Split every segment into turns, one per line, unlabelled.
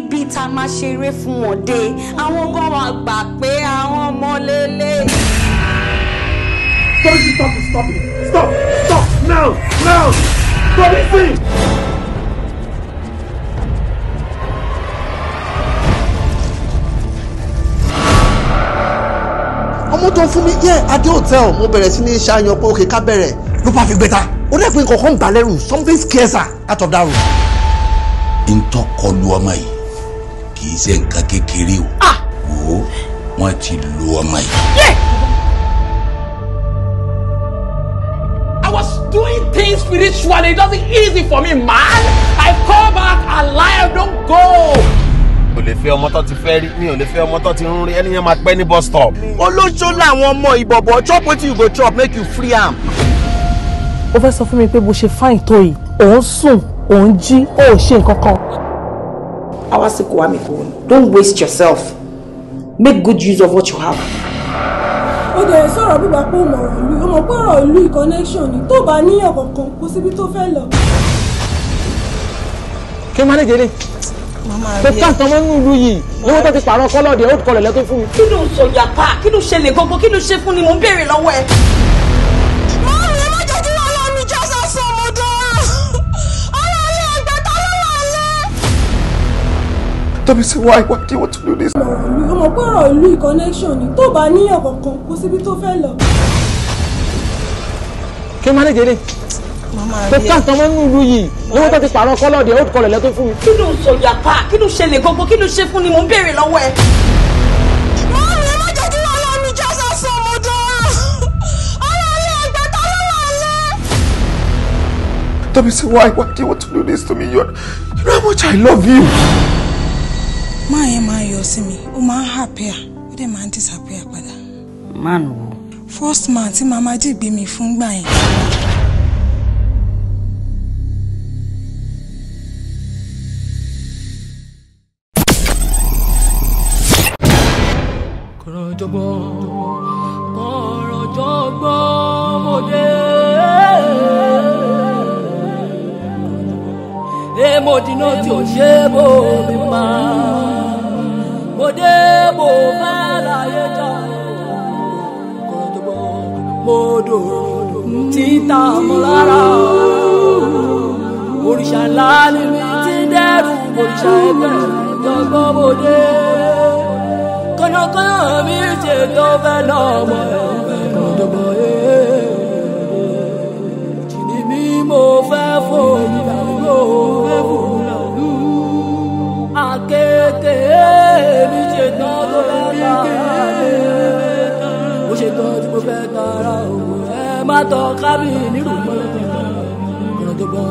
níbi tá a máa ṣeré fún wọn dé àwọn kan wà gbà pé
àwọn ọmọ lélẹ̀. don't you stop it stop
stop stop now now police.
ọmọ tó fún mi yẹ adé hotel mo bẹ̀rẹ̀ sí ní ṣàyàn pé òkè ká bẹ̀rẹ̀ ló bá fi gbé ta ó dẹ́ pé nǹkan kan ń bà lẹ́rù something scares her out of that room. n tọ́ kọlu ọmọ yìí kì í ṣe nǹkan kékeré o ah! wò ó wọ́n ti lo ọmọ yìí. I was doing things spiritually it doesn't easy for me man I come back alive Don't go ò lè fẹ́ ọmọ tó ti fẹ́ rí mi ò lè fẹ́ ọmọ tó ti ń rí ẹni yẹn máa pẹ́ ní bus stop. olójó làwọn ọmọ ìbọ̀bọ̀ chop wetin you go chop make you free am.
ó fẹ́ sọ fún mi pé bó ṣe fáìn tó yìí òun sùn òun jí ó ṣe nǹkan kan don't waste yourself make good use of what you have. Okay, sorry, I'll be back home. ìlú ọmọ pé ọ̀rọ̀ ìlú connection ni tó bá níyàn kankan kò síbi tó fẹ́ lọ.
kí n máa léjele kò ká nǹkan mọ́ You want to owó tó ti pààrọ̀ old kọlọ̀ lẹ́tọ́ fún mi. kí ló ń sọ
yàpá kí ló ṣẹlẹ̀ gbogbo kí ló ṣe fún ni mò
Tell Tomisi, why? Why do you want to do this? Ọmọ gbọ́rọ̀ ìlú connection
ni tó bá níyàn kankan kó síbi tó fẹ́ lọ.
Kí máa lè jẹ́ lè? Dókítà kan máa ń nu ìlú yìí. Lọ́wọ́ tó ti pààrọ̀ kọ́lọ̀ dẹ̀, ó ti kọlẹ̀ lẹ́tọ́ fún mi. Kí ló
ń sọ yàpá? Kí ló ṣẹlẹ̀ gbogbo? Kí ló ṣe fún ni? Mo ń béèrè lọ́wọ́ ẹ.
Tomisi, why? Why do you want to do this to me? You know how much I love you
máa yẹn máa yọ sí mi ó máa ń happier ó dẹ̀ máa ń disappear padà. man wo. first man tí màmá jí gbé mi fún gbà yẹn.
kọ̀rọ̀jọ̀gbọ́n kọ̀rọ̀jọ̀gbọ́n mo dé. èèmọ̀ dínà tí ò ṣe dé mo fẹ́ láyé jà kọ́tọ́gbọ́ mo dò títà mọ́ lára òrìṣà ńlá ni mi ti dẹ́rù òrìṣà ẹgbẹ́ kọ́tọ́gbọ́ mo dé kọ́nàkọ́nà mi ṣe tó fẹ́ lọ́mọ ẹ̀ kọ́tọ́gbọ́ ẹ̀ jìnnì mi mo fẹ́ fòyìn àlọ́ àkẹ́kẹ́ fẹ́ tara mo ṣe tán mo fẹ́ tara o ẹ má tọ kábì nírú mọ́ kọ̀rọ̀ tó gbọ́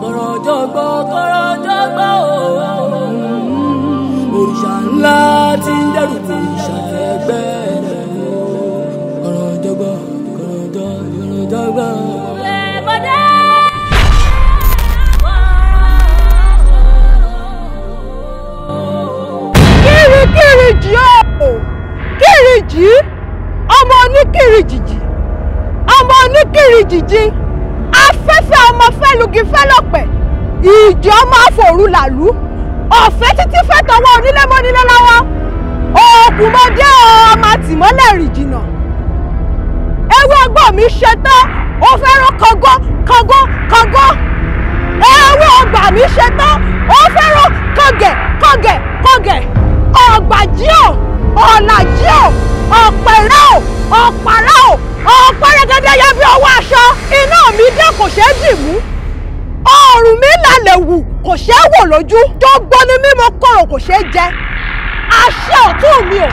kọ̀rọ̀ jọ̀gbọ́ kọ̀rọ̀ jọ̀gbọ́ o òrìṣà ńlá ti ń dẹ́rù tó ìṣà ẹgbẹ́ rẹ̀ o kọ̀rọ̀ jọ̀gbọ́ kọ̀rọ̀ jọ̀gbọ́.
kìrìjì o kìrìjì ọmọ oníkìrìjìjì ọmọ oníkìrìjìjì afẹ́fẹ́ ọmọ fẹ́lugi fẹ́lọ́pẹ̀ ìjì ọmọ àfòrú làlú ọ̀fẹ́ títí fẹ́ tọwọ́ onílé mọ́nílé lọ́wọ́ oògùn mọ́dé ọmọ àtìmọ́lẹ̀ rìn jìnnà ewé ọgbọ́n mi ṣe tán ó fẹ́ràn kọ́gọ́ kọ́gọ́ kọ́gọ́ ewé ọgbà mi ṣe tán ó fẹ́ràn kọ́gẹ̀ kọ́gẹ̀ kọ́gẹ̀ ọ̀gbàjíò ọ̀làjíò ọ̀pẹ̀rẹ̀ ọ̀pàrà ọ̀pẹ̀rẹ̀gẹ̀dẹ̀ ya bí ọwọ́ aṣọ iná mi dé kò ṣeé dì mú ọ̀rùn mi lálẹ́ wù kò ṣeé wò lójú tó gbọ́ ni mímọ kọ̀rọ̀ kò ṣeé jẹ àṣẹ ọ̀tún mi ò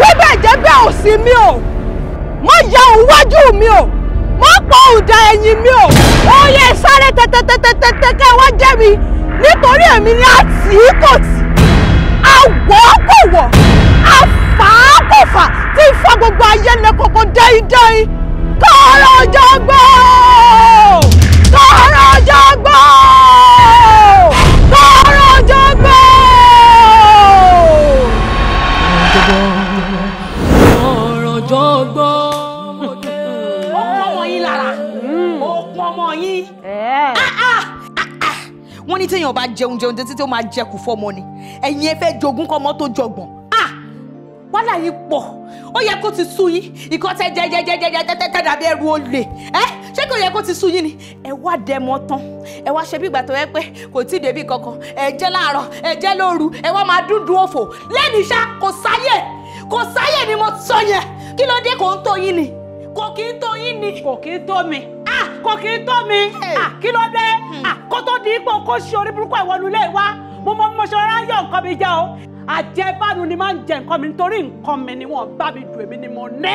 wíbẹ̀ jẹ́ bẹ́ẹ̀ òsì mi ò mo ya òun wájú mi ò mo pọ̀ òdà ẹ̀yìn mi ò ó yẹ sáré tẹ́tẹ́tẹ́tẹ́tẹ́ kẹ́ wá jẹ́ mi nítorí
èmi ni àtì kò tì wọ̀ ọ́ kò wọ̀ àfà á kò fà tí ń fa gbogbo ayé lẹ kọ̀ọ̀kan dẹ́yìndẹ́yìn tọrọ jọgbọ́ tọrọ jọgbọ́ tọrọ jọgbọ́. tọrọ
jọgbọ́. ó pọ́n ọmọ yín lára ó
hmm. pọ́n ọmọ yín. Eh. Ah, ah, ah, wọ́n ní téèyàn bá jẹun jẹun títí tó máa jẹ kù fọ́mọ ni ẹ̀yin ẹ fẹ́ jogún kọ́ ọmọ tó jọgbọ̀n ah wàhálà yìí pọ̀ ó yẹ kó ti sú yín ìkọ́ tẹ jẹjẹjẹjẹjẹjẹjẹ dàbí ẹrù olè ẹ ṣé kò yẹ kó ti sú yín ni ẹ wá dẹmọ tán ẹ wá ṣe bí ìgbà tó yẹ pé kò tí ì débi kankan ẹ jẹ láàárọ̀ ẹ jẹ lóru ẹ wá máa dúndùn òfò lẹ́nu iṣẹ́ kò sáyè kò sáyè ni mo sọ yẹn kí ló dé kò ń tó yín ni kò kí ń tó yín ni kò kí ń tó mi ah, kò kí ń tó mi ah, kí ló dé hmm. ah, kó tó di ipò kó ṣe orí burúkú mo mọ bí mo ṣe rárá yọ nǹkan mi já o àjẹbánu ni máa ń jẹ nǹkan mi nítorí nǹkan mi ni wọ́n bá mi dùn èmi ni mo ní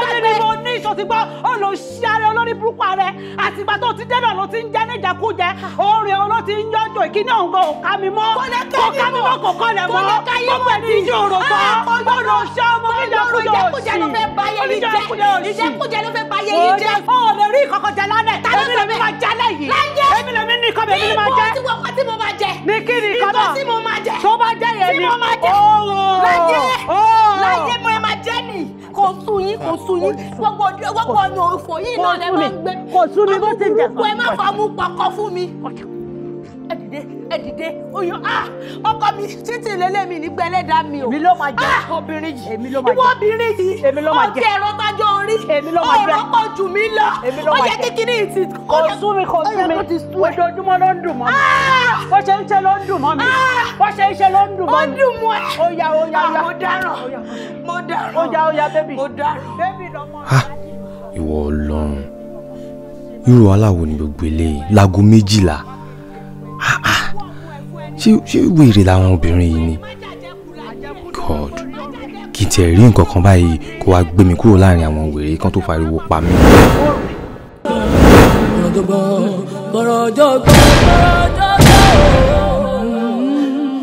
èmi ni mo ní ìṣòtìgbọ́ olùṣàrẹ olórí burúkú ààrẹ àtìgbà tó ti débẹ̀ ló ti ń jẹ ní ìjàkújẹ orin oló ti ń yọjọ ìkíní ọ̀ngọ òkà mi mọ́ òkà mi mọ́ kò kọlẹ̀ mọ́ gbogbo ẹ̀ ti yí òrò gbọ́ olùṣọ́ ọmọ oníjàkújẹ òṣì oníjàkújẹ òṣì ìjẹkújẹ ló fẹ́ ba yẹ yìí jẹ́.
o lè rí ìkọ̀kọ̀ jẹ lálẹ́ èmi lè mi máa jẹ lálẹ́ yìí èmi lè mi ní ìkọ̀ mi máa jẹ. ní ìbò tí mo máa jẹ. ní kí ni ìkọ̀ náà tó bá tí mo máa jẹ láyé láyé mo
máa jẹ nì kò sú yín kò sú yín gbogbo gbogbo ọ̀nà òfò yìí náà lè máa gbé kò sú mi bó ti jẹ kò ẹ má fọ mú pọkọ fún mi ẹ dìde oyún ah ọkọ mi títí lélẹ̀ mi nígbà ẹlẹ́dàá mi o. èmi ló máa jẹ ah! obìnrin yìí. èmi ló máa jẹ ìwọ obìnrin yìí. èmi ló máa jẹ ọtí ẹ̀rọ tájọ orí. èmi ló máa jẹ ọ̀rọ̀ pọ̀ jù mí lọ. èmi ló máa jẹ ó yẹ kíkiri ìtì. kò sú mi kò sú mi ojoojúmọ́ ló ń dùn mọ́ mi. Ah! bó ṣe ń ṣe ló ń dùn mọ́ mi. Ah! bó ṣe ń ṣe ló ń dùn mọ́ mi. ó dùn mọ́ ẹ. ó yá ó yá ó yá. mo dáràn mo dáràn. ó yá ó yá bébì. mo dáràn.
ìwọ Ọlọ́run irú aláwo ni gbogbo eléyìí láago méjìlá ah ah ṣé wèrè làwọn obìnrin yìí ni god kì í tiẹ̀ rí nǹkan kan báyìí kó wá gbé mi kúrò láàrin àwọn wèrè kan tó fariwo pa mí.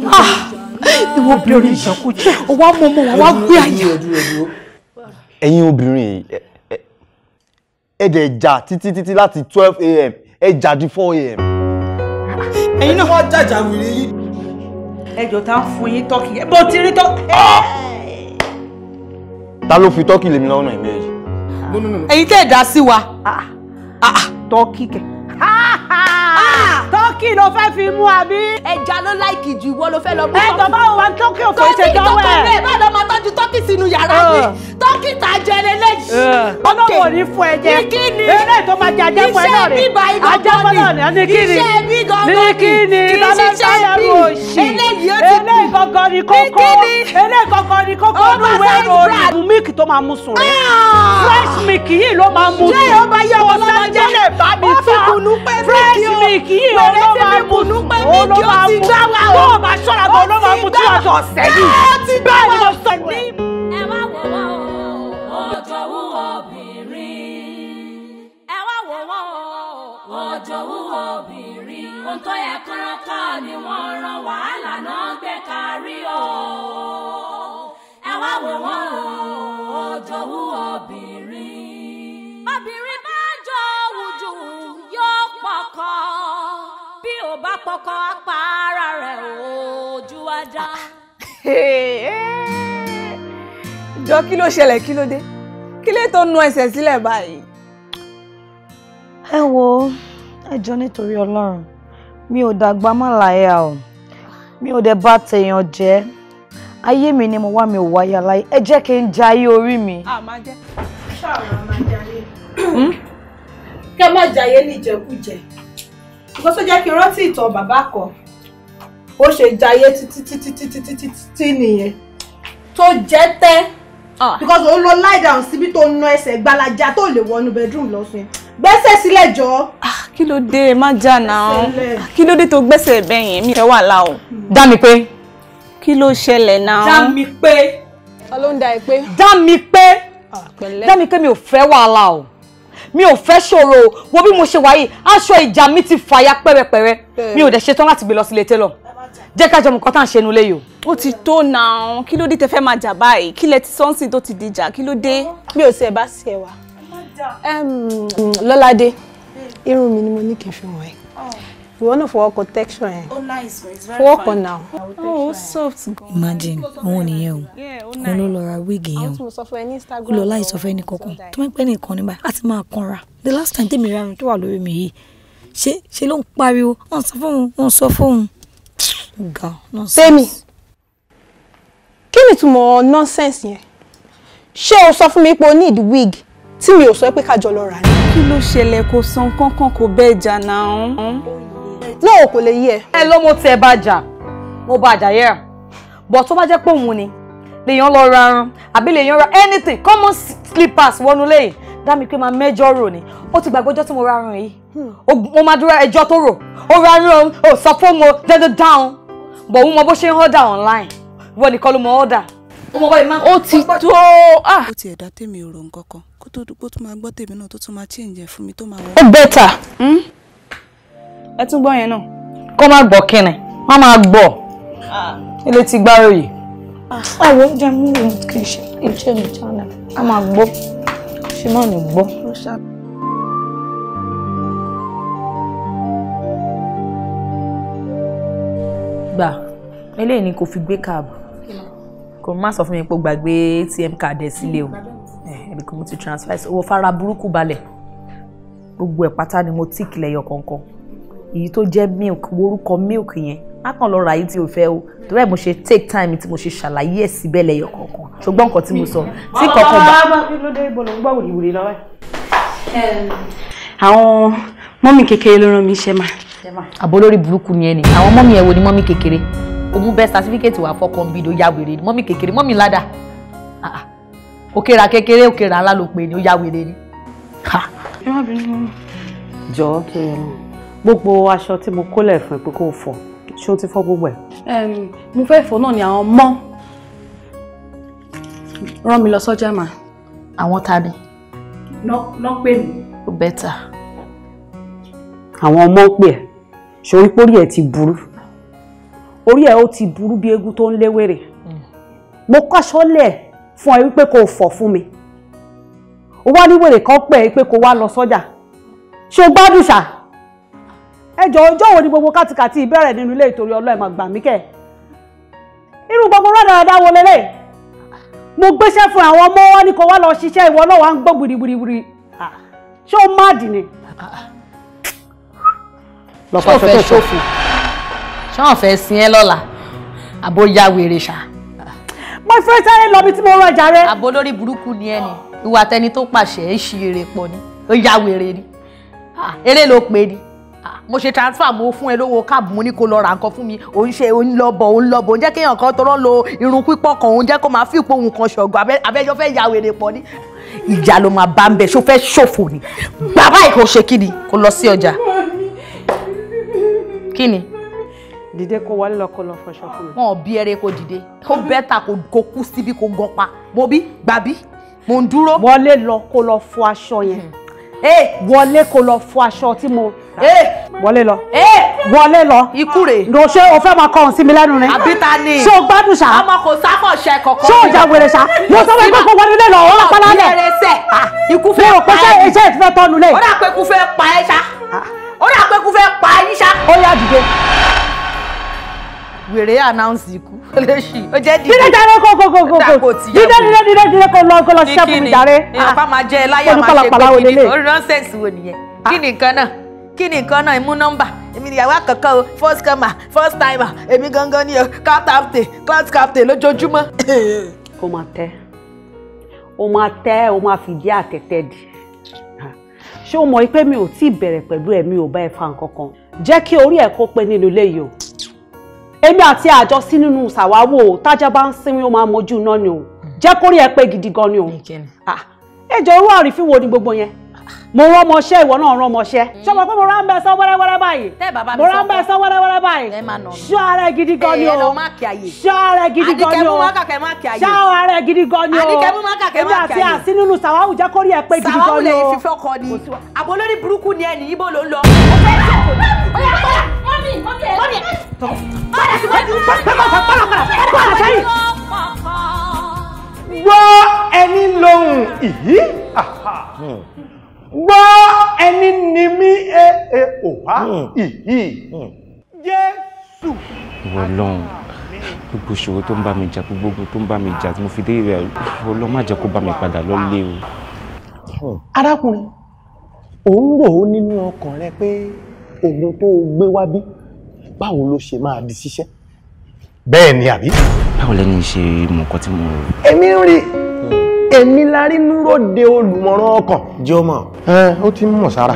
Ah, ìwọ obìnrin ìṣàkóso
ó wá mọ ọmọ wa wá gbé àyà.
ẹ̀yin obìnrin ẹ ẹ dẹ̀ jà títí títí láti twelve a.m. ẹ jà di four a.m ẹ̀yin náà wọ́n jàjà wèrè yìí.
ẹjọ́ tá ń fún yín tọ́kì ẹ bó ti rí tọ́kì.
ta ló fi tọ́kì lèmi lọ́nà ìmẹ́ yìí.
Ah. ẹ̀yin tẹ́ ẹ̀ dá sí wa. Ah, ah, tọ́kì kẹ̀ tọ́kì ló fẹ́ fi mú àbí. ẹja ló láìkì jù ìwọ ló fẹ́ lọ mú tọ́kì. ẹ tọ́ báwo wa tọ́kì ò fẹ́ ṣe dọ́wọ́ ẹ̀. kò sí ìtọ́kọ̀ rẹ̀ bá lọ máa tọ́jú tọ́kì sínú yàrá mi
tọ́kì tà jẹ lélẹ́yìí. ọlọ́wọ́ ní fún ẹ jẹ eré tó máa jẹ ajẹ́ fún ẹ náà rè ajẹ́ fún ẹ náà ní kíni ní kíni lọ́lọ́sáyà ló ṣì eléyìí gangan ni kókó eléyìí gangan ni kókó ní ìwé ìròyìn
mu milk tó máa mu sùn rẹ ah! fresh milk yìí ló máa mu sùn ṣé ọba yẹ wọn lọ́jọ́ lè bá mi ta fresh milk yìí ó ṣe mi bùnú pé méjì ó ti gbá wa o. bó o
bá ṣọ́ra bó o ló máa mú tí wọ́n sọ ọ̀sẹ̀ yìí. ó ti gbá wa o sọ ní.
ẹ wá wò wọ́n
o ọjọ́ wù obìnrin
ẹ wá wò wọ́n o ọjọ́ wù obìnrin ohun tó yẹ kọ́ńkọ́ ni wọ́n ran wàhálà náà gbé kárí o ẹ wá wò wọ́n o. ò bá pọkọ apá ara rẹ̀ ojú ajá.
jọ kí ló ṣẹlẹ̀ kí ló dé kí lè tó nu ẹsẹ̀ sílẹ̀ báyìí. ẹ wo ẹjọ́ nítorí ọlọ́run mi ò dàgbà má láyà o mi ò dẹ̀ bá tèèyàn jẹ́ ayé mi ni mo wá mi ò wáyà láyé ẹ jẹ́ kí n jayé orí mi. a máa jẹ́ ṣáà máa jayé. Hmm? kẹ́ máa jayé níjẹkújẹ nǹkan tó jẹ́ kí n rántí ìtàn bàbá kan ó ṣe jayé títí títí títí títí títí nìyẹn tó jẹ́ tẹ́ ah. because òun lọ lie down síbi tó ń ná ẹsẹ̀ gbalaja tó lè wọnú bedroom lọ́sùn gbẹ́sẹ̀ sílẹ̀ jọ. Ah, kí ló dé má jà náà ah, kí ló dé tó gbẹ́sẹ̀ bẹ́yìn mi fẹ́ wà láò. Hmm. dá mi pé. kí ló ṣẹlẹ̀ náà. dá mi pé. ọlọ́run dá ẹ pé. dá mi pé. dá mi pé mi ò fẹ́ wàhálà o mi ò fẹ́ ṣòro o wo bí mo ṣe wáyé aṣọ ìjà mi ti fàya pẹ́rẹpẹ́rẹ mi ò dẹ̀ ṣetán láti gbé lọ sílé télọ̀ jẹ́ ká jọ mọ̀ kọ́tà ń ṣe inú léyò. ó ti tó náà kí ló dé tẹ fẹ́ máa jà báyìí kí lẹ ti sọ́ǹsì tó ti dìjà kí ló dé. mi ò sí ẹ bá sí ẹ wá. irun mi ni mo ní kí n fi we want to for protection yẹn. oh nice it's very work on now. oh soft. imagine òun nìyẹn o òun ló lọ ra wíìgì yẹn o ó lọ láì sọ fún ẹnì kankan tó ń pẹ́ nìkan ní báyìí a ti máa kanra the last time tèmi rárun tó wà lórí mi She, ṣe ṣe ló on pariwo wọn sọ fóun wọn sọ fóun oh ga nonsense. tèmi kí ni nonsense yẹn She o sọ fún mi pé need wig tí mi ò sọ pé ká jọ lọ rà ni. kí ló ṣẹlẹ̀ kò san kankan kò bẹ́ẹ̀ jà náà náà kò lè yí ẹ. ẹ ló mo tẹ bá jà mo bá jà yẹ bọ tó bá jẹ́ pé òun ni lèèyàn lọ ra arun àbí lèèyàn ra anything common slippers wọnú lẹ́yìn dá mi pé máa mẹ́jọ rò ni ó ti gbàgbé ọjọ́ tí mo ra arun yìí hmm. mo máa dúró ẹjọ́ tó rò ó ra arun ọ̀hún sọ fún mo dandan down bọ̀ òun mọ bó ṣe ń order online ìwọ nìkan ló mọ order ó ti tó. Ah. ó ti ẹ̀dá tèmi ò rò nǹkan kan kó tó dúpọ́ tó máa gbọ́ tèmi náà tó tún máa chíǹjẹ fún mi tó máa wọ. ó bẹ́tà ẹ tún gbọ́ yẹn náà. kó má gbọ́ kíni wọ́n máa gbọ́ ilé ah. ti gbá òye. àwọn oúnjẹ mú mi kì í ṣe iṣẹ́ mi jọ́nà
a máa gbọ́ ṣe máa ní gbọ́.
gbà eléyìí ni kò fi gbé káàbù kò má sọ fún mi pé o gbàgbé atm card ẹ sílé o ẹbí kò mo ti transfer owó fara burúkú balẹ̀ gbogbo ẹ̀ pátá ni mo tíkì lẹ́yọ kọ̀ọ̀kan èyí tó jẹ́ milk orúkọ milk yẹn má lọ rà yìí tí o fẹ́ o torí ẹ̀ mo ṣe take time tí mo ṣe ṣàlàyé ẹ̀ síbẹ̀ lẹ́yọ̀ kọ̀ọ̀kan ṣùgbọ́n nǹkan tí mo sọ tí kọ̀ọ̀kan bá. àwọn mọ́mì kékeré ló rán mi iṣẹ́ mà. àbó lórí burúkú ni ẹ ní àwọn mọ́mì ẹ̀ ni mọ́mì kékeré òun bẹ́ẹ̀ certificate wà fọkàn bí ló ya ni mọ́mì kékeré mọ́mì ládà ah, ah. òkèèrà kékeré òkèèrà ńlá ni ó ya ni. jọ̀ọ́ gbogbo aṣọ tí mo kólẹ̀ fún pé kó fọ ṣé o ti fọ gbogbo ẹ̀. mo fẹ́ fọ náà ni àwọn mọ́ rán mi lọ sọ́jà mà. àwọn ta ni. lọ pè mí. ó bẹ́tà. àwọn ọmọ pè ẹ́ sori pé orí ti burú orí ẹ̀ ó ti burú bí eegun tó ń léwèrè mo kọ́ṣọ lẹ̀ fún ẹ wípé kó fọ̀ fún mi ó wá ní kan pè é pé kó wá lọ sọ́jà ṣé o gbádùn ṣáà ẹjọ́ ọjọ́ wo ni gbogbo kàtìkàtì ìbẹ̀rẹ̀ nínú ilé ìtorí ọlọ́ọ̀ máa gbà mí kẹ́ irú gbogbo rádaràdà wo lélẹ̀ mo gbéṣẹ́ fún àwọn ọmọ wọn ni kò wá lọ ṣiṣẹ́ ìwọ náà wà ń gbọ́ gbìrìgbìrì ṣé ó má dì ni. ṣé o fẹ́ sin ẹ́ lọ́la àbó ya wèrè ṣá. mo fẹ́ sáré lọ bí tí mo rọjà rẹ. àbó lórí burúkú ni ẹ ni ìwà tẹni tó pàṣẹ ìṣirè pọ̀ ni ó ya wèrè ni eré ló pe ni mo ṣe transfer mo fún ẹ lówó káàbù mo ní kó lọ ra nǹkan fún mi òun ṣe òun lọbọ òun lọbọ òun jẹ́ kéèyàn kan tọrọ lo irun pípọ̀ kan òun jẹ́ kó máa fi ipò òun kan ṣọ̀gbọ́n abẹ́jọ́ fẹ́ ya wèrè pọ̀ ní. ìjà ló máa bá ń bẹ ṣó fẹ́ ṣòfò ni bàbá yìí kò ṣe kí ni kó lọ sí ọjà kí ni. dìde kó wọlé lọ kó lọ fọṣọ fún mi. wọn ò bí ẹrẹ kó dìde kó bẹ́tà kó kú síbi kó gan pa mo bí gbàbí mo ń dúró. wọlé lọ kó lọ fọ aṣọ yẹn. Hmm wọlé kó lọ fọ aṣọ tí mo wọlé lọ wọlé lọ ikú rè ló ṣe o fẹ́ máa kọ́ ọ̀hún sí mi lẹ́nu ni àbíta ni ṣé o gbádùn ṣá ọmọ kò sáfọ̀ ṣe kọ̀kọ́ ṣé o jà wèrè ṣá mo sọ pé kókó wọlé lé lọ ọ̀rọ̀ pálá lẹ̀ ah, ikú fẹ́ pa ẹ́ ṣé tọ́nu lẹ̀ ó dà pé ikú fẹ́ pa ẹ́ ṣá ah. ó dà pé ikú fẹ́ pa ẹ́ ṣá ó yá dìde wèrè announce ikú olóṣì ó jẹ́ dìde. dídé jàre kó kó kó kó dídé dídé dídé dídé
kó lọ kó lọ ṣiṣẹ́ fún mi jàre. àpá máa jẹ láyà máa ṣe pé kí ni orí
nọ́ọ̀sẹ̀sì wo nìyẹn kí ni nǹkan náà kí ni nǹkan náà imú nọ́mbà èmi ìyàwó àkọ́kọ́ o first comer first timer èmi gangan ni o cup captain class captain lójoojúmọ́. ó máa tẹ́ ó máa tẹ́ ó máa fìdí àtẹ̀tẹ̀ dì ṣé o mọ̀ pé mi ò tí ì bẹ̀rẹ̀ pẹ̀lú ẹ̀ mi ò bá ẹ fa nǹkan kan jẹ́ kí orí ẹ̀ kó pé nínú ilé yìí o èmi àti àjọ sí nínú ṣàwáwò tájà bá ń sinmi ó máa mojú náà ni o jẹ́ kórí ẹ pé gidi gan ni o ẹ jọ irú àrífín wo ni gbogbo yẹn mo rán ọmọọṣẹ́ ìwọ náà rán ọmọọṣẹ́ ṣọmọ pé mo rán bẹ sán wẹ́rẹ́wẹ́rẹ́ báyìí mo rán bẹ sán wẹ́rẹ́wẹ́rẹ́ báyìí ṣọ́ ara gidi gan ni o ṣọ́ ara gidi gan ni o ṣọ́ ara gidi gan ni o èmi àti àsí nínú sàwáwù jẹ́ kórìí ẹ gidi gan ni o. sàwáwù lè fi fọkọ ni àbólórí burúkú ni ẹni ibo ló ń fẹ́ jẹ́
kò ní.
ìhí
àhà hmm.
gbọ́ ẹni ni mí ẹ ẹ òhá ìhí hmm. jésù. ìwọ lọhùn gbogbo ìṣòro tó ń bá mi jà gbogbo ogun tó ń bá mi jà mo fi dé rẹ ìwọ lọ má jẹ́ kó bá mi padà lọlé o. Hmm. arákùnrin òun rò ó nínú ọkàn rẹ pé ogun tó gbé wá bí báwo ló ṣe máa di ṣiṣẹ́ bẹ́ẹ̀ ni àbí. báwo lẹni ṣe mọ̀ nǹkan tí mo rò. èmi ń rí i èmi la rí núròde olùmọ̀ràn ọkàn. jẹ́ ọmọ ẹ ó ti mọ̀ sára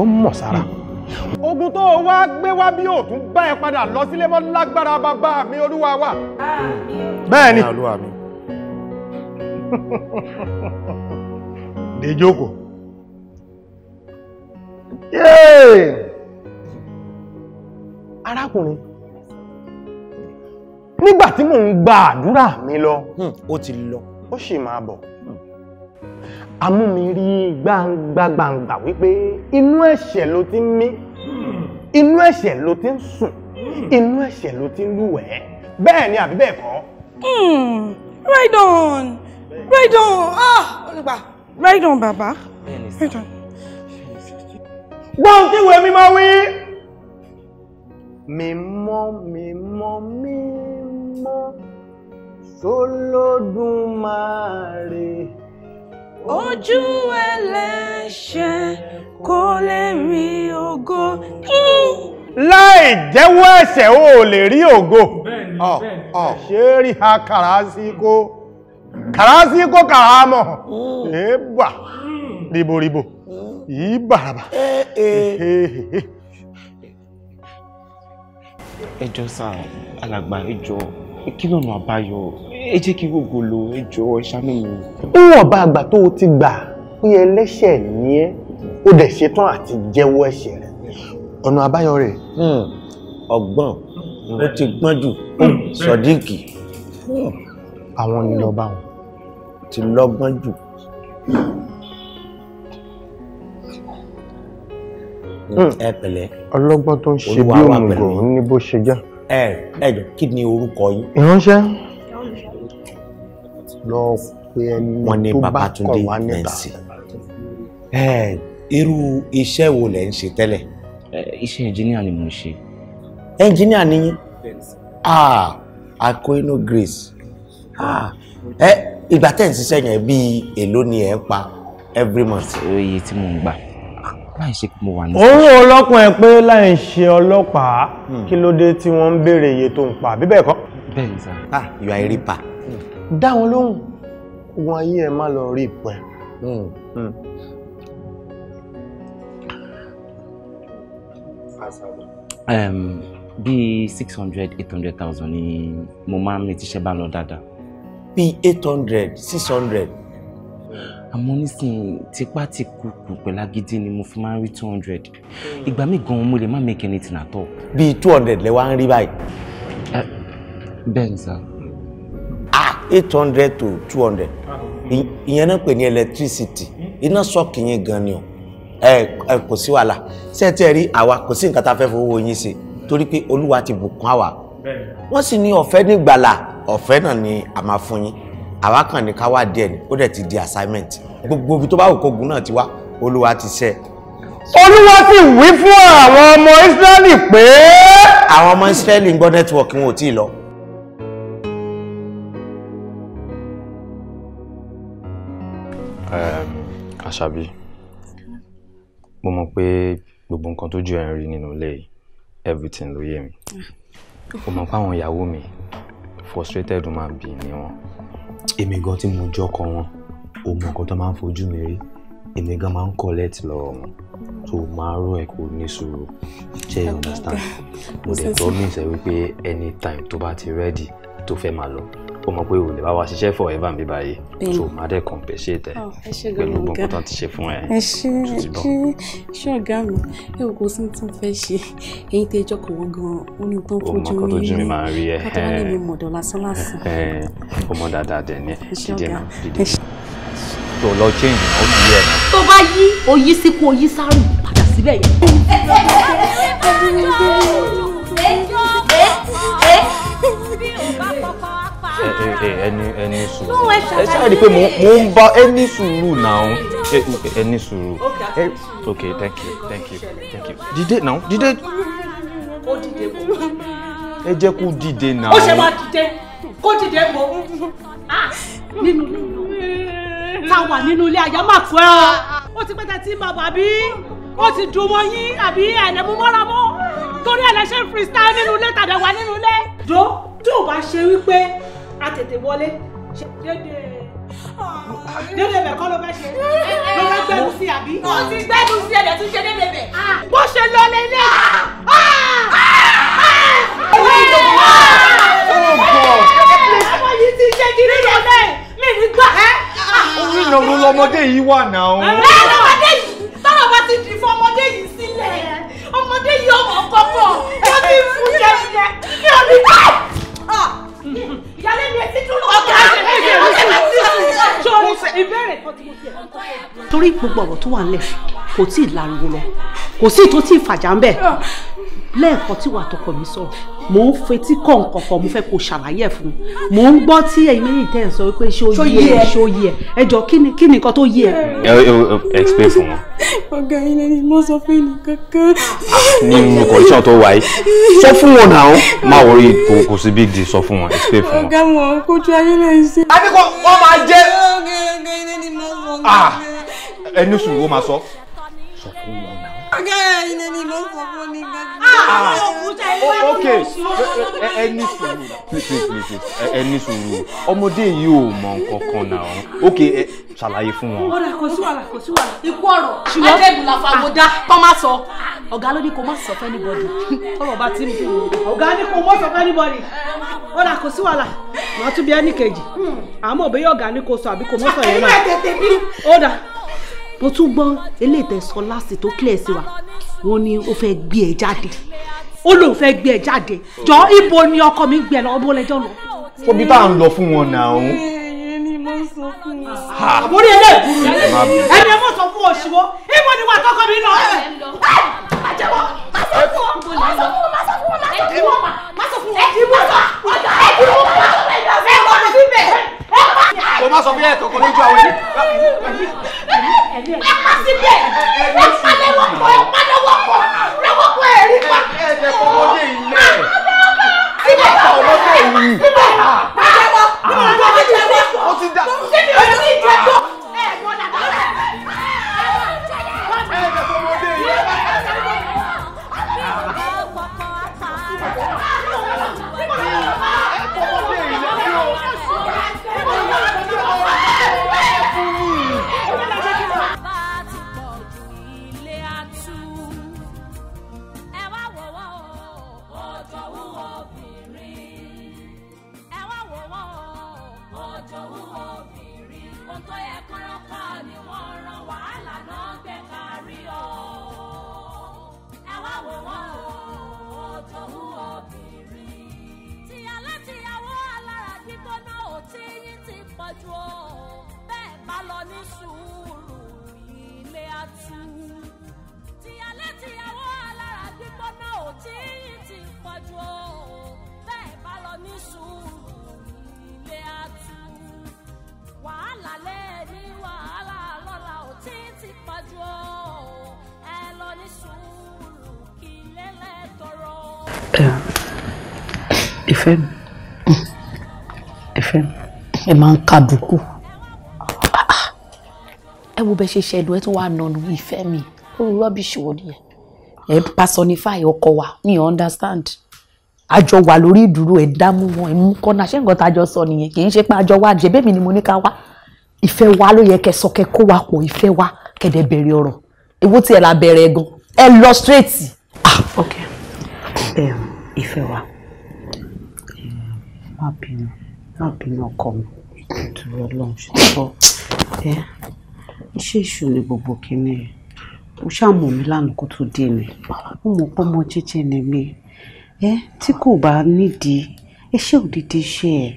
ó mọ̀ sára. Hmm. ogun tó o wá gbé wá bí o tún bá ẹ padà lọ sílé mọ́ lágbára bàbá mi olúwa wa. bẹ́ẹ̀ ni dèjókòó. arákùnrin nígbà tí mò ń gba àdúrà mi lọ. Hmm, ó ti lọ. Hmm ó sì máa bọ̀ amúmirí gbangba gbangba wípé inú ẹ̀ṣẹ̀ ló ti ń mí inú ẹ̀ṣẹ̀ ló ti ń sùn inú ẹ̀ṣẹ̀ ló ti ń lúwẹ̀ẹ́ bẹ́ẹ̀ ni àbí bẹ́ẹ̀ kọ́. Hmm, right on right on
ah olùgbà
right on bàbá right on. gbọ́n tí ìwé mi máa wí. mímọ́ mímọ́ mímọ́ sólódùmarè. ojú ẹlẹ́ṣẹ̀ kò
lè rí ògo.
láì jẹ́wọ́ ẹ̀ṣẹ̀ o ò lè rí ògo. ṣé rí ha kàràsíkò kàràsíkò kàràmọ̀ èébà hmm. hmm. ríboríbo hmm. yìí bàràbà. Eh, eh. ẹ jọ̀ọ́ sáà alàgbà ẹ jọ̀ọ́. Eh, kí lọ́nà àbáyọ ẹ eh, jẹ́ kí gbogbo lo eh, ẹ jọ̀ọ́ ṣàánú mi. níwọ̀n bá àgbà tó o ti gbà pé ẹlẹ́ṣẹ̀ ni ẹ́ O dẹ̀ ṣetán àti jẹ́wọ́ ẹ̀ṣẹ̀ rẹ̀ ọ̀nà àbáyọ rẹ̀. Hmm, ọgbọ́n ó ti gbọ́n jù sọdíkì. Hmm. àwọn ni lọ bá wọn. ti lọ́gbọ́n jù. Hmm. ẹ pẹ̀lẹ́. ọlọ́gbọ́n tó ń ṣe bí òmùgọ̀ ní bó ṣe já ẹ ẹ jọ kí ni orúkọ yín. ìránṣẹ́ lọ pe ẹni tó bá kọ̀ wá níta. ẹ irú iṣẹ́ wo lẹ̀ ń ṣe tẹ́lẹ̀. iṣẹ́ ẹnjíníà ni mo ń ṣe. ẹnjíníà ni yín ah akoino grace ah ẹ ìgbà tẹ̀ ń ṣiṣẹ́ yẹn bíi èló ni ẹ̀ ń pa every month. oye tí mo ń gbà láì ṣe pé
mo wà ní. òun
ọlọ́pàá ẹ pé láì ṣe ọlọ́pàá hmm. kí ló dé tí wọ́n ń béèrè iye tó ń pa àbí bẹ́ẹ̀ kọ́. bẹ́ẹ̀ ni sá. ah you are a ripper. Hmm. dá wọn lóhùn wọn ayé ẹ má lọ rí ìpẹ́. Hmm. bíi six hundred eight hundred thousand ni mo máa ń retí iṣẹ́ bá lọ dáadáa. bíi eight hundred six hundred àmọ́ nísìnyí tipa ti kú kù pẹ̀lú agídí ni mo fi máa ń rí two hundred hmm. ìgbà mi gan mo lè má make anything at all. bíi two hundred lẹ wá ń rí báyìí. bẹ́ẹ̀ ni sá. ah eight hundred to two hundred ìyẹn náà pè ní electricity iná ṣọ́ọ̀kì yẹn gan ni o ẹ kò sí wàhálà ṣé tí ẹ rí àwa kò sí nǹkan tá a fẹ́ fowó yín ṣe torí pé olúwa ti bùkún àwa wọ́n sì ní ọ̀fẹ́ nígbàlà ọ̀fẹ́ náà ni a máa fún yín àwa kàn ní ká wá díẹ̀ ni ó dẹ̀ ti di assignment gbogbo ibi tó bá wù kógun náà ti wá olúwa ti ṣe. olúwa
sì wí fún àwọn ọmọ Ísírẹ́lì
pé. àwọn ọmọ Ísírẹ́lì ń gbọ́ network wọn ò tí ì lọ. àṣàbí mo mọ̀ pé gbogbo nǹkan tójú ẹ̀ ń rí nínú ilé yìí everything ló yé mi mo mọ̀ pé àwọn ìyàwó mi frustrated woman bíi ni wọ́n èmi gan tí mo jọkọ wọn ò mọ nǹkan tó máa ń fojú mi rí èmi gan máa ń collect lọ́wọ́ wọn tó máa rọ ẹ kó ní sùúrù ṣe you understand mo dẹ̀ promise ẹ wípé anytime tó bá ti ready tó fẹ́ máa lọ ó mọ̀ pé o lè bá wa ṣiṣẹ́ forever mi báyìí so máa dẹ̀ compensate ẹ oh,
pẹ̀lú gbogbo tán ti
ṣe fún ẹ. ẹ ṣe ẹ mi ẹ ò
kó sí tí mo fẹ́ ṣe ẹ̀yin tẹ́ ẹjọ́ kò gan ó ní tó fojú mi ojú mi máa rí ẹ eh, kátó wá lè eh. mi lásán lásán.
ó eh, mọ dáadáa dẹ̀ ní dídé náà dídé
tó lọ change ó ti yẹ náà.
tó bá yí oyí sí kó oyí sáré padà
síbẹ̀ yẹn. ẹjọ́ ẹjọ́.
Eh, eh, eh, ẹni ẹni sùúrù ẹ ṣáà rí i pé mo
ń bá ẹni sùúrù náà ẹni sùúrù ok thank you thank you thank you dìde náà dìde ẹ jẹ́ kó dìde náà. ó ṣe máa
dìde kó dìde mọ́ ah, nínú táwa nínú ilé àyà máa tó ẹ ọ ó ti pẹ́tẹ́ tí bàbá bí ó ti dùn mọ́ yín àbí ẹ̀lẹ́mú mọ́ra mọ́ torí ẹ̀lẹ́ṣẹ́ freestyle nínú ilé tàdẹ̀wá nínú ilé. Do, tó o bá ṣe wípé a tètè wọlé ah. dédé bẹ̀ kọ́ ló fẹ́ ṣe eh, eh, eh. ló fẹ́ gbẹ́nu sí àbí. ó ti gbẹ́nu sí ẹ̀dẹ̀ tún ṣe dédé
bẹ̀. Ah. bó ṣe lọ lélẹ̀. Ah. Oh, ọmọ yìí ti ṣe kiri lọ́lẹ̀ mi ní gbà.
orí ìnáwó lọmọdé yìí wà náà.
lọmọdé yìí tọrọ bá ti di fún ọmọdé yìí sílẹ̀ ọmọdé yìí ọmọ kọ́kọ́ ó ti fún jẹ́ jẹ́ kí ọdún
torí gbogbo ọ̀rọ̀ tó wà nílẹ̀ kò tí ì lariwo lọ kò sí ìtò tí ì fàjà ń lẹ́ẹ̀kan tí wà tọkọ mi sọ̀rọ̀ mò ń fetí kọ̀ nǹkan kan mo fẹ́ kó ṣàlàyé ẹ̀ fún mi mò ń gbọ́ tí ẹ̀yin méjì tẹ̀ ń sọ pé ṣó yé ẹ ṣó yé ẹ ẹ jọ kí ni kí ni nǹkan tó yé ẹ.
ẹ ẹ explain fún wọn.
ọ̀gá yìí lẹni mo sọ
fún
ẹnì kankan.
ní mo condition tó wáyé sọ fún wọn náà má wọrí kò kò sí big deal sọ fún wọn explain fún
wọn. ọ̀gá wọn kojú ayé lẹ́yìn sí. àbí kò wọ́n máa jẹ́
ah! ẹni sùn ló máa sọ
fún
ọgá ilé ni ló sọ fún
please please ẹ ní sùúrù ọmọdé yìí ò mọ nǹkan kan náà ok ẹ ṣàlàyé fún wọn.
ọ̀rọ̀ kò sí wàhálà kò sí wàhálà ikú ọ̀rọ̀ ṣùgbọ́n ẹ̀dẹ́gùn la fagodá ah, kọ́ má sọ ọ̀gá ló ní kó má sọ fún anybody ọ̀rọ̀ bá ti ń bí wọn. ọ̀gá ní kó má sọ fún anybody ọ̀rọ̀ kò sí wàhálà màá tún bí ẹnì kejì hmm. àmọ́ òbí yọ̀ọ̀gá ní kó sọ àbí kó má ah, sọ yẹn náà mo tún gbọ́ eléyìí tẹ́ sọ láti tó clear sí wa wọ́n ní ó fẹ́ gbé ẹ jáde ó lóun fẹ́ gbé ẹ jáde jọ ibo ni ọkọ mi gbé ẹ lọ ọbọ lẹjọ lọ. fóbi tá à ń lọ fún wọn náà àbúrò ilé ìbúrú ẹni ẹ mọ sọ fún òṣìwọ ìwọ ni wàá tọkọ mi lọ ẹ àjẹwọ má sọ fún ọ má sọ fún ọ má sọ fún ọ má sọ fún ọ má sọ fún ọ ẹ ìwọ
sọ ọjà ẹ ìwọ sọ ẹ ìwọ sọ ẹ ìwọ sọ ẹ ìwọ sọ ẹ
o ma sọ fún yẹn kankan lójú àwọn ènìyàn. ẹ pa síbẹ̀ ẹ palẹ̀ wọ́pọ̀ ẹ palẹ̀ wọ́pọ̀ ẹ wọ́pọ̀ ẹ rí pa. ẹ jẹ fọwọ́ dé ilé ẹ bá
fọ ọlọ́dẹ yìí.
síbẹ̀ palẹ̀ wọ́pọ̀ palẹ̀ wọ́pọ̀ ó
ti dà.
síbẹ̀ ó ti jẹ́ tó.
ìfẹ́ mi ìfẹ́ mi. ẹ máa ń ka dùkú. ẹ wo bẹ ṣe ṣẹdùn ẹ tún wàá nànú ìfẹ́ mi lórí rọ́bìṣì wo nìyẹn ẹ personify ọkọ wa mi understand àjọ wà lórí ìdúró ẹ dámú wọn ẹ mú kọ́nà ṣé nǹkan tá sọ nìyẹn kì í ṣe pé àjọ wa jẹ mi ni mo ní ká wá ìfẹ́ wa ló yẹ kẹ sọ kẹ kó wa pọ̀ ìfẹ́ wa kẹ̀dẹ̀ bẹ̀rẹ̀ ọ̀rọ̀ ewu tí ẹ la bẹ̀rẹ̀ gan ẹ lọ straight. ah ok. Um ìfẹ́ wa má bínú má bínú ọkọ mi ìdúró ọlọ́run ṣùgbọ́n ẹ iṣẹ́ ìṣù ni gbogbo kínní o ṣàmù mi lánàá kó tó dé mi ó mọ̀ pé ọmọ jẹ́jẹ́ ni mi ẹ tí kò bá nídìí iṣẹ́ òdìdí iṣẹ́ ẹ̀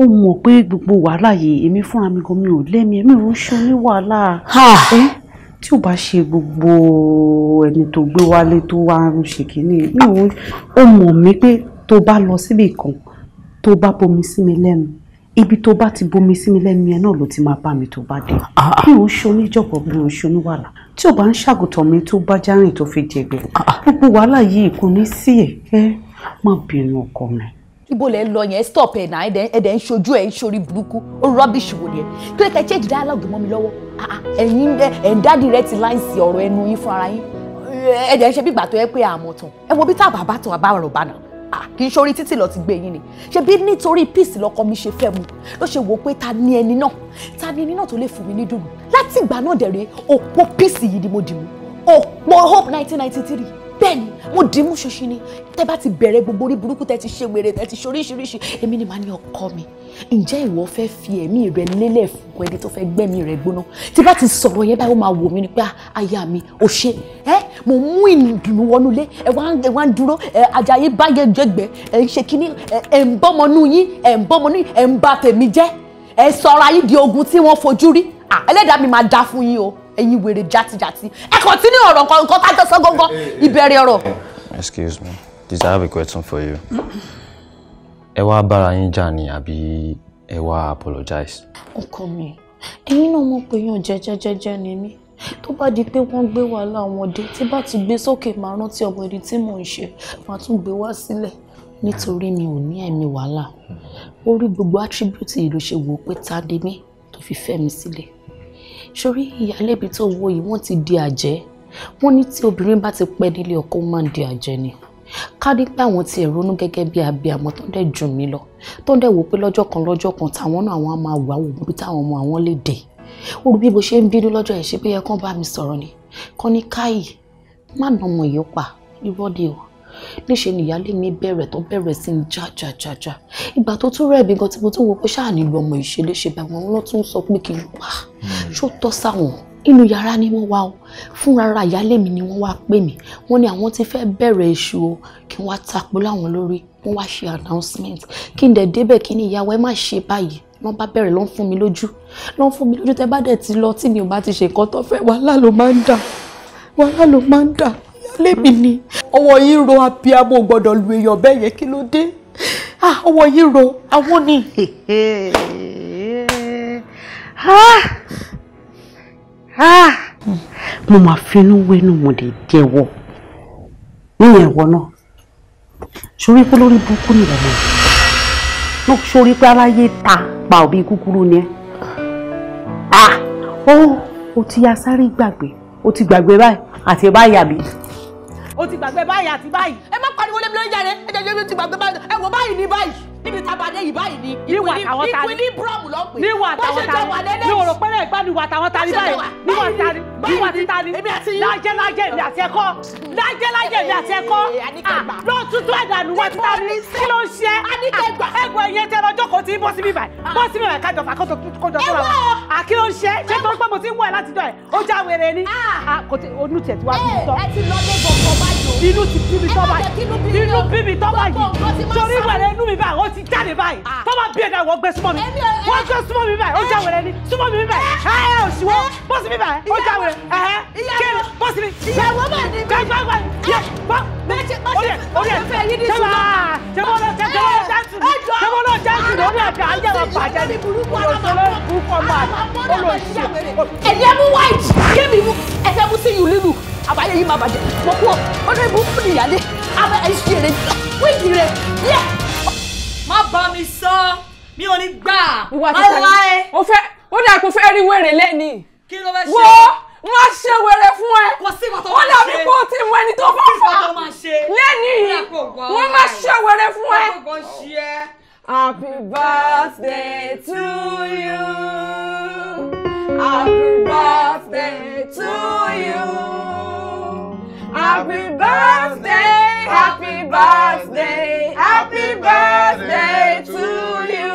ó mọ̀ pé gbogbo wàhálà yìí èmi fúnra mi gan mi ò lẹ́mi èmi ò ń ṣe oní ẹ tí o bá ṣe gbogbo ẹni tó gbé wálé tó wá ń ṣe kínní ó mọ̀ mí pé tó bá lọ síbi kan tó bá bomi sí mi lẹ́nu ibi tó bá ti bomi sí mi lẹ́nu yẹn náà ló ti máa bá mi tó bá dé bí o ṣe oníjọ̀gbọ̀n bí o ṣe oníwàlà tí o bá ń ṣàgùtàn mi tó bá járìn tó fi jẹgbẹ́ gbogbo wàhálà yìí kò ní sí ẹ̀ ẹ́ má bínú ọkọ mi níbo lẹ lọ yẹn stop ẹ náà ẹdẹ ń ṣojú ẹ ń ṣorí burúkú ó rubbish wò ni ẹ kí ló kẹ change dialogue mọ́ mi lọ́wọ́ ah, ah, ẹ̀yin ẹ ń dáàdì rẹ ti láìsí ọ̀rọ̀ ẹnu yín fúnra yín ẹdẹ ń ṣe bí ìgbà tó yẹ pé àmọ̀tàn ẹ wo bí tá àbá bàtàn àbá ọ̀rọ̀ bá náà ah, kì í ṣorí títì lọ ti gbé yín ni ṣe bí nítorí peace lọkọ mi ṣe fẹ́ mu ló ṣe wò pé ta ni ẹni náà ta ni ẹni náà tó lè fún mi ní dùnú láti ìgbà náà dẹ̀ rèé òpó peace yìí ni mo dì mú òpó hope nineteen ninety three bẹ́ẹ̀ni mo dì í mú ṣoṣi ni tẹ́ bá ti bẹ̀rẹ̀ gbogbo orí burúkú tẹ́ ti ṣe wèrè tẹ́ ti ṣe oríṣiríṣi èmi ni màá ní ọkọ mi ǹjẹ́ ìwọ fẹ́ fi ẹ̀mí rẹ lélẹ̀ fún ẹni tó fẹ́ gbẹ̀mí rẹ gbóná tí bá ti sọ̀rọ̀ yẹn báyìí ó máa wò mí ni pé ah, aya mi ò ṣe ẹ mo mú ìdùnnú wọnú ilé ẹ wá ń dúró ẹ ajayi báyẹ jẹgbẹ ẹ ń ṣe kínní ẹ ń bọ́mọnú yín ẹ ń bọ́mọnú yín ẹ ń bà tèmi jẹ́ ẹ sọra ah, dá fún yín o ẹ̀yin wèrè játijàti ẹ continue ọ̀rọ̀ nǹkan nǹkan tájọ sọ gangan ìbẹ̀rẹ̀ ọ̀rọ̀.
excuse me please i have a question for you ẹ wá bára yín jà ni àbí ẹ wá apologize.
ọkọ mi ẹ̀yin no mo pé èèyàn jẹ́jẹ́jẹ́jẹ́ ni mí tó bá di pé wọ́n gbé wa láwọn dé tí bá ti gbé sókè máa rántí ọmọ ẹni tí mò ń ṣe máa tún gbé wá sílẹ̀ nítorí mi ò ní ẹ̀mí wàhálà ó gbogbo attribute yìí ló ṣe wò ó pé tá a dé mí tó fi fẹ́ mi sílẹ̀ sórí ìyálébi tó wo yìí wọ́n ti di àjẹ́ wọ́n ní tí obìnrin bá ti pẹ́ nílé ọkọ máa ń di àjẹ́ ni ká ní pé àwọn tiẹ̀ ronú gẹ́gẹ́ bí abiyamọ tó ń dẹ̀ jù mí lọ tó ń dẹ̀ wò pé lọ́jọ́ kan lọ́jọ́ kan táwọn náà àwọn á máa wà wò bí táwọn ọmọ àwọn lè dé orí bí mo ṣe ń bínú lọ́jọ́ ẹ̀ ṣe pé yẹ kán bá mi sọ̀rọ̀ ni kán ní káyì má nà ọmọ yìí pa irọ́ ni o níṣẹ́ ni ìyáálé mi bẹ̀rẹ̀ tó bẹ̀rẹ̀ sí ní jájájájá ìgbà tó tún rẹ̀ bí gan tí mo tún wo pé ṣáà nílò ọmọ ìṣeléṣe bá wọn lọ́ tún sọ pé kí n pa hmm. ṣó tọ́ sáwọn inú yàrá ni wọ́n wá o fúnra ìyáálé mi ni wọ́n wá pè mí wọ́n ní àwọn ti fẹ́ bẹ̀rẹ̀ èṣù o kí n wá tapo láwọn lórí wọ́n wá ṣe announcement kí n dẹ̀ débẹ̀ kí ni ìyàwó ẹ má ṣe báyìí lọ́n bá bẹ̀rẹ̀ lọ́n fún mi lójú lọ́n fún mi lójú tẹ́ bá dẹ̀ ti lọ tí mi ò bá ti ṣe nǹkan tó fẹ́ wàhálà ló máa ń dà wàhálà ló máa ń dà lémi ni ọwọ́ yìí ro abiyamọ gbọ́dọ̀ lu èèyàn bẹ́ẹ̀ yẹn kí ló dé ah, ọwọ́ yìí ro àwọn ni. Ah! Ah! mo máa finú wẹ́nu mo lè jẹ́wọ́ níyẹn ẹ̀wọ̀ náà sórí pé lórí burúkú nìyẹn náà sórí pé aláyé ta pa òbí kúkúrú ni ẹ ó ó ti ya sáré gbàgbé ó ti gbàgbé báyìí àti ẹ bá o ti gbàgbé báyìí àti báyìí. ẹ má pariwo lé mi lórí jàre ẹ jẹ́ jẹ́ mi ti gbàgbé báyìí ẹ wò báyìí ní báyìí níbi tá a bá dé yìí báyìí ni níwà táwọn ta ni equilibrium ló pè níwà táwọn ta ni ní òrò pẹ́rẹ́ ìgbà níwà táwọn ta ni báyìí níwà ta ni níwà ti ta ni lájẹ́ lájẹ́ èmi àti ẹ̀kọ́ lájẹ́ lájẹ́ èmi àti ẹ̀kọ́ lóòtútù àdàlù wà ta ni kí ló ń ṣe ẹgbẹ́ yẹn tẹ lọ́jọ́ kò tí bọ́ síbí báyìí ah. bọ́ síbí báyìí kájọ fà kójọ kójọ tó rà á ah, kí ló ń ṣe ṣé tó ń pẹ́ mo ti ń wọ̀ ẹ́ láti dọ̀ ẹ́ ó já wèrè ni ah. onú tiẹ̀ ti wá bí eh, tọ́ inú ti bí mi tọ́ báyìí inú bí mi tọ́ báyìí torí wẹ̀rẹ̀ inú mi báyìí ti jáde báyìí tó bá bí ẹ̀dá ìwọ gbé súnmọ́ mi wọ́n gbé súnmọ́ mi báyìí ó já wẹ̀rẹ̀ ni súnmọ́ mi báyìí ẹ̀ òṣìwọ́ bọ́sì mi báyìí ó já wẹ̀rẹ̀ ẹ̀hẹ́ kéèrè bọ́sì mi. ìyàwó bá ní bí gbàgbà yẹ bọ́ orí ẹ̀ orí ẹ̀ jẹ́wọ́ jẹ́wọ́ lọ jẹ́wọ́ lọ jáǹtù jẹ́wọ́ lọ jáǹtù lórí ẹ̀dá ayé wa bàjẹ́ ni olóṣèlú àbáyé yìí máa bàjẹ́ mọ̀ kú ọ ọdún ìbú fún ìyáálé abẹ́ ẹ̀ ṣe eré wíìgì rẹ̀ yẹ
má bá mi sọ mi ò ní gbà aláì. o fẹ́ ó dà kó fẹ́ rí wèrè lẹ́nìí. kí ló fẹ́ ṣe. wo wọ́n ṣe wèrè fún ẹ. kò sí ìfọ̀tọ̀ máa ṣe. ó dàbí kó o ti mọ ẹni tó fọ́ fà. lẹ́nìí wọ́n máa ṣe wèrè fún
ẹ.
Happy birthday to you. Happy birthday to you. Happy birthday. Happy birthday, happy birthday to you.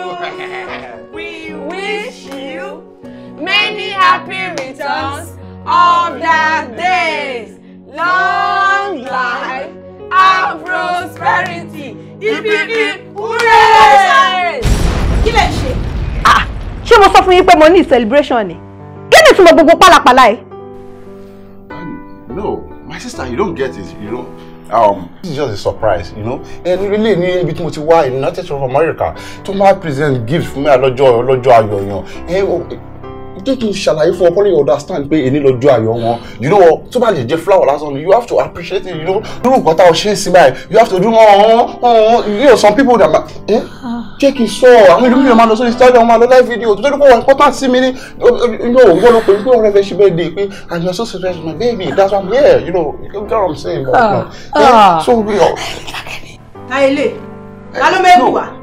We wish
you many happy returns of the days. Long life and
prosperity. Ipipi,
hooray! Kí lẹ
Ah, she must have fún yín pé mo celebration Get Kí ni ìtumọ̀ gbogbo pálapàla yìí?
No, my sister, you don't get it, you don't um, this is just a surprise you know And really, ní ibi tí mo ti wá in United States of America To my present for gift fún mi àlọ́jọ́ ọlọ́jọ́ ayọ̀ yan jẹ́ kí n ṣàlàyé fún ọ kọ́ lè understand pé èyí lọ́jọ́ ayọ̀ wọn you know tó bá lè jẹ́ flower lásán you have to appreciate it you know irú nǹkan tá a ṣe é sí you have to do ọ̀hún ọ̀hún you know some people that ma ẹ́ eh? jẹ́ kí n sọ àwọn ìlú mìíràn máa lọ sórí instagram máa lọ live video tó tó dúpọ̀ wọn important sí mi ní yóò wọ́n ló pé pé ọ̀rẹ́ fẹ́ ṣe bẹ́ẹ̀ dé pé and you're so serious my baby that's why i'm here you know you get what i'm saying. Ah, eh? ah. so real. ayele
ta ló mẹ́bù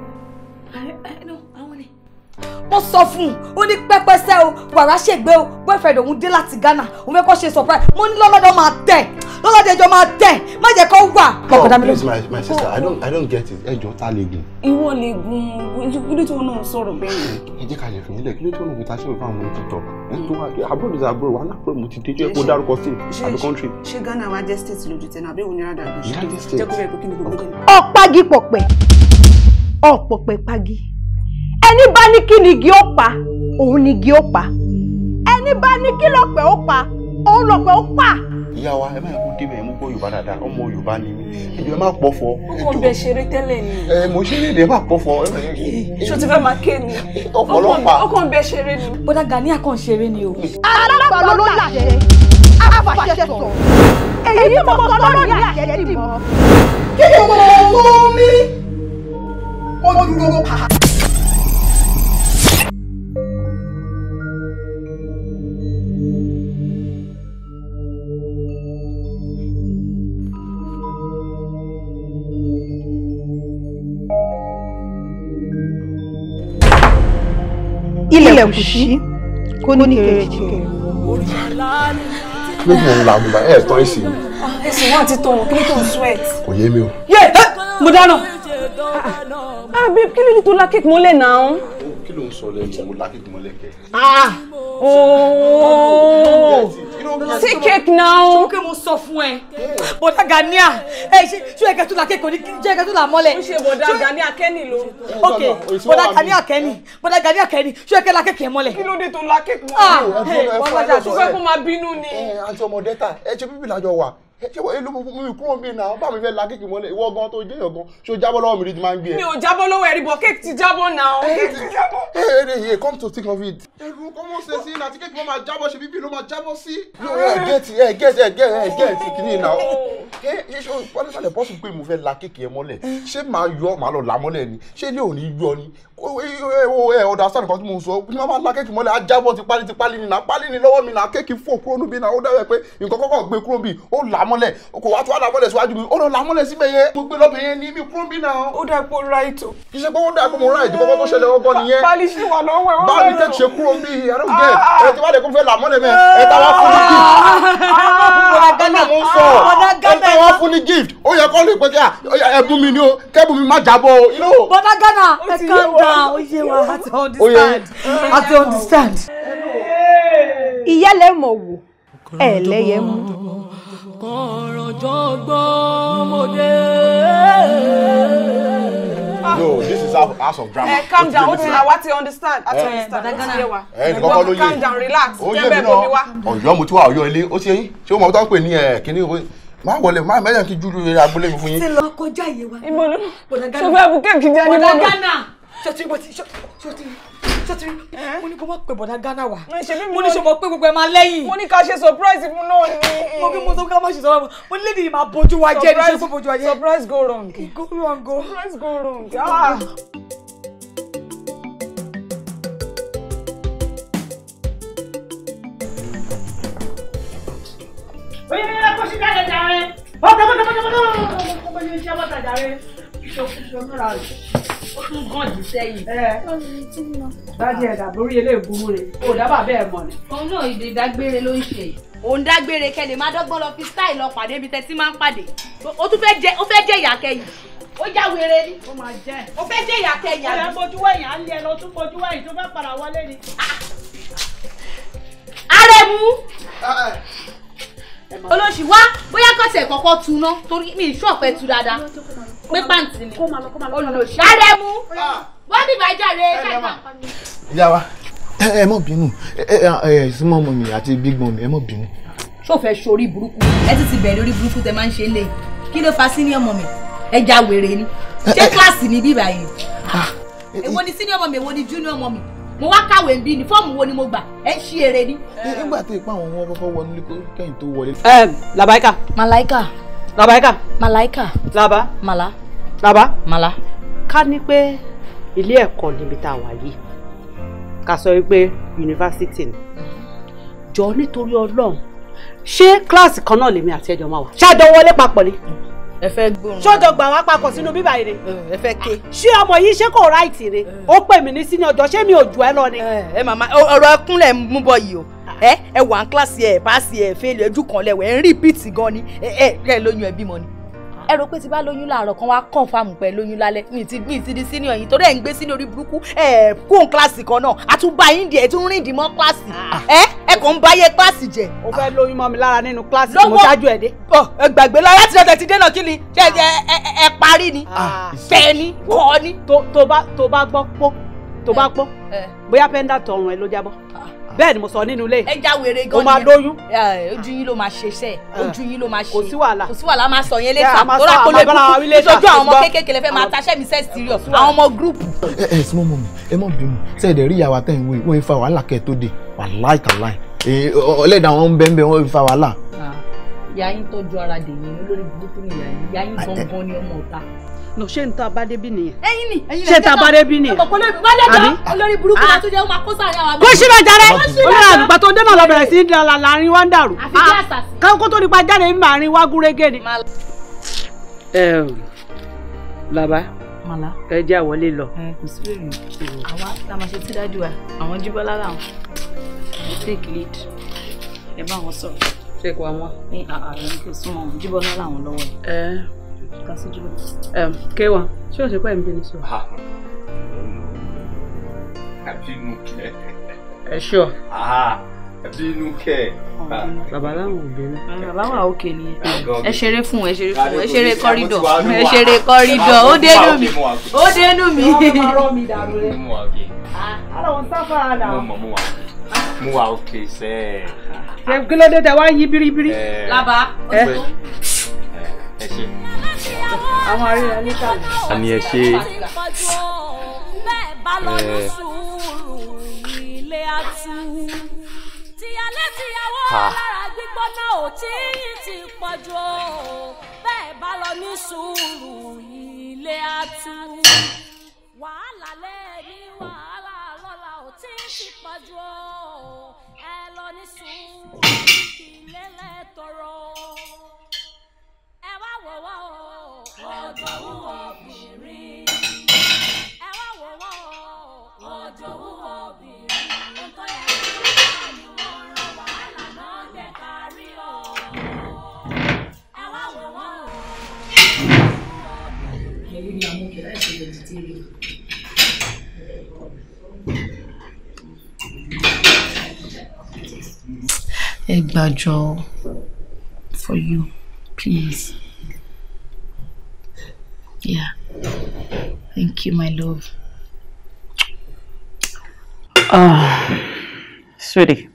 wọ́n sọ fún un ó ní pẹ́pẹ́sẹ́ o wàrà ṣègbè o boyfriend òun dé láti Ghana òun fẹ́ kó ṣe surprise mo ní lọ́lọ́dọ̀ máa tẹ̀ lọ́lọ́dọ̀ ẹjọ́ máa tẹ̀ má jẹ́ kó wà. oh please
my my sister i don't i don't get it ẹjọ́ ta lè gùn.
ìwọ lè gùn kí ló tó náà sọ̀rọ̀ bẹ́ẹ̀.
ẹ jẹ́ ká yẹ fún ilé kí ló tó náà fi ta ṣé o fáwọn ọmọ TikTok ẹ tó wá àbúrò ìdá àbúrò wà lápò mo ti dé kó dárúkọ sí àbí country. ṣé
Ghana wa jẹ́ state lójú tẹ̀ náà àbí òun yàrá dàgbé ṣe jẹ́ kó bẹ̀rẹ̀ pé kí ni gbogbo dé. ọ̀pági pọ̀pẹ̀ ọ̀pọ̀pẹ̀ pagi ẹni bá ní kí ni igi ó pa òun ni igi ó pa ẹni bá ní kí lọ̀pẹ̀ ó pa òun lọ̀pẹ̀ ó pa.
ìyá wa ẹ máa kú débẹ̀ ẹ mú gbọ́ yorùbá dáadáa ọmọ yorùbá ni mí ẹjọ́ ẹ má pọ̀fọ̀.
ọkọ bẹ ṣeré tẹ́lẹ̀ ni.
ẹ mo ṣeré dé má pọ̀fọ̀.
ṣó ti fẹ́ máa ké ni. ọ̀pọ̀lọpàá ọkọ bẹ ṣeré ni. bọ́dà Gani àkàn ṣeré ni o. alágbàlọ́ ló làṣẹ afàṣẹ sọ èyí mọ̀ tọ́lọ́ ní àṣẹ dì mọ́. kí ni tilẹ̀ kù sí kó ní kéré tirẹ̀.
ló la àgùnbà ẹ̀ tán ẹ̀sìn mi.
ẹ̀sìn ti tọrọ kí ló sweat. kò yé mi o. yé mo dáná. àbí ah, kí ló ní tó lákìkì mọ́lẹ̀ náà.
kí ló ń sọ lẹ́nu mo lákìkì mọ́lẹ̀ kẹ́.
Ah,
ooo. Oh take cake now.
ṣé mo sọ fún ẹ
bọ̀dá Gania eh, ẹ ṣe ṣé ẹ̀ka tó la kẹ́kọ̀ọ́ ní ṣé ẹ̀ka tó la mọ́lẹ̀. ó ṣe bọ̀dá Gania kẹ́ni ló.
ok bọ̀dá Gania
kẹ́ni bọ̀dá Gania kẹ́ni ṣé ẹ̀ka la kẹ́kẹ́ mọ́lẹ̀. kí ló de tó la kẹ́kọ̀ọ́. ah eh, eh, ẹ bọ́lá jà tó fẹ́ kó máa
bínú ni. Eh, ọmọdé ta ẹ ṣe bíbí làjọ wà ṣé wọ́n èlò mi kúrò mi náà bá mi fẹ́ la kéèkì mọ́lẹ̀ ìwọ gan tó jẹ́ èèyàn gan ṣó jábọ́ lọ́wọ́ mi rí ti máa ń gbé ẹ. mi ò jábọ́ lọ́wọ́ ẹ̀rí bọ̀ kéèkì ti jábọ́ náà. kéèkì ti jábọ́. ẹ ẹ ẹ ẹ come to think of it. ẹrù kọ́mọ ṣe sí iná àti kéèkì wọn máa jábọ́ ṣe bíbí ló máa jábọ́ sí. ẹ gẹ́ẹ̀tì ẹ gẹ́ẹ̀tì ẹ gẹ́ẹ̀tì kìíní náà. ẹ ẹ ṣé pálífàlẹ̀ bọ́sù pé mo fẹ́ la kéèkì ẹ mọ́lẹ̀ ṣé máa yọ máa lọ là mọ́lẹ̀ ni ṣé ilé ò ní yọ ni ọ̀dà sáà nìkan tí mo sọ ní wọ́n máa la kéèkì mọ́lẹ̀ ajábọ̀ ti pálí ti pálí ni náà pálí ni lọ́wọ́ mi náà kéèkì fò kúrò níbi náà ó dábẹ́ pé nǹkan kọ́kọ́ gbé kúrò níbi ó là lamọ́lẹ̀ kò wá tó wá lamọ́lẹ̀ síwájú mi ó lọ lamọ́lẹ̀ síbẹ̀ yẹn mo gbé lọ́bẹ̀ yẹn ní mi kúrò bí náà. ó dà pé ó ra ètò. kì í ṣe pé ó dà pé mo ra ètò bọ́bọ́ tó ṣẹlẹ̀ ọgbọ́n nìyẹn. báàlì ṣì wà lọ́wọ́ ẹ̀ báàlì tẹ̀ ṣe kúrò bí i àrùn gẹ̀ ah. ẹ̀ tí wàá lè kó fẹ́ lamọ́lẹ̀ mẹ́ ẹ̀ tá wá fún ní gift. Ah. ẹ̀ tá wá fún ah. ní gift ó yẹ kọ́ lè pé ẹ̀bùn mi ni ó kẹ́bùn mi má jábọ̀ o. bọ́dá gánà ẹ̀ calm down ó yé
wa àti understand
àti understand.
ìyá lẹ́ mọ̀ wò ẹ̀ lẹ́yẹ mú. Ah.
No, this is our house of drama. Uh, calm down, wetin na wa ti understand. I eh. understand. Ẹ ẹ kọ́kọ́ ló yẹ. Calm down,
relax. Ó yẹ mi náà ọ̀yọ́
mo ti wá ọ̀yọ́ ilé ó ti yẹn ṣé o mọ̀ tó ń pè ní eh, kíní ìwé má wọlé má mẹ́jọ kí júlù rẹ̀ mi fún yín. Ṣé
lọ kọjá ìyẹn wa? Ìbọn ló ṣùgbọ́n àbúkẹ́ kìí jẹ́ ní bọ́ọ̀lù ṣọtí mo ti ṣọtí ṣọtí mo ní kó má pè bọ̀dá Ghana wá mo ní ṣe mọ̀ pé gbogbo ẹ̀ máa lẹ́yìn. mo ní ká ṣe surprise fún náà ni. mo bí mo sọ ká má ṣe sọ mo ní lédi
ìmọ̀ àbójú wa jẹ́ ní ṣe bójú wa jẹ́. surprise go wrong. go wrong go. surprise go wrong. Ah.
oye mi yẹra kó sí jáde jàre bọ́tọ̀ bọ́tọ̀ bọ́tọ̀ bọ́tọ̀ bọ́tọ̀ bọ́tọ̀ bọ́tọ̀ bọ́tọ̀ bọ́tọ̀ bọ́tọ̀ bọ́tọ̀ bọ́tọ̀ bọ́tọ̀ bọ́tọ̀ bọ́tọ̀ bọ́tọ̀ ó tún gàn jù sẹ́yìn. dájú ẹ̀dá borí eléègún rẹ̀ kò dábàá bẹ́ẹ̀ mọ̀ ni. òun náà ìdè ìdágbére ló ń ṣe yìí òun dágbére kẹlẹ máa dọ́gbọ́n lọ fi style lọ pàdé ibi tẹ ti máa ń pàdé o tún fẹ́ jẹ o fẹ́ jẹ ìyá kẹyìn ó já wèrè ni ó máa jẹ ó fẹ́ jẹ ìyá kẹyìn àbí. ọ̀rẹ́ mojú wẹ̀yìn á lé ẹ lọ tún mojú wẹ̀yìn tó fẹ́ padà wọlé ni. ààrẹ ah! mú. Ah, ah olóṣì wá bóyá kọ́ tẹ̀ kọ́kọ́ tu ná torí mi ì ṣọ̀pẹ́ tu dáadáa pé pàǹtì ni olùlòṣì. ààrẹ mu wọ́n bí bàjáre ṣáà.
ìyá wa ẹ mọ̀ bínú ẹ sí mọ́ mọ́mì àti big mọ́mì ẹ mọ̀ bínú.
ṣó fẹ́ sori burúkú ẹ ti ti bẹ̀rẹ̀ orí burúkú tẹ máa ń ṣe lé kí ló fa senior mọ́mì ẹ já wèrè ni ṣé kíláàsì ni bíbá yìí
ah, èwo
ni senior mọ́mì èwo ni junior mọ́mì mo wá kàwé ń bí ni fọ́ọ̀mù wo ni mo gbà ẹ ṣí eré ni.
nígbà tó ipa àwọn wọn kọ́kọ́ wọ nílé kẹ́yìn tó wọlé. ẹ labaika. malaika.
labaika. malaika. laba. mala. laba. mala. ká ní pé ilé ẹ̀kọ́ níbi tá a wà yìí ká sọ wípé yunifásitì ni jọ nítorí ọlọ́run ṣé kíláàsì kan náà lèmi àti ẹjọ́ máa wà ṣáà wọlé papọ̀ ni. Mm -hmm ẹ fẹ́ gbóhùn. ṣọjọ gbà wá papọ̀ sínú bíbá ire. ẹ fẹ́ ké. Ah, ṣé ọmọ yìí ṣé kò ráìtì re eh. ó pè mí ní sínú ọjọ́ ṣé mi ò jù ẹ lọ ni. Eh, ẹ màmá ọ̀rọ̀ ẹkúnlẹ̀ ń mú bọ yìí o ẹ ah. eh, ẹ wà ń kíláàsì ẹ pàṣẹ ẹ fẹlẹ ojú kan lẹwẹ ẹ ń rí bíìtì gan ni ẹ ẹ lóyún ẹbí mọ ni ẹ rò pé tí bá lóyún láàárọ̀ kan wá confam pẹ̀ lóyún lálẹ́ mi ti mi ti di senior yìí torí ẹ̀ ń gbé sínú orí burúkú ẹ̀ kún kíláàsì kan náà a tún bá yín díẹ̀ tún rìn dìmọ́ kíláàsì ah. ẹ ẹ kàn ń báyé kíláàsì jẹ. o fẹ́ lóyún mọ́ mi lára nínú kíláàsì mo ṣáájú ẹ̀ dé. ọ ẹ gbàgbé lọ láti ọ̀dọ̀ ti dénà kí ni ṣe ẹ ẹ parí ni tẹ ah. ah. ni kọ ni. tó bá gbọ́ pọ́ tó bá eh. gbọ́ eh. bóyá pẹ́ńdà tọrùn ẹ ló jábọ́ bẹ́ẹ̀ ni mo sọ nínú ilé. ẹ já wèrè gan ni o máa lóyún. ojú yín ló máa ṣiṣẹ́ ah, ojú yín ló máa ṣe kò sí wàhálà kò sí wàhálà máa sọ yẹn lẹ́sà tó rà kó lè kú ìṣojú àwọn ọmọ kéékèèké lè fẹ́ máa ah. taṣẹ́ mi sẹ́ẹ̀ serious àwọn ọmọ
gúrùpù. ẹ ẹ súnmọ́ mọ́ ẹ má bínú ṣe rí ìyàwó àtẹ̀yìn wo ìwé ìfa wàhálà kẹ́ẹ̀ tó dé eh, wàhálà ìkàlà ọlẹ́dàá wọn bẹ́ẹ̀ bẹ́ẹ̀ wọ́n ìfa wàhálà.
ìyá tọ́jú ara dèyí ni ìyá yín ìyá ah, no ṣé n ta abádébí nìyẹn. ẹyin ni ẹyin lè jẹ́ tán ṣé ta abádébí nìyẹn. àbí olórí burúkú náà ah. tó jẹ́ wọn kó sáré àwọn. kó síbà jáde ó lè àgbà tó dé náà lọ bẹ̀rẹ̀ sí í dara láàrin wá ń dàrú. àfi bí ah. àṣàṣì. káwọn kó tó nípa jáde ń máa rin wá gúrégé ni. bàbá ẹ jẹ́ àwọlé
lọ. kò sí lè
a máa ṣe tí dájú wa àwọn jíbọ́ lára àwọn. take lead ẹ bá wọn sọ̀rọ̀. ṣé kò wá wọn. ní àárọ̀ ní kò súnmọ́ jíbọ́ lára àwọn lọ́wọ́ kasijoni um, K1 ṣé o ṣe pẹ́ ń bínú sọ.
àbínú kẹ. ẹ ṣọ. àbínú kẹ. bàbá láwọn ò bínú.
bàbá wa òkè
ni
ẹ ṣeré
fún ẹ ṣeré fún ẹ ṣeré kọ́rídọ̀ ẹ ṣeré kọ́rídọ̀ ó dénú mi ó dénú mi. ọ̀rọ̀ mi dàrú rẹ̀ àlọ́ ń sáfà àdà mo
wà òkè sẹ. ṣe kí ló dé tẹ wá yí biribiri. Eh. laba oṣù
ẹ ṣe. àwọn arìnrìn ẹni ká. àní ẹ
lọ ní sùúrù ilé atú ẹ wá wò wá o ọ̀jọ̀wọ́ obìnrin ẹ wá wò wá o ọ̀jọ̀wọ́ obìnrin
ó tó yẹ kí wọ́n ní wọ́n rán wàhálà náà jẹ́ ká rí o ẹ wá wò wá for you please.
Yeah. Thank you, my love. Ah, sweetie,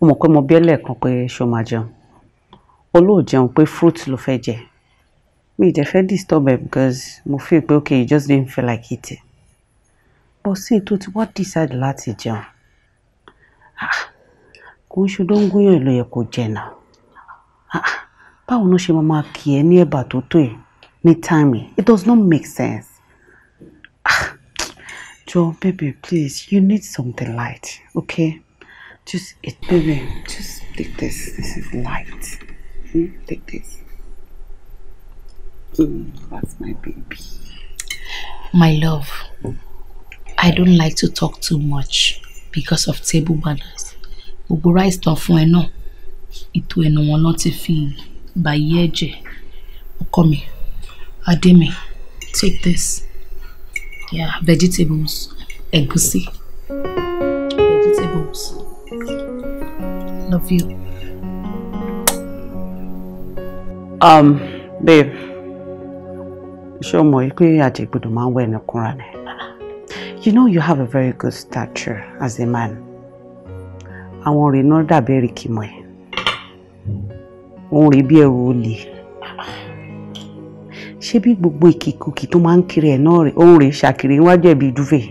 o mọ̀ pé mo bí ẹlẹ́ẹ̀kan pé ṣo máa jẹun. Olóò jẹun fruit ló fẹ́ jẹ. Mi ì dẹ̀ fẹ́ because mo feel pé okay you just didn't feel like eating. But see, ètò what decide láti jẹun. Ah, ń ṣe ló ń gúnyàn ló yẹ kó jẹ náà báwo ló ṣe máa kì í ní ẹ̀bà tó tó yìí ní time it does not make sense. Ah, Joe, baby, please, you need something light, okay? Just it, eh, baby. Just take this. This is light. Hmm? Take
this. Mm, that's my baby.
My love, I don't like to talk too much because of table manners. Gbogbo rice tán fún ẹ náà ìtò ẹnu wọn ló ti fi bà yí ẹ̀jẹ̀ ọkọ mi adé mi take this yeah vegetables ẹ̀gúsí vegetables love you. Um, babe ṣé o mọ̀ yìí pé àjẹgbọ́dọ̀ máa ń wẹ̀ ní kúnra ni you know you have a very good stature as a man àwọn rèé náà dàbí èrìkì mọ́ ẹ òun rèé bí ẹrù olè ṣé bí gbogbo ìkìkùkì tó máa ń kiri ẹ̀ náà rèé òun rèé ṣàkiri níwájú ẹ̀bí dúfẹ́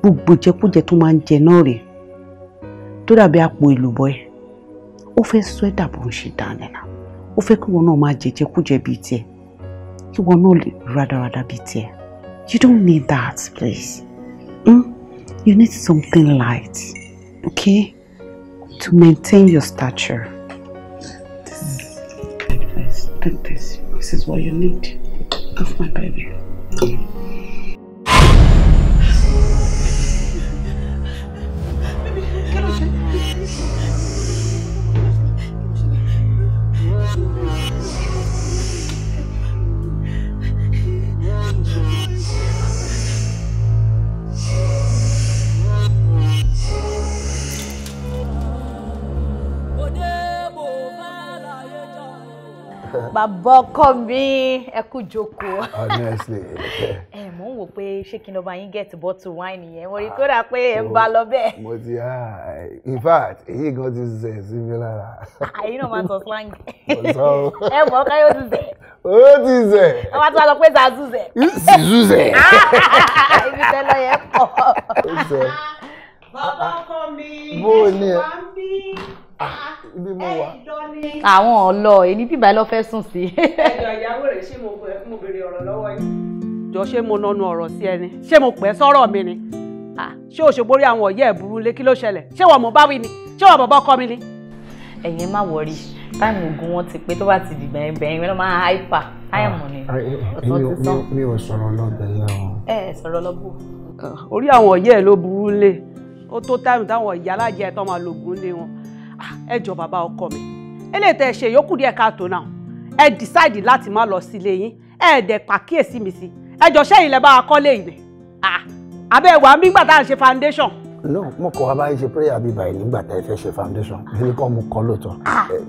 gbogbo jẹkújẹ tó máa ń jẹ náà rèé tó dàbí àpò èlùbọ́ ẹ̀ ó fẹ́ sọ ẹ́ dàbò ń ṣe dáná náà ó fẹ́ kí wọn náà máa jẹ jẹkújẹ bíi tiẹ̀ kí wọn náà lè rádaràda bíi tiẹ̀ you don't need that please Hmm? you need something light okay to maintain your stature.
Take this. This is what you need. of my baby.
bàbá ọkọ mi ẹ kú jókòó.
honestly.
ẹ mò ń wò pé ṣé kí n lọ bá yín get bottle wine yẹn wọ́n rí kódà pé ẹ ń ah, bá lọ bẹ́ẹ̀.
mo ti ha ah, in fact èyí gan ti sẹ̀ sí mi lára.
àyè ah, náà máa sọ slang.
ẹ mọ̀ káyọ̀ ti sẹ̀.
ó ti sẹ̀.
wọ́n máa tún lọ pé zazu sẹ̀. zizu sẹ̀. ibi tẹ́lọ yẹn pọ̀. bàbá ọkọ mi ẹ ṣì
bí
ibi mo wà. àwọn ọlọ ẹni bíbá ló fẹ́ sùn sí. ẹ̀dọ̀ ìyàwó rẹ̀ ṣé mo bèrè ọ̀rọ̀ lọ́wọ́ yìí. jọ ṣé mo nanu ọ̀rọ̀ sí ẹni ṣé mo pẹ́ sọ́rọ̀ mi ni ṣé òṣogbo rí àwọn ọ̀yẹ́ ẹ̀bùrú lé kí ló ṣẹlẹ̀ ṣé wọ́n mọ̀ bá wí ni ṣé wọ́n bọ̀ bọ́ kọ́ mi ni. ẹ̀yin má wọrí táìmù ogun wọn ti pé tó bá ti dìgbà ẹ̀bẹ̀ yẹn ló máa háìpà táìmù ah, ni
ọ̀tún ti sàn. mi ò sọ̀rọ̀ lọ́bẹ̀
yẹn o. ẹ ẹ sọ̀rọ̀ lọ́bù. orí àwọn ọ̀yẹ́ ẹ̀ ló burú lé ó tó táìmù táwọn ìyá alájẹ ẹ̀ tó máa lògùn lé wọn Ah, ẹ jọ bàbá ọkọ mi eléyìí tẹ ẹ ṣe yòókù díẹ̀ káàtó náà ẹ decide láti má lọ sílé yín ẹ dẹ̀ pàkíyèsí mi sí ẹ jọ sẹ́yìn lẹ́ bá wa kọ́lé yìí ah, abẹ́ wa nígbà tá à ń ṣe foundation.
no mo kọ abáyé ṣe prayer bíi báyìí nígbà tá ẹ fẹ́ ṣe foundation ìdílé kan mo kọ lóòótọ́. Ah, eh.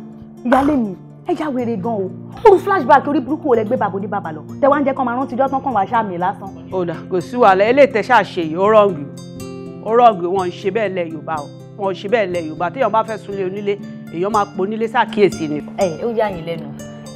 ìyáálé mi ẹ já wèrè gan o ó rú flashback orí burúkú ò lè gbé bàbá ní bàbá lọ tẹ wá ń jẹ kán máa rántí ọjọ́ tán kàn wá ṣáàmì lásán. ó dà kò sí wàhálà eléyìí tẹ ṣáà ṣe yìí ó rọ̀ǹgì ó rọ̀ǹgì wọn ṣe bẹ́ẹ̀ lẹ Yorùbá o wọn ò bẹ́ẹ̀ lẹ yorùbá téèyàn bá fẹ́ súnlé onílé èèyàn máa pò onílé ṣàkíyèsí ni. ẹ ó yà yín lẹ́nu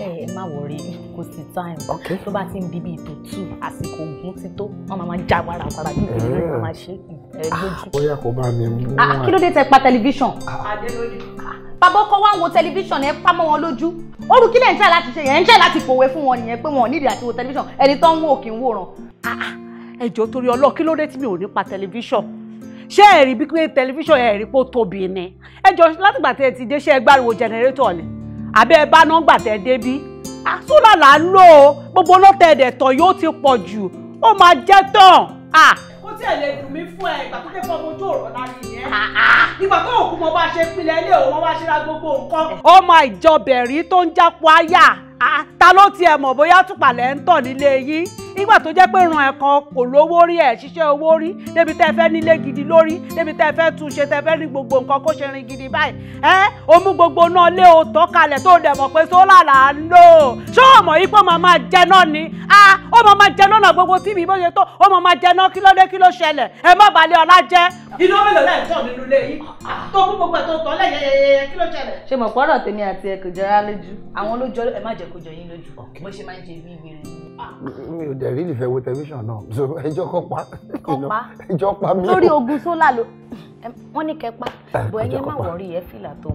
ẹ ẹ má wọrí kò sí time tó bá ti ń bíbí ètò tù àsìkò ògùn ti tó wọn máa máa já wàrà wàrà bí ìpínlẹ̀ náà máa ṣe é ah, lójú.
bóyá kò bá mi mú ah, wa. kí ló dé
tẹ pa tẹlifíṣàn. Ah. bàbá ọkọ wa ń wo tẹlifíṣàn ẹ pa mọ́ wọn lójú orú kílẹ̀ ń ṣe láti ṣe yẹn ń ṣe láti pòwe fún wọn nìyẹn pé wọn nídìí àti wo tẹlifíṣàn ẹni tó ń wò kì í wòran. ẹjọ́ torí ọlọ́ọ̀ kí ló dé tí mi ò ní pa tẹlifíṣàn ṣé ẹ rí bí pé tẹlifíṣàn ẹ rí pé ó tóbi ni ẹ jọ látìgbà tẹ ti dé ṣe ẹ gbáriwo jẹnẹrétọ̀ ni àbẹ ẹ bá nọmba tẹ débí àsúlà ah, là ń lò ó gbogbo lọ́tẹ̀ẹ̀dẹ̀ tán yóò ti pọ̀ jù ó máa jẹ́ tán. Ah! ó tiẹ̀ lè dùn mí fún ẹ ìgbà tó dé fọ́ mojú ọ̀rọ̀ lárí yẹn ìgbà tó òkú mo bá ṣe pilẹ̀ ilé òun mo bá ṣe ra gbogbo nǹkan. ọmọ ìjọbẹ̀rí tó ń jápọ̀ àyà ah, ta ló tiẹ̀ mọ̀ bóyá tùpàlẹ̀ ń tọ̀ nílé yìí nígbà tó jẹ́ pé ràn ẹ̀kan kò lówó rí ẹ̀ ṣiṣẹ́ owó rí débi tẹ́ fẹ́ nílé gidi lórí débi tẹ́ fẹ́ tún ṣe tẹ́ fẹ́ ní gbogbo nǹkan kó ṣe rin gidi báyìí ẹ́ o mú gbogbo náà lé o tọ́ kalẹ̀ tó dẹ̀ mọ̀ pé sólà là ń lò ṣé o mọ̀ yìí pé màmá jẹ náà ni a ó mọ̀ máa jẹ lọ́nà gbogbo tí mi bó ṣe tó ó mọ̀ máa jẹ náà kí ló dé kí ló ṣẹlẹ̀ ẹ má balẹ̀ ọ̀la jẹ́. iná mélòó lẹ́ẹ̀ tọ̀ nínú ilé yìí tó mú gbogbo ẹ̀ tó tọ́ lẹ̀ yẹyẹyẹ kí ló ṣẹlẹ̀. ṣe mọ̀ pọ́rọ̀ tèmi àti ẹ̀ kò jọra lójú àwọn ló jọ ẹ
mi ò dẹ̀ rí ìfẹ́ wo tẹlifíṣàn náà so ẹjọ́ kọ́ pa ẹjọ́ pa mi. lórí
ogun sólà ló wọ́n ní kẹpa ah, bọ̀ ẹ̀yin má wọ̀rí ẹ̀ fìlà tó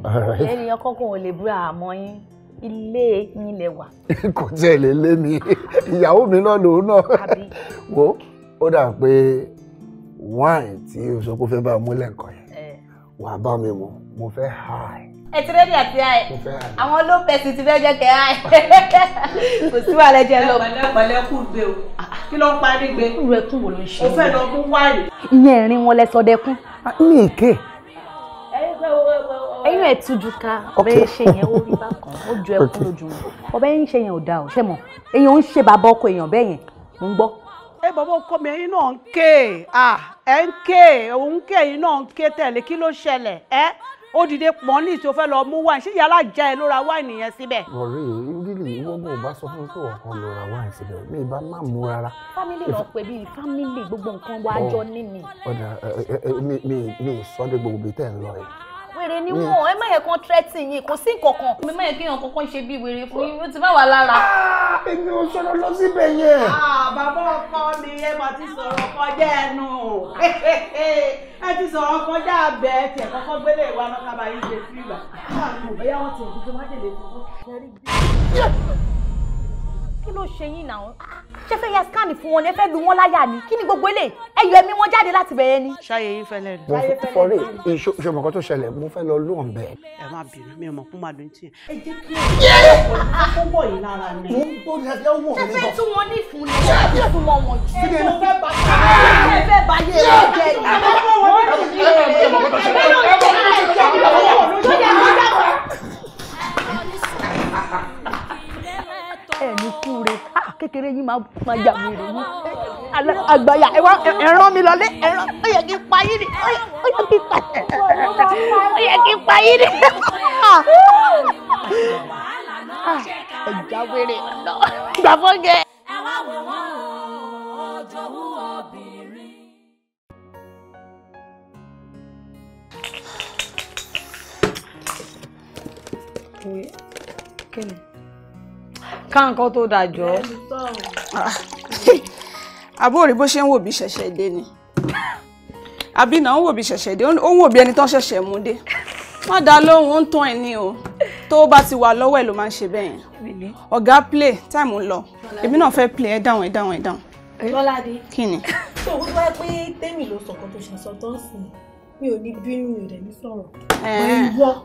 ẹ̀yìn kọ́kọ́ ò lè búra àmọ́ yín ilé yín lẹ wà.
kò tiẹ̀ lè lé mi ìyàwó mi náà lòun náà wo ó dà pé wáìn tí o sọ pé fẹ́ bá a mú lẹ́kọ̀ọ́ yẹn eh. wàá bá mi mu mo fẹ́ háì
ẹ ti rẹ́dí àti àì àwọn low person ti fẹ́ jẹ́ kẹ́ àì kò sí wàhálà jẹ́ lọ.
pẹ̀lẹ́pẹ̀lẹ́ kù gbé o
kí ló ń parí gbé. kúrò ẹkún wo ló ń ṣe. o fẹ́ lọ mú wáìnì. ìyẹn ìrìn wọn lẹ sọ dẹkún. ní ah, èké. ẹyin ẹ tuju ká ọbẹ yẹn ṣe yẹn ó rí bákan ó ju ẹkún lójú ọbẹ yẹn ṣe yẹn ò dáa ò ṣe mọ èèyàn ń ṣe bàbá ọkọ èèyàn bẹ́ẹ̀ yẹn mò ń gbọ́ ẹ bọ̀bọ̀ kọ́ mi ẹ̀yin náà ń ké ah, ẹ ń ké òun ké ẹ̀yin náà ń ké tẹ̀lé kí ló ṣẹlẹ̀ ẹ́ ó dìde pọ́n ní ìṣòfẹ́ lọ mú wáìnì ṣé yàrá já ẹ ló ra wáìnì yẹn síbẹ̀.
ọ̀rẹ́ rírì ìwọ́gbọ̀n ò bá sọ fún mi pé ọ̀kan ló ra wáìnì síbẹ̀ mi bá má mú rárá.
fámìlì lọ pè bíi fámìlì gbogbo nǹkan wa jọ ní mi.
ọ̀dà mi mi sọ́dẹ̀ gbogbo bíi
tẹ́ ń lọ yìí
wèrè ni hmm. wọn ẹ má yẹ kán tẹ́tì yín kò sí nǹkan kan. mi má yẹ kí èèyàn kankan ṣe bí wèrè fún yín ó ti bá wà lára. Ah, èmi ò sọ̀rọ̀ lọ síbẹ̀ yẹn. Ah, bàbá ọkọ mi ẹ mà ti sọ̀rọ̀ kọjá ẹnu ẹ ti sọ̀rọ̀ kọjá abẹ tiẹ̀ kọ́kọ́ gbélé ìwà náà kábàáyé ṣe fún ìgbà. bóyá wọn ti ẹ̀ kí ló ṣe yín náà ṣé fẹ́ ya scan fún wọn ni ẹ fẹ́ lu wọn láyà ni kí ni gbogbo eléyìí ẹ yọ ẹ̀mí wọn jáde láti bẹ̀rẹ̀ ni. ṣáyé yín fẹ́lẹ́ rí. mo fọrí
ìṣòwò kan tó ṣẹlẹ̀ mo fẹ́ lọ lù ọ̀n bẹ́ẹ̀.
ẹ má bínú mi ò mọ̀ fún màdùn tí. ẹ jẹ́ kí ó bọ̀ yìí lára ni. mo ń bọ̀ ní ẹgbẹ́ wọn. ṣé fẹ́ tún wọn ní ìfun ni fẹ́ bá yẹ ẹ fẹ́ bá yẹ ẹ jẹ́ ẹ ẹni kúre ah, kékeré yín máa yà mí rè
yín àgbàyà ẹran mi lọlé ẹran ó yẹ kí n pa yín ni ó yẹ kí n pa ó yẹ kí n pa yín ni. ẹja wéré lọ gbàgbọ́ gẹ.
Kẹ́mi ká nǹkan tó dájọ́. àbó rí bó ṣe ń wò bí ṣẹ̀ṣẹ̀ dé ni àbí náà ń wò bí ṣẹ̀ṣẹ̀ dé ó ń wò bí ẹni tán ṣẹ̀ṣẹ̀ mú dé má dá lóhùn ó ń tán ẹ ní o tó bá ti wà lọ́wọ́ ẹ̀ ló máa ń ṣe bẹ́ẹ̀ yẹn ọ̀gá play time ń lọ èmi náà fẹ́ play ẹ dáhùn ẹ dáhùn ẹ dáhùn. Lọ́ládé kí ni. tó o bá pé tèmi ló sọ̀kan tó ṣàṣọ tó ń sìn mi ò ní bínú mi ò dẹ̀ ní sọ̀rọ̀.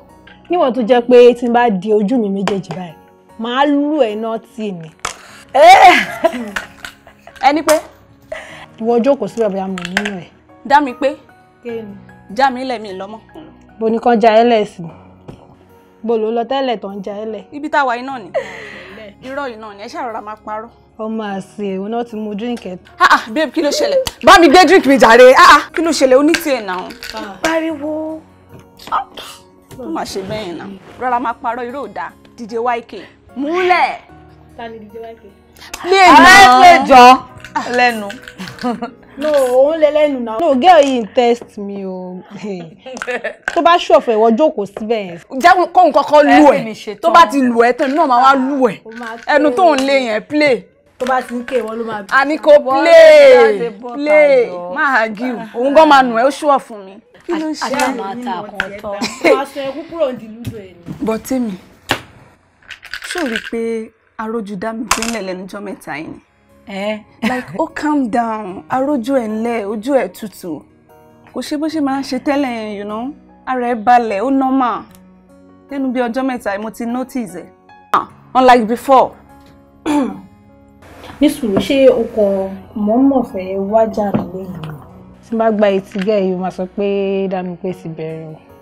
níwọ̀n tó jẹ́ pé tí n bá di ojú mi méjèèjì báyìí màá lù ẹ náà tì mí. ẹni pé. ìwọ jókòó síbẹ̀ bóyá mo nínú ẹ̀. dá mi pé já mi lẹ̀ mi lọ́mọ. bo ni kan ja ẹ lẹ̀ sí bó ló lọ tẹ́lẹ̀ tó ń ja ẹ lẹ̀. ibi táwa iná ni irọ́ yìí náà ni ẹ ṣàrọ̀ra máa parọ́. ọmọ àṣì èwo náà ti mu drink ẹ. ah ah babe kí ló ṣẹlẹ̀ bá mi gbé drink mi jàre ah ah kí ló ṣẹlẹ̀ ó ní tiẹ̀ náà. Ah. pariwo ah, ó mà ṣe bẹ́ẹ̀ náà rọra máa parọ́ irọ́ ò dáa DJ YK múlẹ̀. ta ni dj wáìkì.
mi ò máa ń pè jọ
lẹ́nu. no òun lè lẹ́nu náà. no girl yìí ń test mi o tó bá ṣọ̀fọ̀ ẹ̀wọ̀ jókòó síbẹ̀ yẹn. jẹ́ kóun kọ́kọ́ lù ẹ́ tó bá ti lù ẹ́ tán náà máa wá lù ẹ́ ẹnu tóun lè yẹn play tó bá ti ń ké wọn ló máa bí. àní kò play play má hagiu òun gan máa nù ẹ ó ṣùọ fún mi. kí ló ń ṣe àmọ́ àtàkùn ọ̀tọ̀. wàá sọ ẹkú kúrò ní ìlú ṣó rí i pé arójú dá mi gbélẹ̀ lẹ́nujọ́ mẹ́ta yìí ni. like oh, calm down arójú ẹ̀ ńlẹ̀ ojú ẹ̀ tutù kò ṣe bó ṣe máa ń ṣe tẹ́lẹ̀ yẹn you know ara ẹ̀ balẹ̀ ó normal lẹ́nu bí ọjọ́ mẹ́ta mo ti notice ẹ̀ unlike before. ní sùúrù ṣé o kò mọ̀ọ́mọ̀ fẹ́ wájà lẹ́yìn. tí n bá gba etí gẹ̀ yìí o máa sọ pé dánú pé ti bẹ̀rẹ̀ o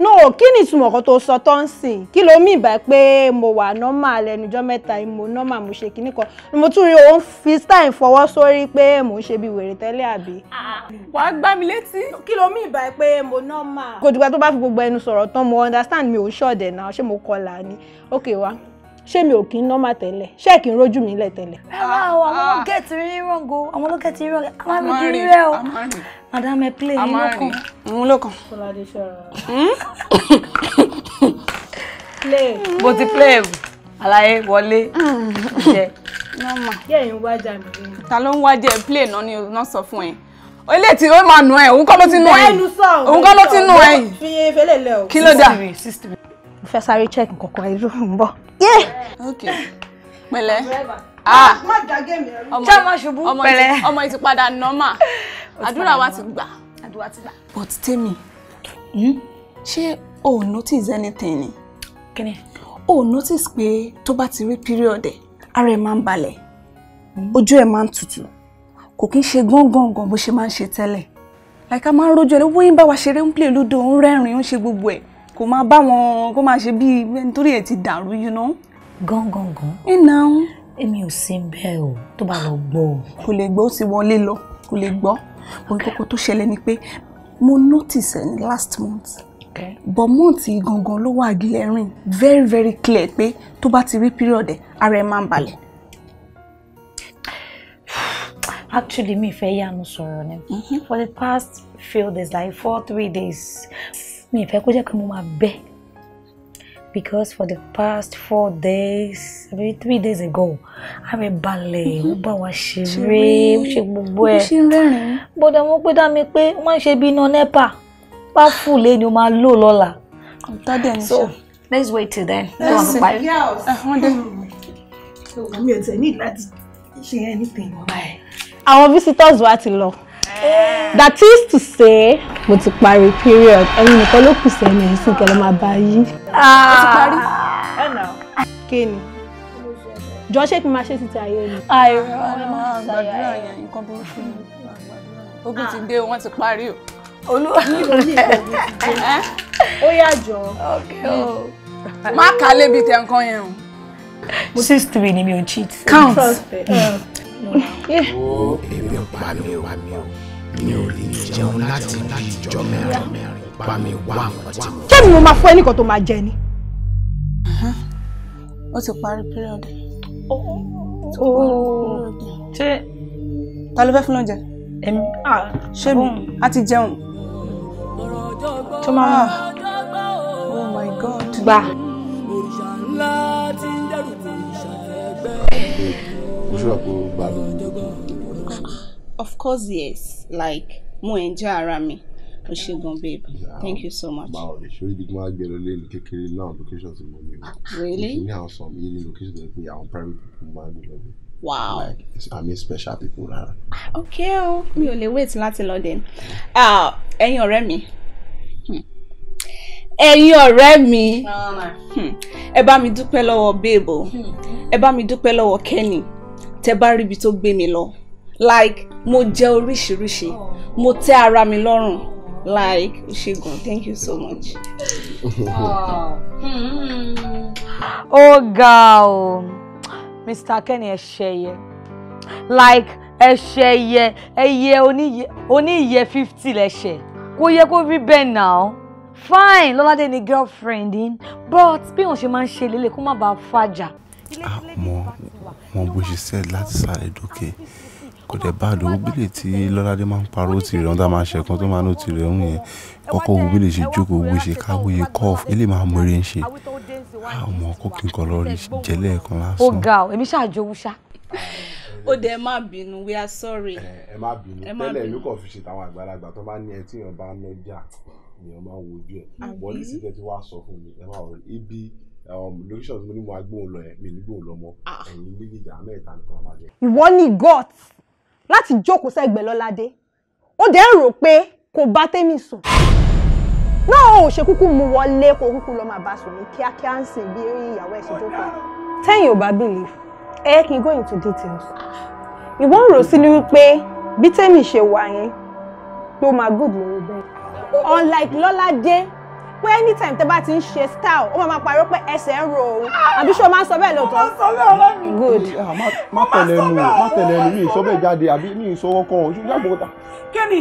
no kí ni ìtumọ̀ kan tó sọ tó ń sìn kí ló mì bá pé mo wà nọ́mà lẹ́nujọ́ mẹ́ta mo nọ́mà mo ṣe kinní kan mo tún rí òun fi stein fọwọ́ sórí pé mò ń ṣe bí wèrè tẹ́lẹ̀ àbí. Ah, ah, wà á gbá mi létí. kí ló mì bá pé mo nọ́mà. kò dìgbà tó bá fi gbogbo ẹnu sọ̀rọ̀ tán mo understand mi ò ń ṣọ̀dẹ̀ náà ṣé mo kọlà ni ókè wá ṣé mi ò kí ń nọ́mà tẹ́lẹ̀ ṣé kí n rójú mi lẹ̀ tẹ́lẹ̀.
rárá o àwọn lọ́kẹ̀tì rí rọ̀ǹgo àwọn
lọ́kẹ̀tì rí rọ̀ǹgo àwọn mi kiri rẹ o madam ẹ play yín lọ́kàn. òun lọ́kàn. kọ́ládé ṣọ́ra. Hmm? play. bó ti play ẹ̀bù àlàyé wọlé hmm. jẹ. nọ́mà. yẹ́ ẹ̀ ń wájà mi. ta ló ń wájà ẹ play náà ni náà sọ fún ẹ ilé tí ó máa nù ẹ òun kọ́ ló ti nù ẹ òun kọ́ ló ti nù ẹ yìí kí ló dà mo fẹ́ sáré check kankan ẹ̀rọ ń bọ̀. pẹ̀lẹ́ ah. ṣé ọmọ ṣubú pẹ̀lẹ́ ọmọ yìí ti padà nọ́mà àdúrà wa ti gbà. but tèmi hmm? ṣé o ò notice anything ni o ò notice pé tó bá ti rí period ẹ̀ ara ẹ̀ máa ń balẹ̀ ojú ẹ̀ máa ń tutù kò kí ń ṣe gángan bó ṣe máa ń ṣe tẹ́lẹ̀ like a máa ń rojú ẹ̀ lówó yín bá wa ṣeré ń play lúdò ń rẹ́rìn-ín ń ṣe gbogbo ẹ̀ kò máa bá wọn kó máa ṣe bíi nítorí ẹ ti dàrú you know. gangan gan. ẹ náà. èmi ò sí bẹ́ẹ̀ o tó bá lọ gbọ́ o. kò lè gbọ́ ó sì wọlé lọ kò lè gbọ́ ohun kókó tó ṣẹlẹ̀ ni pé mo notice ẹ ní last month okay. but month yìí gangan ló wà glaring very very clear pé tó bá ti rí period ẹ ara ẹ máa ń balẹ̀. actually mi fẹ́ yanu sọ̀rọ̀ ni mm-hmm. for the past few days like four three days mi ìfẹ́ kó jẹ́ pé mo máa bẹ́ because for the past four days maybe three days ago ààrẹ balẹ̀ mhm. ó bá wa ṣeré ó ṣe gbogbo ẹ̀ bọ́dà mo pé dá mi pé ó máa ń ṣe bí iná nepa bá fù lé ni ó máa lò lọ́la. so let's wait till then. àwọn visitors wa ti lọ. Eh. that is to say mo ti parí period ẹ̀yin nìkan ló kù sẹ́yìn ẹ̀yìn sí kẹlẹ́ máa bá yí. Ah. ó ti parí. Eh, kí ni jọ ṣé kí n máa ṣe títí ayé mi. àìrọ àgbàdúrà yẹn nǹkan burúkú ni ogun ti ah. dé wọn ti parí o. olúwa ní ìlú ní ìlú ti dé. ó yà jọ.
má kà á lébi tẹ nǹkan yẹn
o. six three ni mi ò cheat. count. Hmm. Eh,
èmi ò pa mi ò pa mi ò mi ò lè jẹun láti bí ìjọ mẹ́rin bá mi wá àwọn tí mo.
ṣé mi mo máa fún ẹ tó máa jẹ ni. ó ti parí period. ṣé ta ló fẹ́ fún lóúnjẹ. èmi ṣé mi a ti jẹun. tó
máa wà. oh my god.
gbà. ó ṣùgbọ́n kó gbà
of course yes like mo enjoy ara mi o ṣe babe yeah. thank you
so much. báwo ni ṣorí ibi tí wọn á gbé lọ lé ní kékeré náà location ti mọ mi
o. really ìṣúná
àwọn sọ mi ní location tó yẹ pé àwọn private people máa ń gbé lọ bí. wow like i mean special people rara.
Okay, o mi ò lè wait láti lọ dé ah, ẹ̀yin ọ̀rẹ́ mi hmm. ẹ̀yin ọ̀rẹ́ mi hmm. ẹ bá mi dúpẹ́ lọ́wọ́ babe o
hmm.
ẹ bá mi dúpẹ́ lọ́wọ́ Kenny tẹ bá ríbi tó gbé mi lọ. Hmm like mo jẹ oríṣiríṣi oh. mo tẹ́ ara mi lọ́rùn like ṣègùn thank you
so much. Oh.
Hmm, hmm.
ó ga o Mr. Kenny ẹ ṣẹyẹ like ẹṣẹ ẹyẹ ẹyẹ oníyẹ fifty lẹṣẹ kò yẹ kó rí bẹ́ẹ̀ náà fine lọ́ládé ni girlfriend in but bí wọ́n ṣe máa ń ṣe lélẹ̀ kó má bàa fàjà.
àmọ́ wọn bó ṣe sẹ́ẹ̀ láti sáré dókè kò dẹ̀ bá àdó wúbílì tí Lọ́ládé máa ń parọ́ tirẹ̀ ohun tá a máa ṣẹ̀kan tó máa ń tirẹ̀ ohun yẹn kọ́kọ́ wúbílì ṣe jókòó wúbílì ṣe káwóye kọ́ọ̀fù ilé máa mú eré ń ṣe àmọ́ kó kí n kọ́ lọ rí
jẹ́lẹ̀ kan lásán. ó
ga ọ èmi ṣáàjò wúṣà.
ó dẹ̀ má bínú we are sorry. ẹ
má bínú tẹ́lẹ̀ ìlú kan fi ṣe táwọn àgbàlagbà tó bá ní ẹtí yẹn bá ń lọ́jà èèyàn máa wojú ẹ̀ bọ́ọ̀lì sí tẹ́tí wá sọ fún mi ẹ má wọlé ibi um, location mo ní mo agbóhùn lọ ẹ̀ mi ní gbóhùn lọ mọ́ ah. ẹ̀yin méjèèjì àmẹ́ta nìkan máa
jẹ. ìwọ ni gods láti jókòó sẹ́gbẹ̀ẹ́ lọ́ládé ó dẹ̀ ń rò pé kò bá tèmi sùn náà ò ṣe kúkú mú wọlé kó kúkú lọ́ọ́ máa bá sùn ní kíákíá ń sìn bí ìyàwó ẹ̀ ṣe jókòó tẹ́yìn ò bá believe ẹ kì í go into details ìwọ ń rò sí ni wípé bí tèmi ṣe wà yẹn pé máa good lórí bẹ́ẹ̀ unlike lọ́ládé pé anytime tẹ bá ti ń ṣe style ó máa máa pariwo pé ẹsẹ̀ ń ro òun àbí ṣé o máa ń sọ bẹ́ẹ̀
lóòótọ́. mo máa ń sọ bẹ́ẹ̀ ọ̀rẹ́
good. Ah, má tẹ̀lé ẹnu má tẹ̀lé ẹnu mi ìsọ bẹ́ẹ̀ jáde àbí mi ìsọ ọkàn oṣù yàgò ta. kẹ́ni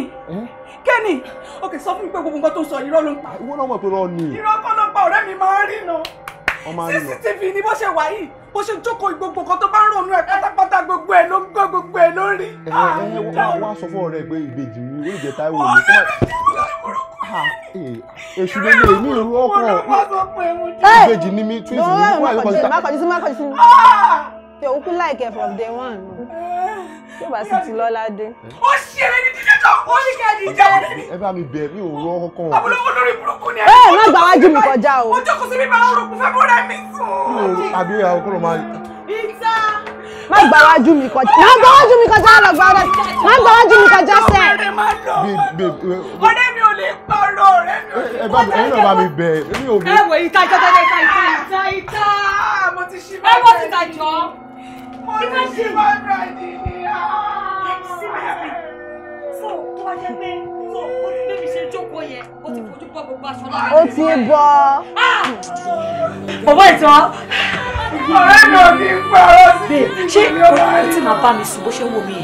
kẹ́ni ok sọ fún mi pé gbogbo nǹkan tó ń sọ irọ́ ló ń pa. Ah, ìwọ náà mọ̀ pé irọ́ ni. irọ́ kọ́ ló ń pa ọ̀rẹ́ mi máa ń rí náà. CCTV bó ṣe jókòó gbogbo kan tó bá ń ronú ẹ pátápátá gbogbo ẹ ló ń gbọ́ gbogbo ẹ lórí. ẹ ẹ wá sọ fún ọ̀rẹ́ pé ìbejì mi ó jẹ táwọn òní kó má èṣù ló lè ní irú ọkọ
ìbejì ni mi twins mi wà lóko sí ta. má kọjú sí má kọjú sí mi. òkú ah! láìkẹ́ from day one. Ah! tó bá sì ti lọ́lá dé.
ó
ṣe eré ní
dídíjọ ó ní ká di ìjà rẹ
ni. ẹ bá mi bẹ̀ mi ò rọ kankan. àbúlọ́wọ́ lórí
burúkú ni. ẹ má gbà wájú mi kọjá o. ó jókòó sí mi bá orúkú fẹ́ bó rẹ̀ mi sùn. àbí
àkọlọ
máa. ìta. má gbà wájú mi kọjá má gbà wájú mi kọjá lọ gbà rẹ má
gbà wájú mi kọjá sẹ. Eh,
eh, eh. ọ̀rẹ́ mi ò lè pa ọ̀rọ̀ ọ̀rẹ́ mi ò lè pa
ọ̀rẹ́ mi. ẹ bá mi
bẹ̀ mi ò bí. ẹ wò ìta ìta ìta ìta ìta
ìta mo ti ṣe bá rẹ. ẹ wọ́n ti ta jọ.
mo ti ṣe bá rẹ nìyí
seriously so tó bá so o ti bẹ́ẹ̀ mi ṣe jókòó yẹn o ti fojú bọ́ gbogbo aṣọ lára rẹ̀. o ti bọ́. bọ̀bọ̀ ìtàn ọ̀rẹ́ mi ò ní pa ọ́ sí. ṣé o ti
máa bá mi sùn bó ṣe wò mí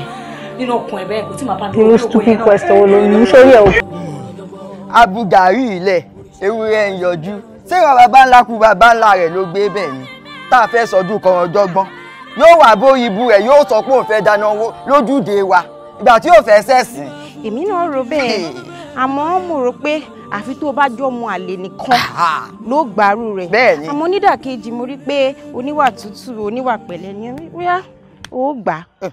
nínú ọkùn ẹ̀ bẹ́ẹ̀ kò máa bá mi sùn. irú stupid question wo ló ní sórí ẹ̀ o. abugari ilẹ̀
ewúrẹ́ ń yọjú ṣé ìran bàbá ńlá kú bàbá ńlá rẹ̀ ló gbé bẹ́ẹ̀ ni tá a fẹ́ sọdún kan ọjọ́ gbọ́n yóò wà bóyí bu ẹ̀ yóò sọ pé òun fẹ́ dáná owó lójúde wa ìgbà
tí yóò fẹ́ sẹ̀sìn. èmi náà rò bẹ́ẹ̀ àmọ́ mo rò pé àfi tó bá jọ mu àlè nìkan ló gbàrú rẹ̀ bẹ́ẹ̀ni àmọ́ onídàkejì mo rí pé oníwà tútù
oníwà pẹ̀lẹ́ ni wíyá ó gbà. Eh,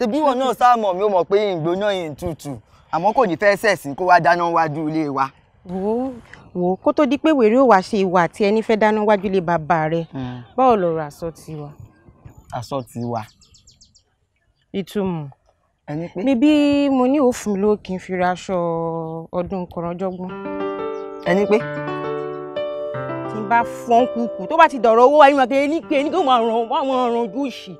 ṣe bí wọn náà sáà mọ̀ mi ò mọ̀ pé ìgbóná yìí ń tutù àmọ́ kò ní fẹ́ sẹ̀sìn kó wá dáná wájú ilé wa. wo
wo kó tó di pé wèrè ó wá ṣe ìwà àti ẹni fẹ́ dáná wájú ilé bàbá rẹ̀ hmm. báwo lọ̀rọ̀ àsọ tiwa
aṣọ ti wà.
ìtumọ̀ ẹni pé. mi bí mo ní òfin ló kí n fi ra aṣọ ọdún kọ̀rọ̀jọ́gbọ́n. ẹni pé. tí n bá fọ́n kúkú tó bá ti dọ̀rọ̀ owó wáyé wọn kí ẹni pé ẹni kí wọ́n
ràn wọ́n ràn ojú ìṣì.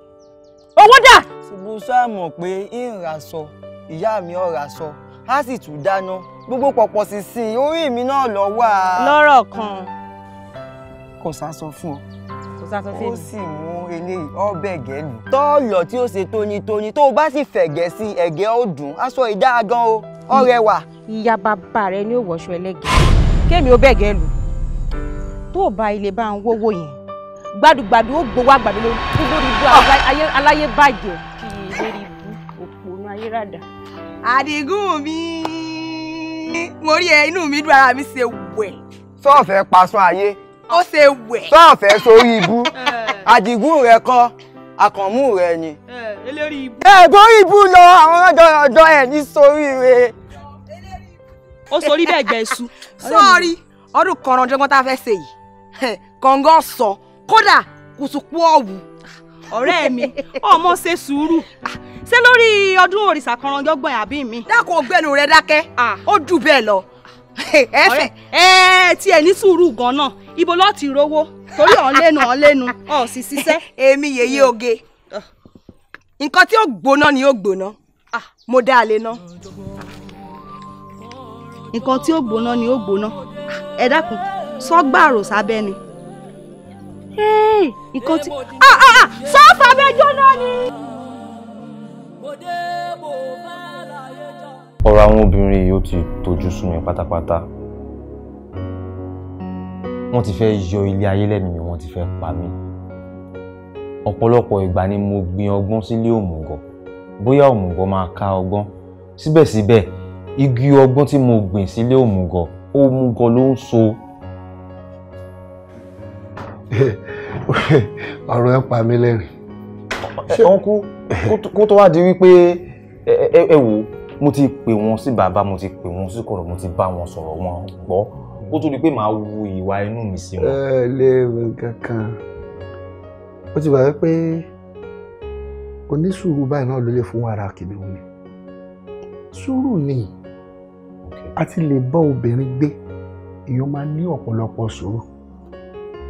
owó dà. ṣùgbọ́n sáà mọ̀ pé ń ra aṣọ ìyá mi ò ra á sì tún dáná gbogbo pọ̀pọ̀ sì sí orí mi náà lọ wá. lọ́rọ̀ kan. kò sá sọ fún ọ
sá sọ fún mi. ó sì mú eléyìí ọbẹ̀ ẹ̀gẹ́ lù.
tọ́ọ̀lọ̀ tí ó ṣe tónítóní tó o bá sì fẹ̀gẹ́ sí ẹ̀gẹ́
ó dùn aṣọ ìdára gan o ọ̀rẹ́ wà. ìyá bàbá rẹ ni ó wọṣọ ẹlẹ́gẹ̀ẹ́ kémi ó bẹ̀gẹ́ lù tó o bá ilé bá ń wówó yẹn gbàdúgbàdú ó gbowó àgbàdo lórí ibú ah! aláyé bàjẹ́ kí lórí ibú òpònú ayérada. àdìgún mi mo rí ẹ inú mi dùn ara mi ṣe
wẹ̀. sọ́ọ̀fẹ́ pasán ayé ó ṣe wẹ̀. tọ́ọ̀ fẹ́ sórí ibú eh. àdìgún rẹ kọ́ akànmú rẹ ni.
Eh,
ẹ borí ibú lọ àwọn
ọjọ́ ẹ ní sórí rẹ. ó sórí bẹ́ẹ̀ gbẹ iṣu. sọ́ọ̀rì ọdún kọ̀ọ̀rọ̀ tá a fẹ́ ṣe yìí eh, kọ̀ǹgàn sọ kódà kùsùkú ọ̀wù.
ọ̀rẹ́ mi ọmọ ṣe
sùúrù ah, ṣé lórí ọdún òrìṣà kọ̀ọ̀rọ̀ǹjọ́gbọ̀n àbí mi. dákun ọgbẹ́nu rẹ dákẹ́ ah. ó jù bẹ́ẹ̀ lọ ẹ̀ẹ́fẹ̀ ẹ̀ẹ́ tiẹ̀ ní sùúrù gan-an ibo lọ́ọ́ ti rówó torí ọ̀n lẹ́nu ọ̀n lẹ́nu ọ̀ sì ṣiṣẹ́. èmi yèyé oge nǹkan tí ó gbóná ni ó gbóná ah, mo dá a lè ná. nǹkan tí ó gbóná ni ó gbóná ẹ dákun sọgbà àròsà bẹ́ẹ̀ ni nǹkan tí
ah, ah,
sọ́ọ̀fà bẹ́ẹ̀ jóná ni.
ọ̀rọ̀ àwọn obìnrin yìí ó ti tojú sú mi pátápátá wọ́n ti fẹ́ yọ ilé ayé lẹ́nu mi wọ́n ti fẹ́ pa mí ọ̀pọ̀lọpọ̀ ìgbà ni mo gbin ọgbọ́n sílé òmùgọ̀ bóyá òmùgọ̀ máa ká ọgbọ́n síbẹ̀síbẹ̀ igi ọgbọ́n tí mo gbìn sílé òmùgọ̀ òmùgọ̀ ló ń so. ọ̀rọ̀ ẹ pa mí lẹ́rìn. ṣé ọ̀nkú kó tó wá di wípé ẹ wò mo ti pè wọ́n sí bàbá mo ti pè wọ́n sí kọ̀rọ̀ mo ti bá wọn sọ̀rọ̀ wọn gbọ́ kó tó di pé màá wu ìwà inú mi sí wọn. ẹ lè wẹ kankan ó ti wà wípé onísùúrù báyìí náà ló lè fún ara kìnìún mi sùúrù ni a ti lè bọ́ obìnrin gbé èèyàn máa ní ọ̀pọ̀lọpọ̀ sùúrù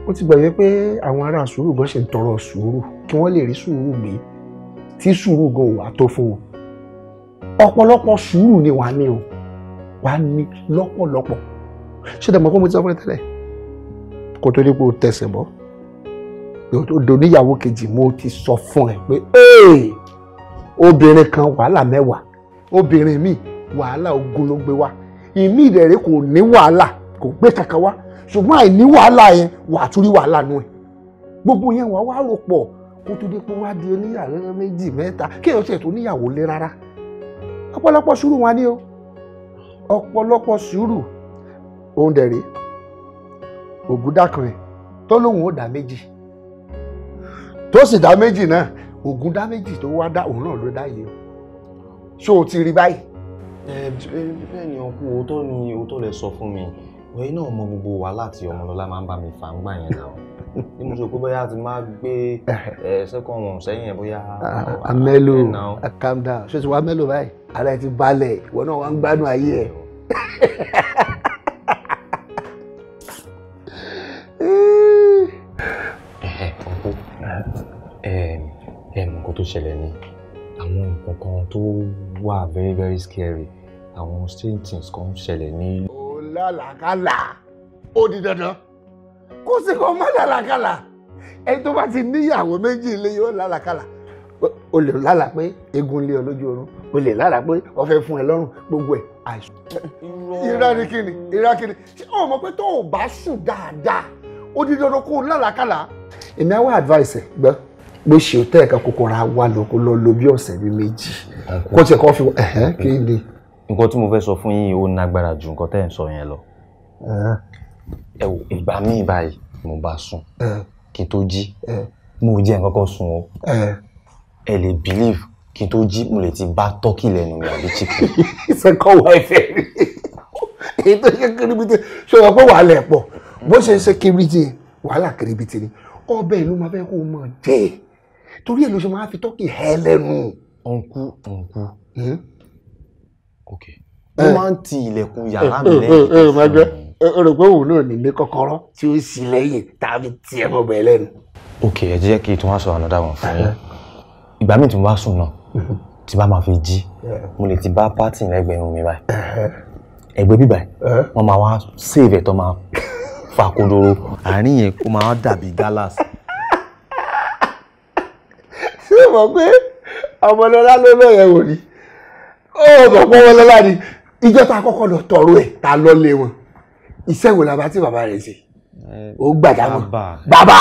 ó ti gbàgbé pé àwọn ará sùúrù gan ṣe ń tọrọ sùúrù kí wọ́n lè rí sùúrù gbé tí sùúrù gan wà tó fún wọn ọ̀pọ̀lọpọ̀ sùúrù ni wàá ní o wàá ní lọ́pọ̀lọpọ̀ ṣé tẹ̀ mọ́ pé mo ti sọ fún ẹ tẹ́lẹ̀ kó tó dé pé o tẹsẹ̀ bọ́ odò níyàwó kejì mo ti sọ fún ẹ pé obìnrin kan wàhálà mẹ́wàá obìnrin míì wàhálà ogun ló gbé wá ìmí ìrẹ̀rẹ̀ kò ní wàhálà kò gbé kankan wá ṣùgbọ́n àìní wàhálà yẹn wà á tún rí wàhálà nù ẹ̀ gbogbo yẹn wà wá rò pọ̀ kó tó dé pé wá di oníyàwó méjì mẹ́ta kéèyàn tiẹ̀ tó níyàwó lé rárá ọ̀pọ̀lọpọ̀ sùúrù wọn ni o ọ̀pọ̀lọpọ̀ sùúrù òun dẹ̀ rèé ògúndàkùnrin tó lóun ó dá méjì tó sì dá méjì náà ògùn dá méjì tó wá dá òun náà ló dá yìí ṣó o ti rí báyìí. ẹ bẹ́ẹ̀ ni ọkú òótọ́ ni òótọ́ lè sọ fún mi ẹ̀yin náà mọ gbogbo wàhálà tí ọmọlọ́lá máa ń bá mi fà ń gbà yẹn náà ní mo sọ pé bóyá ti máa gbé ẹ sẹ́yìn ẹ̀ bóyá. Ah, amẹ́lò ah, calm down ṣé o ti wá amẹ́lò báyìí ara ẹ ti balẹ̀ ìwọ náà wá ń gbádùn ayé ẹ̀. ṣẹlẹ̀ ni àwọn nǹkan kan tó wà very very scary àwọn strange things kan ń ṣẹlẹ̀ ní. ó lálàkàlà ó di dandan kó sì kó má lálàkàlà ẹni tó bá ti níyàwó méjì ilé yóò lálàkàlà o lè lálàá pé egun lé ọ lójú oorun o lè lálàá pé o fẹ́ fún ẹ lọ́rùn gbogbo ẹ̀ àìsàn. irọ́ ni kí ni irọ́ kí ni ṣé o mọ̀ pé tó o bá sùn dáadáa ó di dandan kó o lálàkàlà. èmi á wá advice ẹ gbọ́ bó ṣe ò tẹ́ẹ̀ka kòkòrò àwa lòkó lọ lo bí ọ̀sẹ̀ bíi méjì kó tiẹ̀ kọ́ fi ẹ̀hẹ́n kí ni. nǹkan tí mo fẹ́ sọ fún yín ó nágbára ju nǹkan tẹ́ ẹ̀ ń sọ yẹn lọ. ẹ wò ìgbà míì báyìí mo bá sùn kí n tó jí mo jẹ́ nǹkan kan sùn o ẹ lè believe kí n tó jí mo lè ti bá tọ́kì lẹ́nu mi àbí chicken. ìṣẹ́kọ̀ wá ìfẹ́ rí èyí tó ṣe kiribiti ṣé wọ́n pé wàhálà ẹ̀ pọ̀ bó ṣe ṣe kiribiti wàhálà kiribiti ni ọbẹ̀ ìlú máa fẹ́ kó o mọ̀ jẹ́ torí ẹ̀ ló ṣe máa fi tọ́kì hẹ́ lẹ́nu. ọ̀nkú ọ̀nkú hmm? ok eh. ó máa ń ti ilẹ̀kùn yàrá eh, mi eh, lẹ́yìn. o rò pé òun náà nílé kọ́kọ́rọ́ tí ó sì lẹ́yìn tá a fi ti lẹ́nu. ok ẹ jẹ́ kí n tún wá sọ another one fún yín ìgbà míì tí mo bá sùn náà hmm. tí bá máa fi jí mo lè ti bá pátì lẹ́gbẹ̀ẹ́ mi báyìí ẹgbẹ́ bíbá ẹ̀ wọ́n máa wá save ẹ̀ tó máa fa kodoro àárín yẹn kó máa dàbí gálàsì ṣé o mọ̀ pé ọmọlọ́lá ló lọ́yẹ̀ wò ni ó mọ̀ pé ọmọlọ́lá ni ìjọ ta kọ́kọ́ lọ tọrọ ẹ̀ ta lọ́lé wọn iṣẹ́ wo làbá tí bàbá rẹ̀ ṣe ó gbàdá mọ̀ bàbá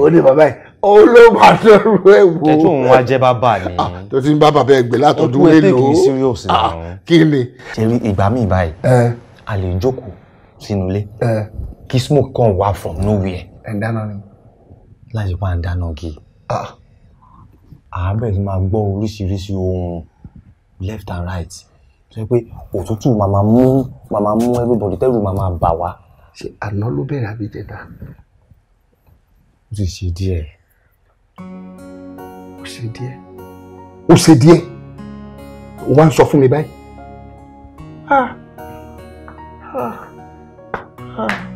ó ní bàbá ẹ̀ olóògbà tọrọ ẹ̀ wò. tètè òun wá jẹ́ bàbá ni. Ah, tó ti ń bá bàbá ẹ̀ gbé látọ̀dún èlò ah, kí ni. ṣe rí ìgbà míì báyìí a lè jókòó sínú ilé kí smoke kan wá from nowhere. ẹ̀ dáná ni. láti pa àǹdáná kì í àábẹ̀ ti máa gbọ́ oríṣiríṣi ohun left and right tó yẹ pé òtútù màmá mú màmá mú everybody tẹ́rù màmá bà wá. ṣé àná ló bẹ̀rẹ̀ àbí jẹta. ó ti ṣe díẹ̀. ó ṣe díẹ̀. ó ṣe díẹ̀. wá ń sọ fún mi báyìí.
ah ah ah. ah.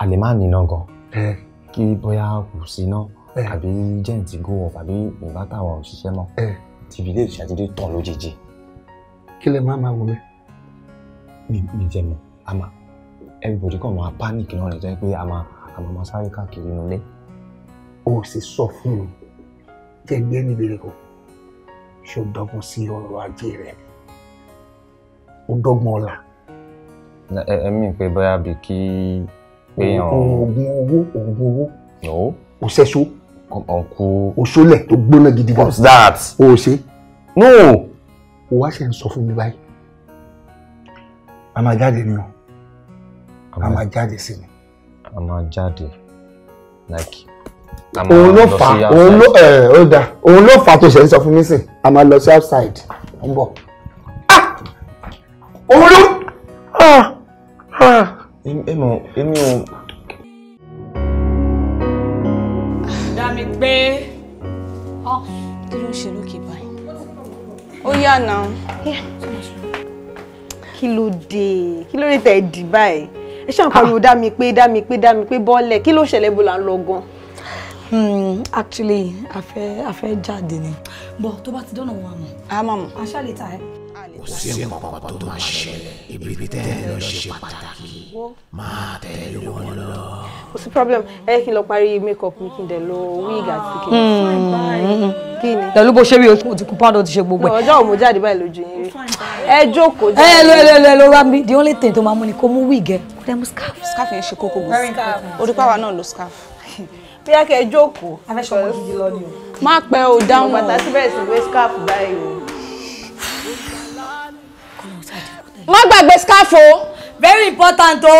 a lè má níná gan kí bóyá kò sí iná àbí jẹ́ǹtì go off àbí ìbátà wa ò ṣiṣẹ́ mọ́ tv lè ṣàdédé tàn lójijì. kí lè má máa wọ mi mi jẹ mọ a máa everybody kàn máa panic náà nítorí pé a máa a máa sáré káàkiri inú o sì sọ fún mi jẹ́ níbi rẹ̀ kọ́ o dọ́gbọ́n sí ọrọ̀ ajé rẹ̀ o dọ́gbọ́n ọ̀la. ẹ ẹ mi pé bóyá bíi kí
oògùn
owó oògùn owó o ṣẹ́ṣó o ṣólẹ̀ tó gbóná gidi gan o ṣe no o wá ṣe ń sọ fún mi báyìí a máa jáde ni o a máa jáde sí ni. a máa jáde
like eh, òun ló fà òun ló ẹ ó dáa òun ló fà tó ṣe ń sọ fún mi sìn
a máa lọ sí outside ń ah òun ló èmi ò èmi ò.
dami pé kí ló ń ṣe lókè
báyìí
ó yà náà. kí ló dé kí ló dé tẹ̀ ẹ́ dì báyìí ẹ ṣáà pariwo ah. dá mi pé dá mi pé dá mi pé bọ́ọ̀lẹ̀ kí ló hmm, actually a fẹ́ a fẹ́ jáde ni. bọ̀ tó bá ti dọ́nà wọn àmọ́. àmọ́ àṣà ta
kò sí nǹkan tó máa ṣẹlẹ̀ ibi tẹ́ ẹ lọ ṣe pàtàkì
problem ẹ kí n lọ parí makeup mi kí n dẹ̀ lo wig àti
kìnìún. Hmm. Hmm. kí ni pẹ̀lú bó ṣe rí o
ti kú pàdán ti ṣe gbogbo ẹ̀. ọjọ́ òun jáde báyìí lójú yín rí ẹ jókòó. ẹ lo ẹ lo ẹ lo ra mi the only thing to máa mú ni kó mú wig ẹ kó dẹ mú scarf. scarf yẹn ṣe kókó gan. orí pàwọn náà lo scarf bóyá kẹ́ ẹ jókòó. afẹ́sọ̀mọ́ gidi lọ ni o. má pẹ́ o dáhùn. bàtà síbẹ̀ sí wé scarf báyìí o. má gbàgbé scarf o. very important o.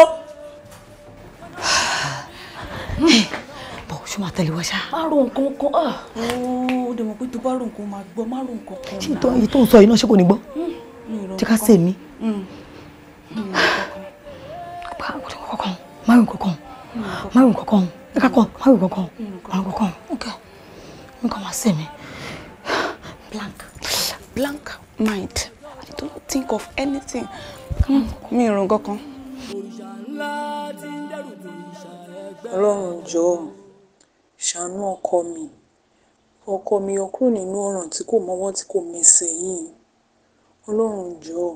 bọ̀ ṣó máa tẹ̀lé wá ṣá. má ro nǹkan kan ah, ooo dèmọ̀ pé tó bá ro nǹkan máa gbọ́ má ro nǹkan kan. ṣé ìtọ́ ìtọ́ ń sọ iná ṣé kò ní gbọ́ tí hmm, ká sè mí. Hmm, má ro nǹkan kan má ro nǹkan kan ẹ ká kọ́ má ro nǹkan kan má ro nǹkan kan nǹkan máa sè mí blank blank mind don't think of anything mi ò ràn kankan.
ọlọ́run jọ̀ọ́ ṣàánú ọkọ mi ọkọ mi yọ nínú ọ̀ràn tí kò
mọ́wọ́ tí kò mẹsẹ̀ yìí ọlọ́run jọ̀ọ́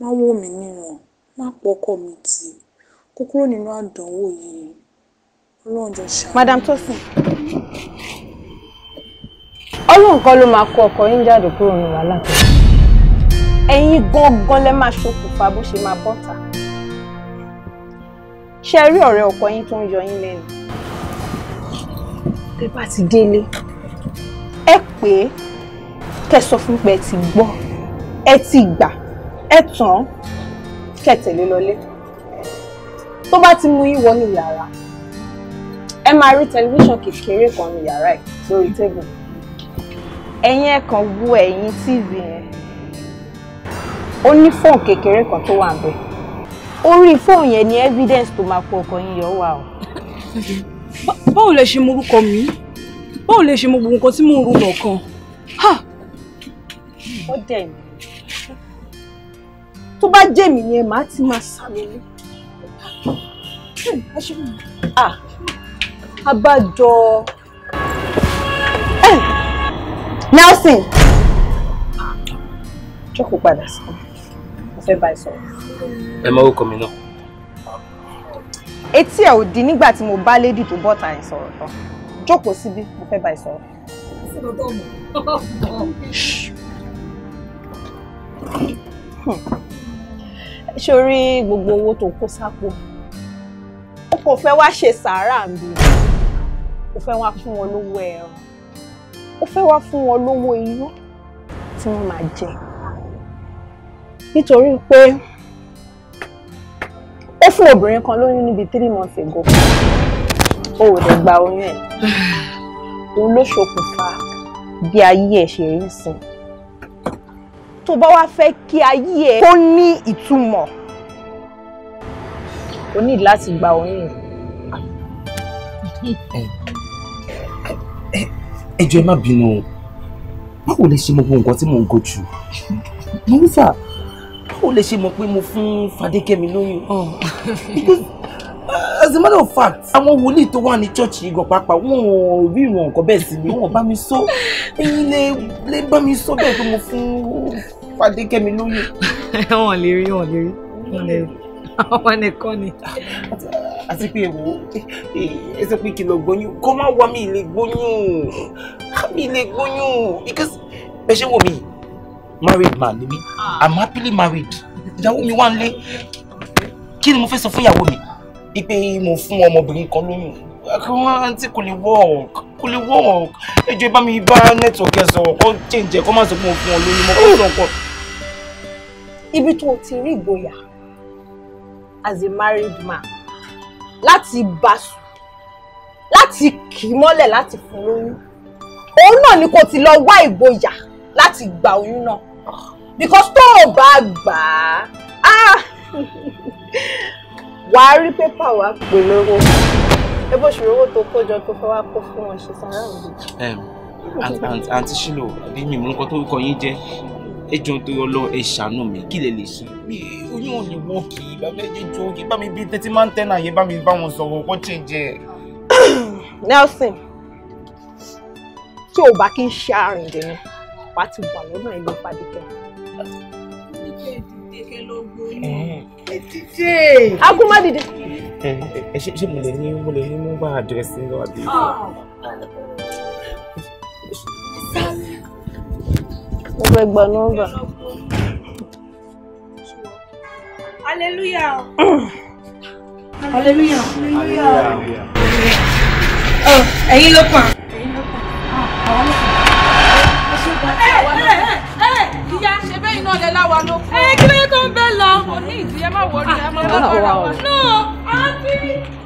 má wò mí níran má pọkọ mi tì kó nínú àdánwò yìí ọlọ́run jọ̀ọ́ ṣàánú. madam tosin ọlọ́run kan ló máa kó ọkọ
yín jáde kúrò ní wàhálà tó
ẹ̀yin gangan lẹ máa ṣokùnfà bó ṣe máa bọ́ta ṣe rí ọ̀rẹ́ ọkọ yín tó ń yọ yín lẹ́nu tẹ bá ti délé ẹ pé kẹ sọ fún pé ẹ ti gbọ́ ẹ ti gbà ẹ tàn kẹ tẹ̀lé lọlé tó bá ti mú yín wọnú yàrá ẹ máa rí tẹlifíṣàn kékeré kan ní yàrá ẹ lórí tébù ẹ̀yin ẹ kàn wo tíìvì yẹn ó ní fóònù kékeré kan tó wà ń bẹ̀ orí fóònù yẹn ni evidence tó máa kó ọkọ yín yọ wà o. báwo lẹ ṣe mọ orúkọ mi báwo lẹ ṣe mọ gbogbo nǹkan tí mò ń ro lọ́kàn. ó dẹ̀ mí tó bá jẹ́ mi ni ẹ máa ti máa sá mi ní. abájọ. Nelson jókòó padà sí mi fẹ́ bá ẹ sọ̀rọ̀.
ẹ mọ orúkọ mi náà.
etí ẹ ò di nígbà tí mo bá lédì tó bọ́ta ẹ̀ sọ̀rọ̀ tán jókòó síbí mo fẹ́ bá ẹ sọ̀rọ̀. ṣé o rí gbogbo owó tó kó sápò o kò fẹ́ wá ṣe sàárà ń o fẹ́ wá fún wọn lówó ẹran o fẹ́ wá fún wọn lówó iyán tí wọ́n máa jẹ nítorí pé ó fún obìnrin kan lóyún níbi three months ago ó ò lè gba oyún ẹ̀ òun ló ṣokùnfà bí ayé ẹ̀ ṣe rí sí tó bá wá fẹ́ kí ayé ẹ̀ kó ní ìtumọ̀ o ní láti gba oyún ẹ̀.
ẹ jọ̀ọ́ ẹ má bínú báwo lè ṣe mọ gbogbo nǹkan tí mò ń kojú nígbà báwo lè ṣe mọ̀ pé mo fún Fadékẹ́mi lóyún oh. because uh, as a matter of fact àwọn wòlíì tó wà ní chọ́ọ̀chì igan pàápàá wọn ò rí ìwọ̀n nǹkan bẹ́ẹ̀ sí mi wọn bá mi sọ ẹ̀yin lè bá mi sọ bẹ́ẹ̀ pé mo fún Fadékẹ́mi lóyún.
wọn lè rí wọn lè rí wọn lè rí
àwọn nìkan ni. àti pé èwo ẹ sọ pé kí lọ gbóyún kó má wá mi lè gbóyún mi lè gbóyún because bẹ́ẹ̀ ṣe wò mí married man ni mí ah. i'm happily married ìyàwó mi wà ń lé kí ni mo fẹ́ sọ fún ìyàwó mi ipe mo fún ọmọbìnrin kan lóyún àǹtí kò lè work kò lè work ẹjọ́ bá mi bá network ẹ sọ̀rọ̀ kó change ẹ kó má sọ pé mo fún ọ lóyún mo kọ́ sọ̀kọ́.
ibi tó o ti rí ìgboyà as a married man láti bá sùn láti kì í mọ́lẹ̀ láti fún lóyún òun náà ni kò ti lọ wá ìgboyà láti gba oyún náà because tó o bá gbà á ah, wà á rí pépà wà á pè lówó ẹ bó ṣòro owó tó kójọ tó fẹ́ wá kó fún wọn ṣe sára òde.
àǹtí ṣìlò bí mi mú nǹkan tó kọ yín jẹ ejò tó yọ lọ ẹ ṣàánú mi kí lè lè ṣe. mi oyún ò ní wo kì bá mi ejò kì í bá mi bí tẹ́tí máa ń tẹ́nà yé bá mi bá wọn sọ̀rọ̀ kó ṣe jẹ. Nelson tí ò
bá kí ń ṣe àrìndè ni àpá ti wà lọ́nà ẹ̀ ló padì kẹ́. Agun má dìde.
Ẹ ṣe ṣe mo lè ní mo lè ní mo bá àdírẹ́sì
lọ àbí. Ah. Mo fẹ́ gba nọ́mbà.
Hallelujah. Hallelujah. Hallelujah. Ah, ló pa. Ẹ̀yin ló pa. Ah,
Hey! Hey! Hey! iná Hey! láwa ló kọ́. ẹ kí
ló tó ń bẹ lọ. kò ní
ìdí ẹ má wọrí ẹ
má wọrí ara wa. náà á bí.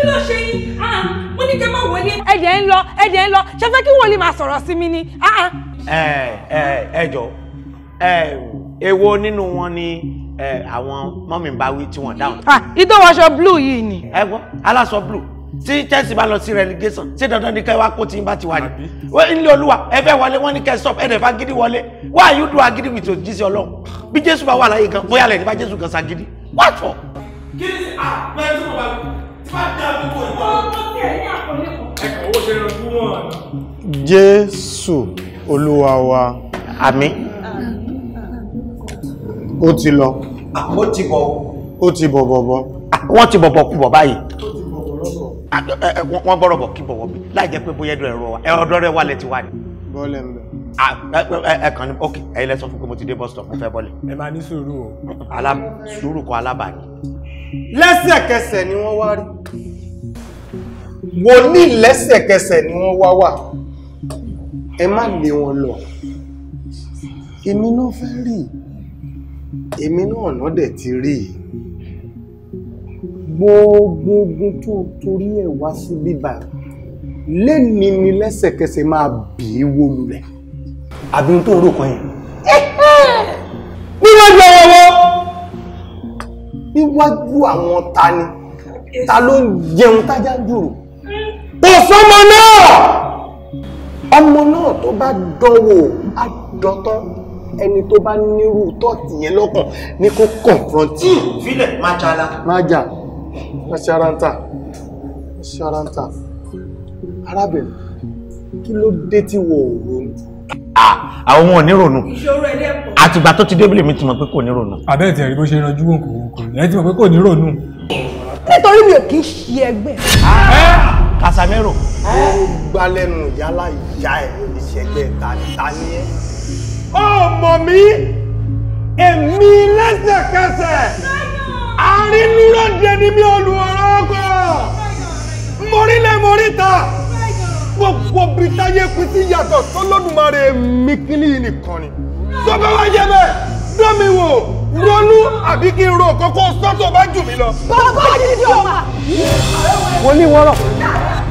kí ló ṣe yín ah, mo ní kẹ́ máa wọlé. ẹ̀jẹ̀ ń lọ ẹ̀jẹ̀ ń lọ ṣe fẹ́ kí wòlíì máa sọ̀rọ̀ sí mi ni. Ah, ah.
ẹ ẹ ẹ jọ ẹ nínú wọn ni àwọn mọ́mí bá wí tí wọ́n dáhùn. ìdánwòṣọ blue yìí ni. ẹ gbọ́ aláṣọ blue tí Chelsea bá lọ sí relegation ṣé dandan ni kẹ́ wá kó tí n bá ti wà ní. nílé olúwa ẹ fẹ́ wọlé wọ́n ní kẹ́ stop ẹ dẹ̀ fa gidi wọlé why you do agidi with your jesus ọlọ́run bí jésù bá wà láyé gan bóyá lẹ́yìn bá jésù gan sagidi what for. kí ni àpẹẹrẹ tí mo bá Jésù Olúwa wa àmín ó ti lọ ó ti bọ̀ ó ti bọ̀ bọ̀bọ̀ wọ́n ti bọ̀bọ̀ kú bọ̀ báyìí wọ́n bọ̀rọ̀ bọ̀ kí bọ̀wọ̀ bí láì jẹ́ pé bóyá ẹ̀rọ wa ọ̀dọ́ rẹ̀ wà lẹ́tí wà ní. bọ́ọ̀lẹ̀ ń bẹ̀ ẹkàn ni ok ẹyin lẹ fún pé mo ti dé bus stop fẹ́ bọ́lẹ̀. ẹ máa ní sùúrù o. sùúrù kọ́ alábàání
lẹ́sẹ̀kẹsẹ̀
ni wọ́n wá rí wòlíì lẹ́sẹ̀kẹsẹ̀ ni wọ́n wá wà ẹ má lé wọn lọ èmi náà fẹ́ rí èmi náà ọ̀nà dẹ̀ ti rí gbogbo ogun tó torí ẹ̀ wá sí bíbá lẹ́ni ni lẹ́sẹ̀kẹsẹ̀ máa bì í wó lulẹ̀ àbí ohun tó rò kan yẹn. níwájú àwọn ta ni ta ló ń jẹun tájá jùrù hmm. kò sọmọ náà ọmọ náà tó bá dánwò àdọ́tọ́ ẹni tó bá nírú tọ́ọ̀tì yẹn lọ́kàn ní kó kọ̀ǹfọ̀ntì. fílẹ̀ hmm, má jala. má jà má ṣe ara ń tà má ṣe ara ń tà arábìnrin kí ló dé tí wọ́n ò ronú àwọn ọmọ onírònú àtìgbà tó ti dé mi ti mọ̀ pé kò nírònú. àbẹ́ẹ̀ tẹ̀rí bó ṣe ranjú wọn kò kò ẹ ti mọ̀ pé kò nírònú. nítorí mi ò kì í ṣe ẹgbẹ́. Casamero. ó gbá yálà ìyá ẹ̀ ìṣẹ̀gbẹ́ tani ẹ̀. ọmọ mi èmi lẹ́sẹ̀kẹsẹ̀ àrínúròdì ni mi olùwọ̀rọ̀ ọkọ̀ morílẹ̀ moríta gbogbo bìtáyé pín sí yàtọ̀ tọ́lọ́dúnmáre mi kíní nìkan ni tó bá wá jẹ bẹ́ẹ̀ dánmi wò ronú àbí kí n ro kókó sọ́tò bá jù mí lọ. bàbá
yìí ni
ọmọ. mo ní ìwọ́rọ̀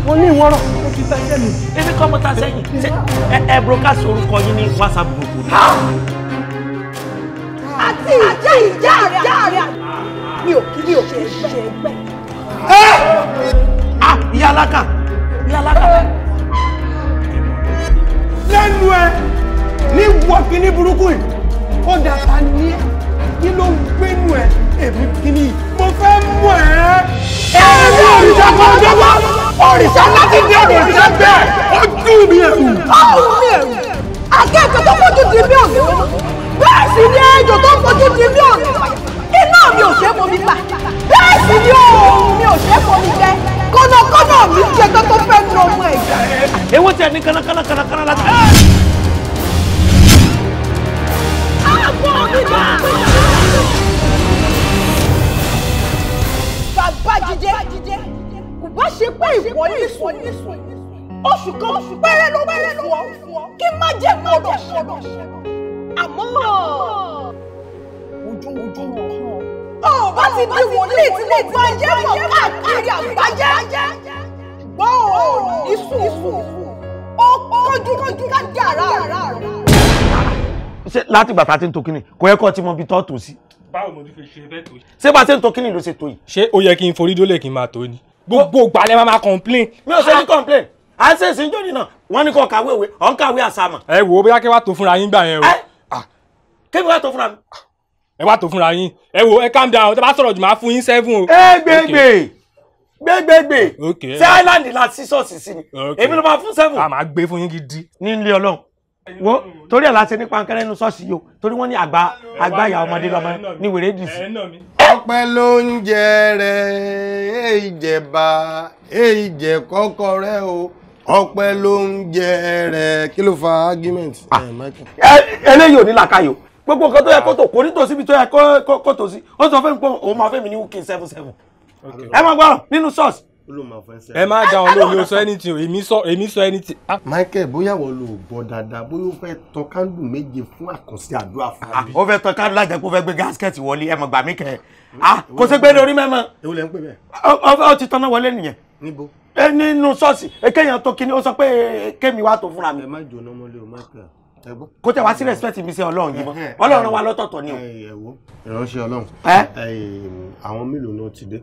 mo ní ìwọ́rọ̀.
mo ti bẹ̀rẹ̀ mi.
ebi kọ́ mo ta sẹ́yìn ẹ broadcast orúkọ yín ní whatsapp group.
àti ìjà ìjà ìjà rẹ̀ mi ò kí ni ò ṣe é
gbẹ.
ẹ ah, ìyá alákà ìyá alákà lẹ́nu ẹ ní wọ́ọ̀kì ní burúkú yìí ó dà ta ní ẹ kí ló ń gbénu ẹ èmi kìíní mo fẹ́ mú ẹ. ẹ̀rọ òrìṣà kan dọ́gba
òrìṣà láti dé òrìṣà bẹ́ẹ̀ ojú mi ẹ̀rù. ọ̀hún mi ẹ̀rù akẹ́kọ̀ọ́ tó fojú di bí ọ̀gbìn
bẹ́ẹ̀ sì ni ẹjọ́ tó fojú di bí ọ̀gbìn iná mi ò ṣe fomi gbà bẹ́ẹ̀ sì ni oòrùn mi ò ṣe fomi gbẹ kọ́nàkọ́nà mi jẹ tó tó fẹ́ nu ọmọ ẹ̀.
ewu tẹ ní kánnakánná kánnakánná láti. àpò
mi bá a lọ. bàbá jíjẹ kò bá ṣe pé ìwọ ní sùn oṣù kan
péré ló péré ló fún ọ kí má jẹ gbọdọ ṣẹlẹ̀ àmọ́
dùn ún dùn ún.
tó o bá ti di wòlíì tí mo gbọ́ ayé mọ̀ káàkiri àgbáyé ṣùgbọ́n o ní sùúrù
ó kọjú kọjú ká dára rà.
ṣé láti ìgbà tá a ti ń to kínní kò yẹ kó ti mọ ibi tó tò sí. báwo mo ti fi ṣe bẹ́ẹ̀ tó. ṣé bá a ti ń to kínní ló ṣe tó yìí. ṣé ó yẹ kí n forí dólè kí n máa tó ni. gbogbo gbalẹ̀ máa complain. mi ò ṣe ní ah! complain à ń ṣèṣin jóni náà wọn ní kò kàwé òwe ọ̀ ń kàwé àṣà mọ̀. ẹ wo bí wàá kí wàá tó fúnra yín gbà yẹn o. Ah! kébí wàá tó fúnra mi ẹ wá tó fúnra yín ẹ wò ẹ calm down tẹ bá sọ̀rọ̀ jù máa fún yín seven o. ẹ gbẹgbẹ gbẹgbẹgbẹ ṣé island la sí ṣọ́ọ̀ṣì sí ni èmi ló máa fún seven. a máa gbé fún yín gidi. ní ilé Ọlọ́run wo torí ẹ̀ láti nípa nkẹ́rẹ́ inú ṣọ́ọ̀ṣì yìí o torí wọ́n ní àgbà àgbà ìyá ọmọdé lọ́mọ ní wèrè dì sí. ló ń jẹ rẹ èyí jẹba èyí jẹ kọkọrẹ o ọpẹ́ ló ń jẹ rẹ kí ló fa argument. Ah. eléyìí ò ní làkàyò gbogbo nǹkan tó yẹ kó tò kò ní tòsí ibi tó yẹ kó tòsí ó sọ fún mi pé òun máa fẹ́ mi ní wk seven seven
ẹ máa gbọ́rọ̀ nínú ṣọ́ọ̀ṣì. ẹ má dá wọn lómi o sọ anything
èmi sọ èmi sọ anything. Ah. Michael bóyá wọn lò gbọ́ dáadáa bóyá o fẹ́ tọ kándù méje fún àkànṣe àdúrà fún ah, mi. ó fẹ́ tọ kándù lájẹ kó fẹ́ gbé gáskẹ́tì wọlé ẹ mọ̀ gbà mí kẹ́ ẹ
ah, kò sí gbé lórí
mẹ́mọ́. èwo lẹ ń pè bẹ́ẹ̀. ó ti tọ́ná wọlé nìyẹn. níbo. nínú ṣọ́ọ̀ṣì kéèyàn tó kíní ó sọ pé kémi wá tó fúnra mi. ẹ má jóná mọ́lẹ́ o Michael kó tẹ wá sí respect mi sí ọlọ́run yìí mọ́ ọlọ́run wa lọ́tọ̀ọ̀tọ̀ ni o. ìránṣẹ́ ọlọ́run àwọn mélòó náà ti dé.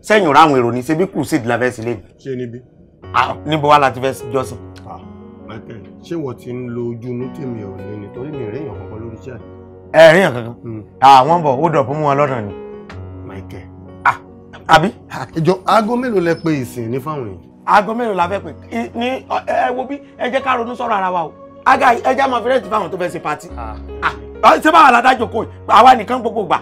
sẹ́yìn ọ̀rọ̀ àwọn èrò ni ṣe bí kù sí ìdílé abẹ́ sílé mi. ṣé níbí. níbo wá láti fẹ́ jọ́sìn. michael ṣé wọ́n ti ń lo ojú inú tèmi ò ní nítorí mi ìrẹ́yìn kankan lórí iṣẹ́ rẹ̀. ẹ ríyàn kankan hmm. àwọn bọ̀ ó dọ̀pọ̀ mú wọn lọ́dọ̀ ni. michael. àbí. ìjọ aago mélòó lẹ pé ìsìn ní fáwọn yìí. aago mélòó la fẹ́ pè ní ẹ wo bí ẹ jẹ́ ká ronú sọ̀rọ̀ ara wa o aga ẹja máa fi rẹ́ǹtì fáwọn tó fẹ́ ṣe pati ah. ah, ah, ṣé báwa la dájò kò àwa nìkan gbogbo gbà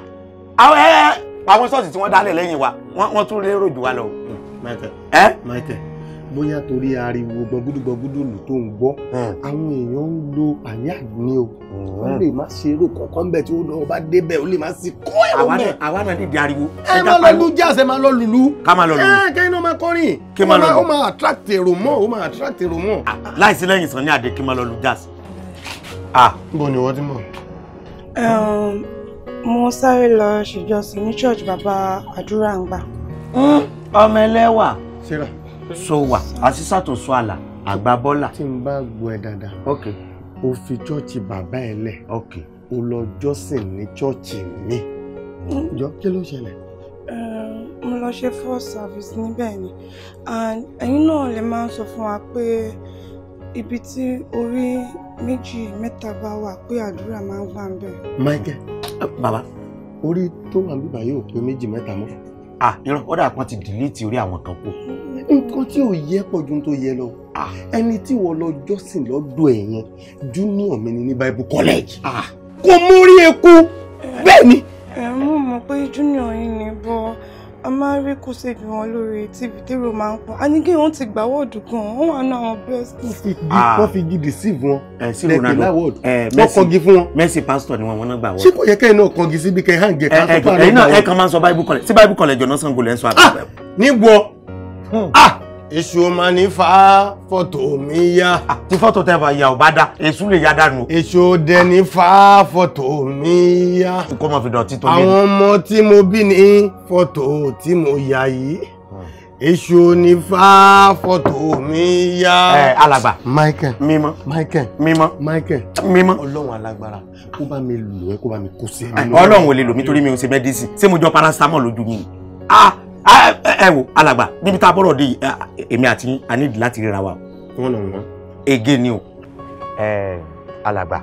àwọn ṣọ́ọ̀ṣì tí wọ́n dálẹ̀ lẹ́yìn wa wọ́n tún lérò jù wa lọ. Hmm, Michael Michael bóyá torí ariwo gbọ̀gúdúgbọ̀gúdú lù tó ń gbọ́ hmm. àwọn èèyàn ń lo àyà ni o hmm. wọ́n lè má ṣe eré kankan bẹ́ẹ̀ tí ó lọ bá débẹ̀ ó lè má sí kọ́ ẹ̀ mẹ́. àwa náà nídìí ariwo. ẹ máa lọ lu jazz ẹ máa lọ lùlù. ká máa lọ lùlù. ẹ kẹ́hìn náà máa kọrin. kí máa lọ lù. ó máa attract èrò mọ́ ó máa attract èrò mọ́. Ah, láìsí lẹ́yìn sàn ní àdé kí máa lọ lu jazz. Ah. bó ni wọ́n ti mọ̀.
Um, mo sáré lọ ṣèjọsìn ní church bàbá àdúrà ń gbà.
Hmm, ọmọ ẹlẹ́wà. sarah sowà àṣìṣàtò sọ àlà àgbà bọ́là. tí n bá gbọ́ ẹ dáadáa. ok. o fi chọ́ọ̀chì bàbá ẹ lẹ̀. ok. o lọ jọ́sìn ní chọ́ọ̀chì mi. jọ kí ló ṣẹlẹ̀.
mo
lọ ṣe first service níbẹ̀ ni and ẹ̀yin náà lè máa sọ fún wa pé ibi tí orí méjì mẹ́ta bá wà pé àdúrà máa ń gbà ń bẹ̀.
Michael bàbá orí tó wà níbàyí ò pé méjì mẹ́ta mọ́ ah irọ́ ó dà kan ti dìlítì orí àwọn kan kù. nǹkan tí ò yẹ pọ̀ ju tó yẹ lọ ah. ẹni tí wọ́n lọ jọ́sìn lọ́dọ̀ ẹ̀ yẹn junior mi ni ní bible college ah. kò mórí eku eh, bẹ́ẹ̀ ni.
ẹ eh, mú mọ pé junior yìí ni bọ́. Bo a máa ń rí kùsèbì wọn lórí tv tèrò máa ń pa á ní kí wọn ti gbà wọ́ọ̀dù gan wọn wà ní àwọn best.
wọ́n fi gidi ah. síìfù wọn eh, lẹ́kìn láwọ́ọ̀dù eh, wọ́n kọ́gi fún wọn. Mercy pastor ni wọn wọn náà gbà wọ́ọ̀dù. ṣé kò yẹ kẹ́yìn náà kọ́gi síbi kẹ́yìn hàn jẹ káàtó fún àwọn ọmọ wọn. ẹ eh, kàn máa ń sọ bible college sí bible college ọ̀nà sango lẹ́ ń sọ àbẹ̀wẹ̀. níbo ah èṣù ọmọ ní fa fọ́tò mi yá. Ah, tí fọ́tò tẹ́ fà ya ò bá dá èṣù lè yá dànù. èṣù ọdẹ ní fa fọ́tò mi yá. kó má fi dọ̀tí tó lé. àwọn ọmọ tí mo bí ní fọ́tò tí mo yà yìí èṣù ní fá fọ́tò mi yá. ẹ alàgbà. michael mímọ́. michael mímọ́. michael mímọ́. ọlọ́run alágbára kó bá mi lò ẹ́ kó bá mi kó sí ọlọ́run ò lè lò mí torí mi ò ṣe mẹ́dísì ṣé jọ paracetamol lójú mi. ah ẹ wò alagba níbi tá a bọ́rọ̀ di èmi àti a láti ríra wa. ege ni o. ẹ alagba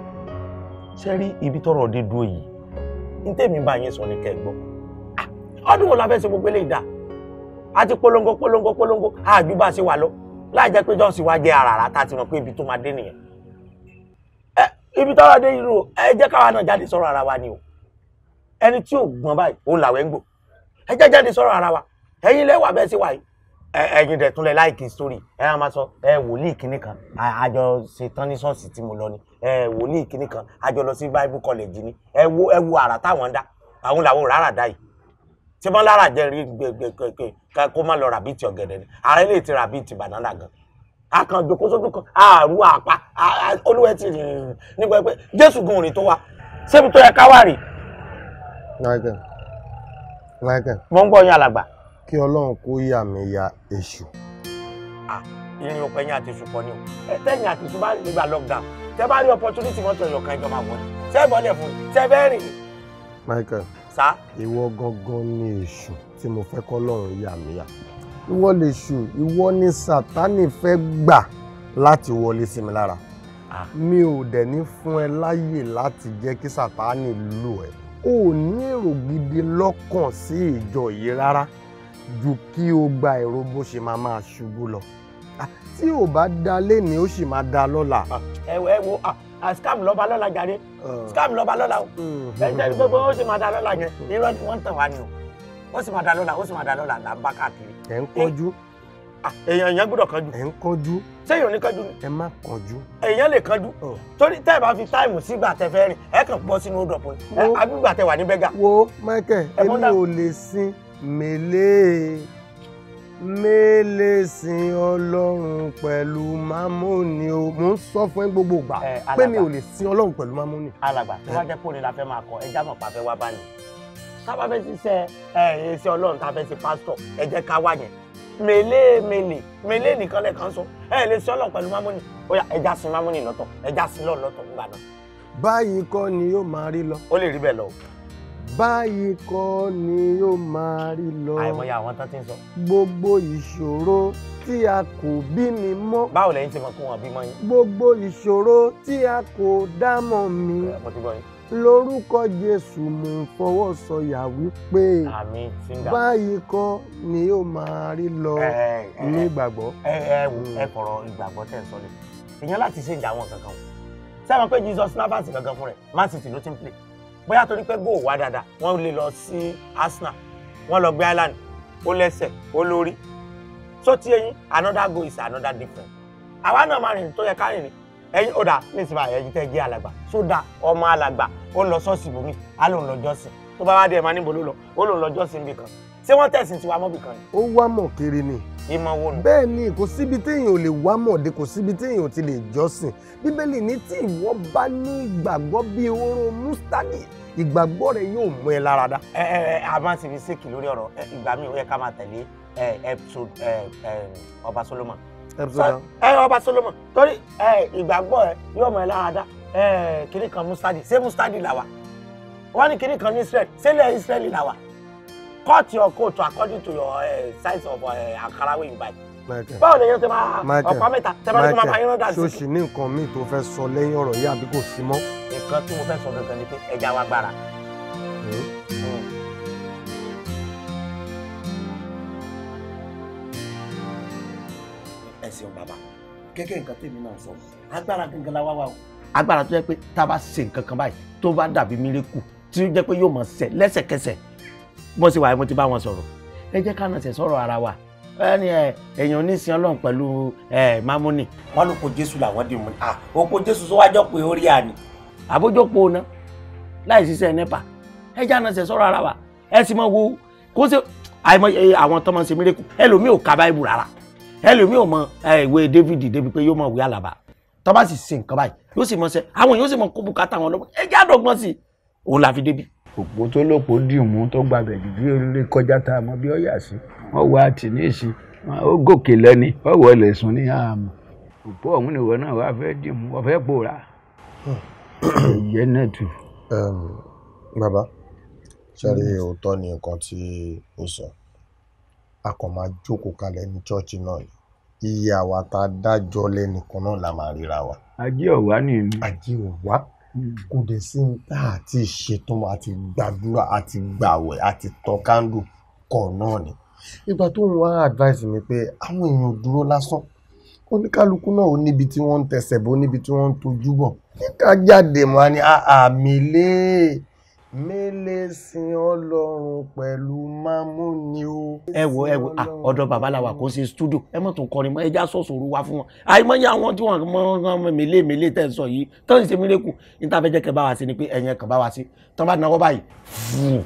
ṣe ibi tọrọ dé dúró yìí ní tèmi bá yín sọ ni kẹ́ ẹ gbọ́ ọdún wo la fẹ́ ṣe gbogbo eléyìí a ti polongo polongo polongo a ṣe wà lọ láì jẹ́ pé jọ́sìn wá jẹ́ àràrà tá a ibi tó máa dé nìyẹn ẹ ibi dé irú ẹ jẹ́ ara wa ni o ẹni tí gbọ́n báyìí òun làwẹ̀ ẹ jẹ́ jáde sọ̀rọ̀ ara wa ẹ̀yin lẹ́wà bẹ́ẹ̀ sí wáyé ẹ̀yin dẹ̀ tún lẹ láìkì sórí ẹ á máa sọ ẹ wòlíì kìíní kan àjọ ṣetán ní ṣọ́ọ̀ṣì tí mo lọ ni ẹ wòlíì kìíní kan àjọ lọ sí bible college ni ẹ wo ẹ wo àrà táwọn ń dá àwọn làwọn rárá dá yìí tí wọ́n lára jẹ́ rí gbẹgbẹgbẹ kó má lọ ràbíìtì ọ̀gẹ̀dẹ̀ ni ààrẹ lè ti ràbíìtì banana gan akàn dòkó kan àrùn àpá olúwẹ ti rìn nígbà pé jésù gan òrìn tó wà ṣébi tó yẹ ká wà rè. michael mo ń gbọ́ yín alàgbà kí ọlọ́run kó yà mí ya èṣù. Ah, ìrìn òpin yín àti èṣù ni o tẹ́yìn àti èṣù bá lè gba lockdown bá rí opportunity mọ́tò ẹ̀yọ̀kan ìjọba wọn ṣé bọ́lẹ̀ fún ṣé bẹ́ẹ̀ rìn. Michael sá. ìwọ gangan ni èṣù tí mo fẹ́ kọ́ lọ́run yà mí ya ìwọ lè ṣù ìwọ ni Sátánì fẹ́ gbà láti wọlé sí mi lára ah. mi ò dẹ̀ ní fún ẹ láyè láti jẹ́ kí Sátánì lù ẹ́ o ò ní èrò gidi lọ́kàn sí ìjọ yìí rárá ju kí o gba èrò bó ṣe máa máa ṣubú lọ ah, tí ò bá da lénìí ó sì máa da lọ́la. Ah, ẹ wo ẹ wo ah, scam lọ́ba lọ́la jàre eh. scam lọ́ba lọ́la o mm-hmm. ẹ jẹ́ gbogbo ó sì máa da lọ́la yẹn irọ́ ni wọ́n ń tàn wá ni o ó sì máa da lọ́la ó sì máa da lọ́la là ń bá káàkiri. ẹ ń kọjú èèyàn èèyàn gbọ́dọ̀ kanjú. ẹ ń kanjú. séèyàn ní kanjú ni. ẹ má kanjú. èèyàn lè kanjú. Oh. torí tẹ́ ẹ bá fi táìmù sígbà tẹ fẹ́ rìn ẹ kàn bọ́ sínú ó
dọ̀pọ̀ ni. àbí
gbà tẹ mele mele sin ọlọ́run pẹ̀lú mámóni o mò ń sọ fún ẹ gbogbo ìgbà pé mi ò lè sin ọlọ́run pẹ̀lú mámóni. alàgbà tó bá jẹ́ kó ní la fẹ́ máa kọ ẹja mọ̀ pàfẹ́ wá bá ní. tábà fẹ́ ṣiṣẹ́ ẹ iṣẹ́ ọlọ́run tá a fẹ́ ṣe pásítọ̀ ẹ ká wà yẹn mele mele mele nìkan lẹ́ẹ̀kan sọ ẹ lè sin ọlọ́run pẹ̀lú mámóni ó yá ẹja sin mámóni lọ́tọ̀ ẹja sin lọ́ọ̀ lọ́tọ̀ nígbà náà. báyìí kọ́ ni yóò máa rí lọ. ó lè rí bẹ́ẹ̀ lọ báyìí kọ́ ni ó máa rí lọ. àìmọye àwọn tán ti ń sọ. gbogbo ìṣòro tí a kò bí mi mọ́. báwo lẹ́yìn tí mo kún wọn bí mọ́ yín. gbogbo ìṣòro tí a kò dá mi. mo ti gbọ́ yín lórúkọ jésù mò ń fọwọ́ sọyà wípé báyìí kọ́ ni yóò máa rí lọ ní ìgbàgbọ́. ẹ ẹ ẹ kọ̀rọ̀ ìgbàgbọ́ tẹ̀ ń sọ lé èèyàn láti ṣe ìjà kankan o sábà pé jesus navas gangan fún rẹ̀ bóyá torí pé góò wá dáadáa wọ́n lè lọ sí Arsenal wọ́n lọ gbé Island ó lẹ́sẹ̀ ó lórí tó ti ẹyin another goal is another different àwa náà máa rìn tó yẹ ká rìn ni ẹyin ó dà nísìnyí báyìí ẹyin tẹ́ jẹ́ alàgbà tó dà ọmọ alàgbà ó lọ ṣọ́ọ̀ṣì bòmí á lòun lọ jọ́sìn tó bá wá dé ẹ̀ máa níbo ló lọ ó lòun lọ jọ́sìn bìkan ṣé wọ́n tẹ̀sìn tiwa mọ́bì kan ni. ó wá mọ̀ kiri ni. ìmọ̀ wo nù. bẹ́ẹ̀ ni kò síbi téèyàn ò lè wá mọ̀ de kò síbi téèyàn ò ti lè jọ́sìn bíbélì ní tí ìwọ bá ní ìgbàgbọ́ bíi oró mustadi ìgbàgbọ́ rẹ yóò mú ẹ lára dá. ẹ ẹ ẹ a máa ti fi ṣèkì lórí ọ̀rọ̀ ìgbà mi ò yẹ ká máa tẹ̀lé ẹ ẹ ọba Solomon. ẹ ọba Solomon torí ìgbàgbọ́ ẹ yóò mú ẹ lára dá kiri kan mustadi ṣé mustadi làwà wọ́n ní kiri kan ní Israel ṣé ilẹ̀ Israel làwà cut your coat according to your uh, size of eh, àkàrà wey you buy. báwo lè yẹn ṣe máa ọ̀pá mẹ́ta tẹ́lẹ̀ ló máa bá yín lọ́dà sí. ṣó sì ní nǹkan míì tó fẹ́ sọ lẹ́yìn ọ̀rọ̀ yìí àbí kò sí mọ́. nǹkan tí mo fẹ́ sọ gangan ni pé ẹja wa gbára. ẹ ṣeun bàbá gẹ́gẹ́ nǹkan tèmi náà sọ agbára gangan la wá wa o agbára tó yẹ pé tá a bá ṣe nǹkan kan báyìí tó bá dàbí mílíkù tí ó jẹ́ pé yóò máa ṣẹ lẹ́sẹ̀kẹsẹ̀ mo sì wà mo ti bá wọn sọ̀rọ̀ ẹ jẹ́ ká nàṣẹ sọ̀rọ̀ ara wa ẹni ẹ èèyàn oníṣìn Ọlọ́run pẹ̀lú ẹ mamoni. wọn ló kó Jésù làwọn dì mú ni òkú Jésù sọ wájọ pé ó rí àná. àbójópo ná láì ṣiṣẹ́ nípa ẹ jẹ́ ànàṣẹ sọ̀rọ̀ ara wa ẹ sì mọ wo kó ṣe àìmọye àwọn tọmọ ṣe mírèkù ẹlòmíì ò ka báìbù rárá ẹlòmíì ò mọ ìwé David débi pé yóò mọ ìwé àlàbà tọ́ bá sì ṣe nǹkan báyìí yóò sì mọ ṣe àwọn èèyàn sì mọ kó bùkátà wọn lọ́wọ́ ẹ jẹ́ àdọ́gbọ́n sí i òun la fi débi òpó tó lòpó dìmú tó gbàbẹ̀ dìbí orílẹ̀ kọjá tá a mọ bí ó yà sí wọ́n wá tì ní ìsìn ó gòkè lẹ́ni ó wọlé sùn ní àmọ́ òpó ọ̀hún nìwọ náà wàá fẹ́ dìmú wọ́n fẹ́ pòórá ìyẹ́ náà tù. bàbá ṣẹ́rí òótọ́ ni nǹkan tí ó sọ a máa jókòó kalẹ̀ ní chọ́ọ̀chì náà ni iye àwa tá a dájọ́ lẹ́nìkan náà la máa ríra wa. ajé ọ̀wá nìyí. ajé ọ̀wá Mm. kò dẹ̀ sí ní tá a ti ṣetán àti gbàdúrà àti gbàwẹ̀ àti tọ́ kándù kọ̀ náà ni ìgbà tó ń wá advice mi pé àwọn èèyàn dúró lásán oníkálukú náà ó níbi tí wọ́n ń tẹsẹ̀ bọ̀ níbi tí wọ́n ń tojú bọ̀ níta jáde mọ́ a ní àmì lé Mele sin ọlọ́run pẹ̀lú mámú ni o. ẹ wo ẹ wo ọ̀dọ̀ babaláwa kò ṣe studio ẹ mọ̀ tó kọrin mọ́ ẹja sọ̀sọ̀rọ̀ wá fún wọn àìmọye àwọn tí wọ́n mọ mélé mélé tẹ̀ sọ yìí tán ṣe mílẹ̀kù níta fẹ́ jẹ́ bá wa sí ni pé ẹ̀yẹn kan bá wa sí tán bá náwó báyìí fúù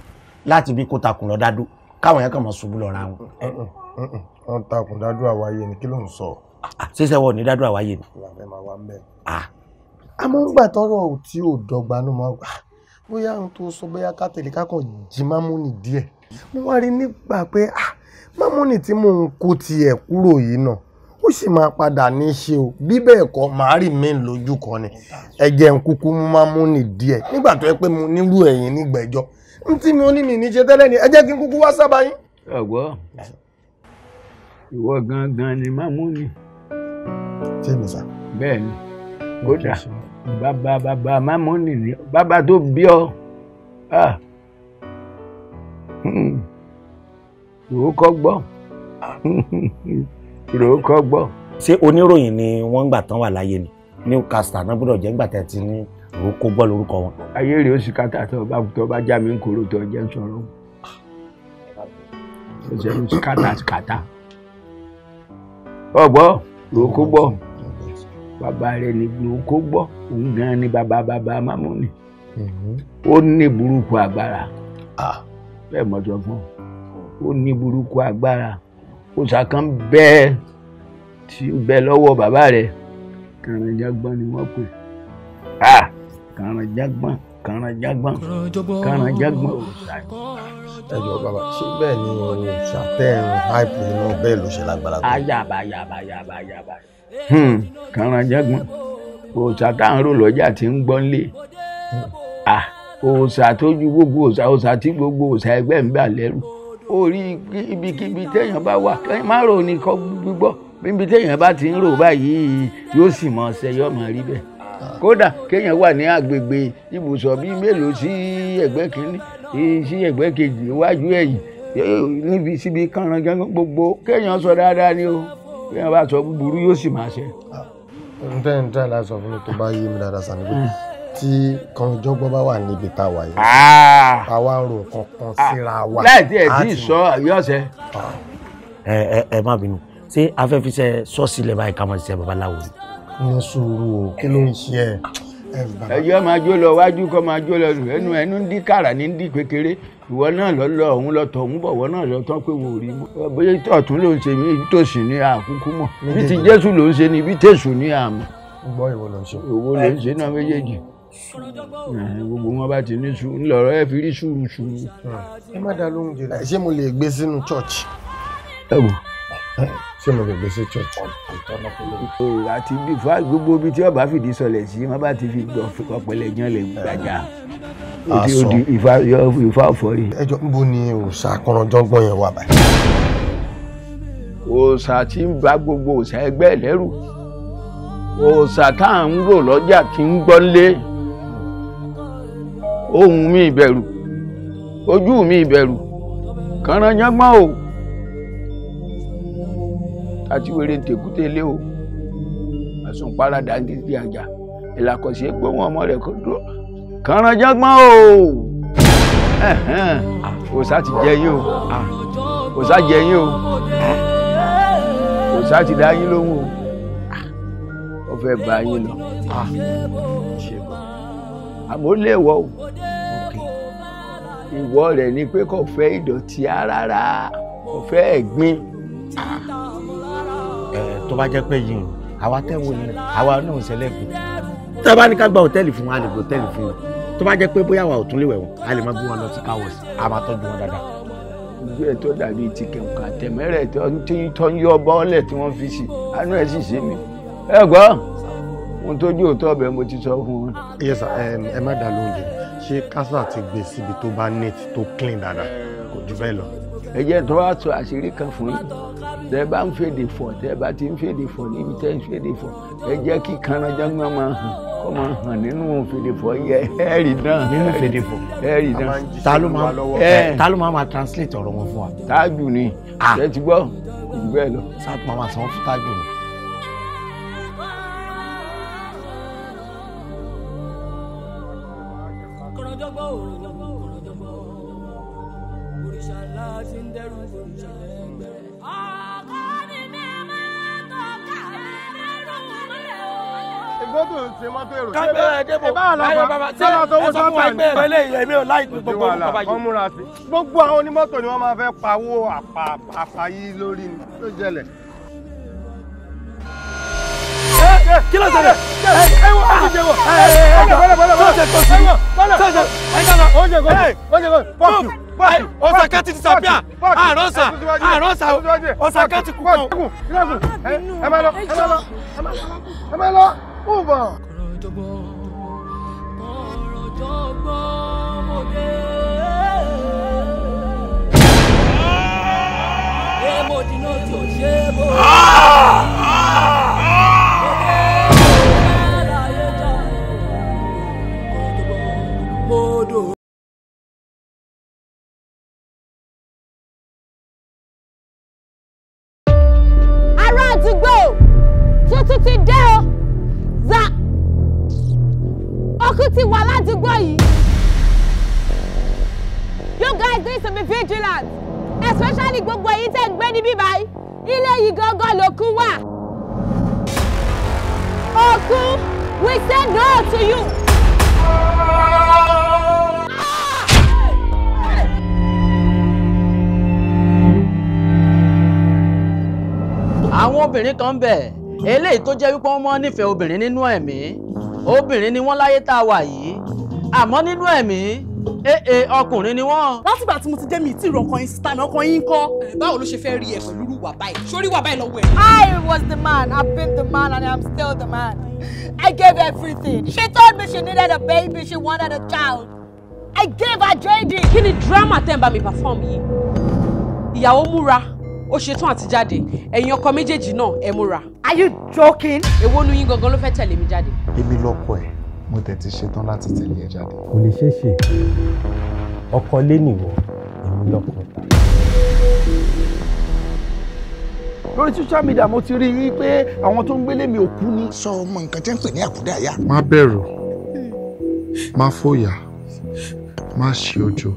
láti bí kò takùn lọ dádó káwọn yẹn kàn mọ̀ ṣubú lọ́ra wọn. Mm, mm, mm, wọn takùn dádó àwáyé ni kí ló ń sọ. ṣíṣe wọ ní dádó àwáyé ni. àmọ́ ń gbà tọ́rọ̀ tí ò dọ́gba ló bóyá n tó sọ bóyá ká tẹ̀lé ká kàn jí mámúnì díẹ̀ mo wá rí nígbà pé ah mámúnì tí mò ń kó tiẹ̀ kúrò yìí náà ó sì máa padà ní í ṣe o bí bẹ́ẹ̀ kọ́ màá rì mí lójú kan ni ẹ̀jẹ̀ ń kúkú mámúnì díẹ̀ nígbà tó yẹ pé mo nílò ẹ̀yìn nígbẹ̀jọ́ n tí mi ò ní mi ní ṣe tẹ́lẹ̀ ni ẹ jẹ́ kí n kúkú wá sábà yín. ọ̀gbọ́ ìwọ gangan ni mámúnì. tí mi sá. bẹ́ẹ̀ kódà. Okay. bàbá bàbá mámọ́ nìyí bàbá tó bí ọ ah. hmm. ròó kọ́ gbọ́ ròó kọ́ gbọ́. ṣé oníròyìn ni wọ́n ń gbà tán wà láyé ni Newcaster náà gbọ́dọ̀ jẹ́ ń gbà tẹ̀ tí ní ròó kó gbọ́ lórúkọ wọn. ayé rèé oṣù kàtà tó bá tó bá já mi ń kóró tó jẹ́ ń sọ̀rọ̀ oṣù kàtà kàtà ọgbọ́ ròó gbọ́ bàbá rẹ̀ ní gbòókó gbọ́ òun gan ni bàbá bàbá mamoni mhm. ó ní burúkú agbára bẹ́ẹ̀ mọ̀ sọ fún ó ní burúkú agbára òòṣà kan bẹ́ẹ̀ tí ń bẹ lọ́wọ́ bàbá rẹ̀ kàràǹjàgbọ́n ni wọ́n pè kàràǹjàgbọ́n kàràǹjàgbọ́n
kàràǹjàgbọ́n
òòṣà ẹjọ bàbá ṣé bẹ́ẹ̀ ni òòṣà tẹ ẹ ń háìpù iná bẹ́ẹ̀ ló ṣe lágbára tó. ayaba ayaba ayaba ayaba. Hmm, kàràǹjàgbọ́n òòṣà tá à ń rò lọ́jà tí ń gbọ́n lé ah, òòṣà tó ju gbogbo òòṣà òòṣà tí gbogbo òòṣà ẹgbẹ́ ń bà lẹ́rù orí ibikíbi téèyàn bá wà kẹ́yìn má rò ní kọ́ gbígbọ́ níbi téèyàn bá ti ń rò báyìí yóò sì mọ ọsẹ yóò rí bẹ́ẹ̀ kódà kéèyàn wà ní agbègbè ibùsọ̀ bíi mélòó sí ẹ̀gbẹ́ kínní bí wọn bá sọ búburú yóò sì máa ṣe. n tẹ́ n tẹ́ láti sọ fún mi tó bá yé mi dáadáa sàn níbi tí kànjọ́gbọ́n bá wà níbi tá a wà yìí ah. a wá rò kankan ah. síra wa. láì tí ẹ tí ì sọ àyọ̀ṣẹ́. ẹ ẹ ẹ má bínú ṣé afẹ́fíṣẹ́ sọ́ọ̀sì lè báyìí ká máa ṣiṣẹ́ babaláwo. ní sùúrù kí ló ń ṣe ẹ ẹjọ́ máa jó lọ wájú kọ́ máa jó lọ ẹnu ẹnu ń dí kàrà ní dí kékeré ìwọ náà lọ lọ òun lọ tọ̀ òun bọ̀ wọ́n náà lọ tán pé wò rí mọ́ bóyá tọ̀tún ló ń ṣe mí tòsí ní àkúkú mọ̀ bí ti Jésù ló ń ṣe ni bí tèṣù ní àmọ́. gbọ́ ìwọ ló ń ṣe. ìwọ ló ń ṣe náà méjèèjì gbogbo wọn bá ti ní sùúrù ńlọrọ ẹ fi rí sùúrù sùúrù. ẹ má dá lóhùn jẹ ṣé mo lè gbé sínú church ṣé mo lè gbé sí church ọ̀tọ̀ lọ́pọ̀lọpọ̀. ìrora ti bí fún gbogbo ibi tí ọba fìdí sọlẹ̀ sí wọn bá ti fi gbọ́ ọpẹlẹ yan lè gbàjà. aṣọ ìfà ọ̀fọ́rí. ẹjọ níbo ni òòṣà akọrọjọgbọn yẹn wà báyìí. òòṣà tí ń bá gbogbo òòṣà ẹgbẹ́ lẹ́rù òòṣà tá à ń rò lọ́jà kí ń gbọ́ lé ohun mi ìbẹ̀rù ojú mi ìbẹ̀rù kànáyángbọ́n o àti wèrè ntẹ̀kútẹ̀ lé o àsùnpáradà ń gidi àjà ìlàkọ̀sí gbóhùn ọmọ rẹ̀ kò dúró kànrànjàgbọ́n o òòṣà ti jẹ yín o òòṣà jẹ yín o òòṣà ti dá yín lóhùn o ó fẹ́ bá yín lọ àmọ́ lè wọ́ o ìwọ rẹ̀ ni pé kò fẹ́ ìdọ̀tí rárá kò fẹ́ ẹ̀gbin tó bá jẹ́ pé yìí àwa tẹ́wọ́ yìí àwa náà ń ṣẹlẹ̀ kù tó bá ní ká gba hòtẹ́ẹ̀lì fún wa a lè gba hòtẹ́ẹ̀lì fún wa tó bá jẹ́ pé bóyá wa ò tún lè wẹ̀ wọ́n a lè máa gbé wọn lọ sí káwọ́s a máa tọ́jú wọn dáadáa. ìgbé ẹ̀ tó dàbí ti kẹ̀kọ́ àtẹ̀mẹ́rẹ̀ tó ń yọ bọ́ọ̀lẹ̀ tí wọ́n fi sí àánú ẹ̀ sì sí mi ẹ gbọ́ ohun tó jí òótọ́ ọbẹ̀ mo ti sọ fún wọn. yes ẹ má dá lóúnjẹ ṣé kásá ti gbé síbi tó bá neat tó clean dáadáa kò jù bẹ́ẹ̀ lọ. ẹ jẹ́ tó wá sọ àṣírí kan fún yín tẹ́ bá ń fèdè fọ̀ tẹ́ bá ti ń fèdè fọ̀ níbi tẹ́ ń fèdè fọ̀ ẹ jẹ́ kí kanajangba máa hàn kó máa hàn nínú fèdè fọ̀ yẹ ẹ̀rì náà nínú fèdè fọ̀ ẹ̀rì náà ta ló máa ta ló máa máa translate ọ̀rọ̀ wọn fún wa. tájù ni ah. ṣe ti gbọ́ kò bẹ́ẹ̀ lọ. sáà máa máa sanwó fún tájù ni. kágbé ẹdẹbò láyọ bàbá ṣé ẹ sọ fún wa pé ẹgbẹ eléyìí èmi ò láì gbogbo bàbá yìí. gbogbo àwọn onímọ́tò ni wọ́n máa fẹ́ pawó àpàyí lórí ni tó jẹlẹ̀.
kí ló ṣẹlẹ̀ ẹ wọ ọdún jẹ wọ ẹ ẹ ẹ bọ́lẹ̀ bọ́lẹ̀ bọ́lẹ̀ bọ́lẹ̀ bọ́lẹ̀ bọ́lẹ̀
oúnjẹ kò oúnjẹ kò pọ́ọ̀kì pọ́ọ̀kì ọ̀sàkẹ́ ti disapia àrọ́sà àrọ́sà
ọ̀sàkẹ́ ti kú kàn.
ẹ má lọ ẹ má lọ
ẹ má lọ
ẹ
má lọ
ẹ má lọ.
Ah! tán bẹ̀ eléyìí tó jẹ́ wípé wọ́n mọ́ nífẹ̀ẹ́
obìnrin nínú ẹ̀mí obìnrin ni wọ́n láyé tá a wà yìí àmọ́ nínú ẹ̀mí
ee ọkùnrin ni wọ́n. látìgbà tí mo ti dé mi tí ìrọ̀ ọkàn yín síta mi ọkàn yín kọ́. báwo ló ṣe fẹ́ rí ẹ pẹ̀lú wà báyìí sórí wà báyìí lọ́wọ́ ẹ. I was the man I've been the man and I'm still the man I gave everything she told me she needed a baby she wanted a child I gave her JD. kí ni drama tẹ́ ń bá mi perform yìí ìyàwó múra ó ṣetán àti jáde ẹ̀yin ọkọ méjèèjì náà ẹ múra. are you joking. èwo nu yín gangan ló fẹ́ tẹ̀lé mi jáde.
èmi lọkọ ẹ mo tẹ̀ ti ṣetán láti tẹ̀lé ẹ jáde. kò lè ṣeé ṣe ọkọ lé nìwọ èmi lọkọ ta. lórí social media mo ti rí i pé àwọn tó ń gbélé mi ò kú ni. sọ ọmọ nǹkan tí ń pè ní àkúdàáyà. má bẹ̀rù má fòyà má ṣe ojo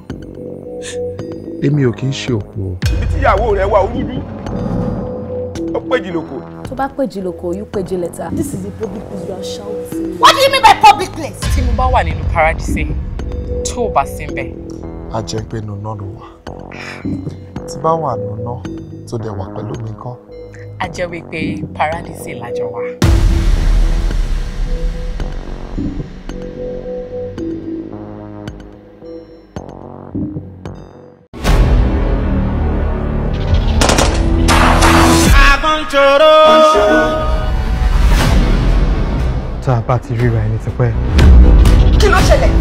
èmi ò kì í ṣe òpó o tíyàwó rẹ wà ó dúdú
ó péjì lóko. tó bá péjì lóko yóò péjì lẹ́tà. this is a public place you are shouting. what do
you mean by public place. tí mo bá wà nínú paradise tó o bá sí bẹ́ẹ̀. a jẹ́ pé inú náà ló wà tí bá wà nínú náà tó dẹ̀ wà pẹ̀lú mi kọ́.
a jẹ́ wípé paradise lájọ wà.
pọ́ńṣòro. tá a bá ti ríra ẹni tipẹ́. kí ló ṣẹlẹ̀.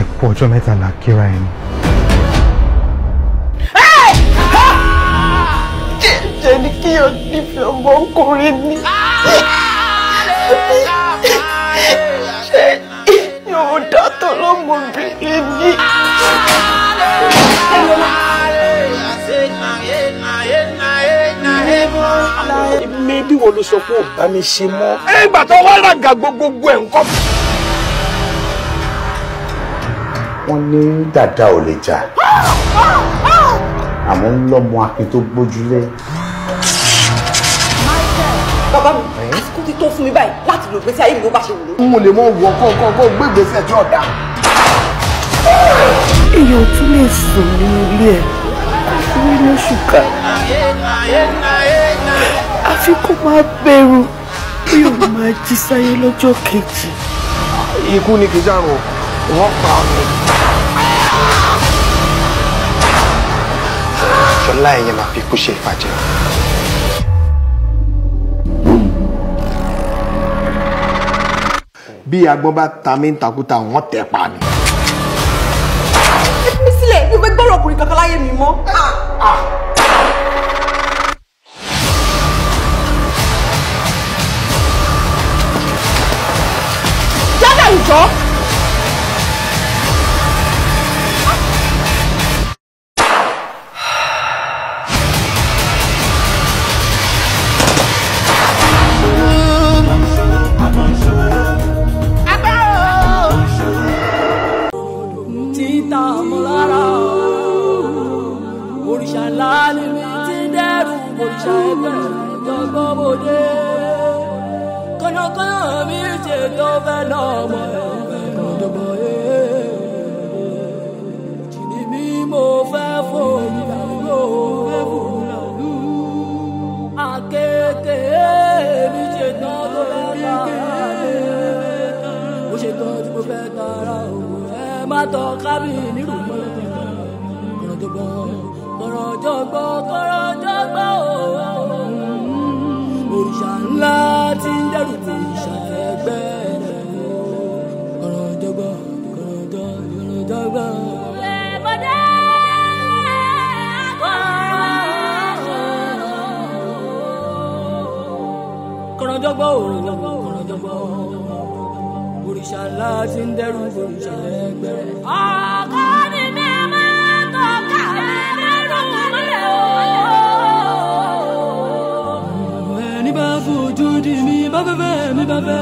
ẹ kú ọjọ́ mẹ́ta là kíra ẹni.
jẹ́ ni kí o nífẹ̀ẹ́ ọmọkùnrin ni.
ṣé yóò
mi bí wo ló sọ pé ò bá mi ṣe mọ́. ẹ ìgbà tó wá ràgà gbogbogbò ẹ̀ ń kọ́. wọ́n ní dàda ò lè jà àmọ́ ń lọ́mọ akin tó gbójúlé.
bàbá mi àsìkò ti tó fún mi
báyìí láti lò gbèsè ayé mi bó bá ṣe wù ló. lè mọ wọ kọ̀ọ̀kan gbé gbèsè tí ọ̀dà.
èèyàn tún lè sùn ní ilé ẹ̀ lóṣù kan ṣé kó máa bẹ̀rù bí òun máa
jí sáyé lọ́jọ́ kejì. ikú ni kì í dàrún wọn pa ọ̀nà. ṣọlá ẹ̀yẹ máa fi ikú ṣe ìfàjẹ́. bí agbọ́n bá ta mí takuta wọ́n tẹ̀ pa ni.
ẹ fi mí sílẹ̀ mi ò fẹ́ gbọ́rọ̀ ọkùnrin kankan láyé mi mọ́. Ah, ah. àwùjọ
mi bá fẹ́ mi bá fẹ́.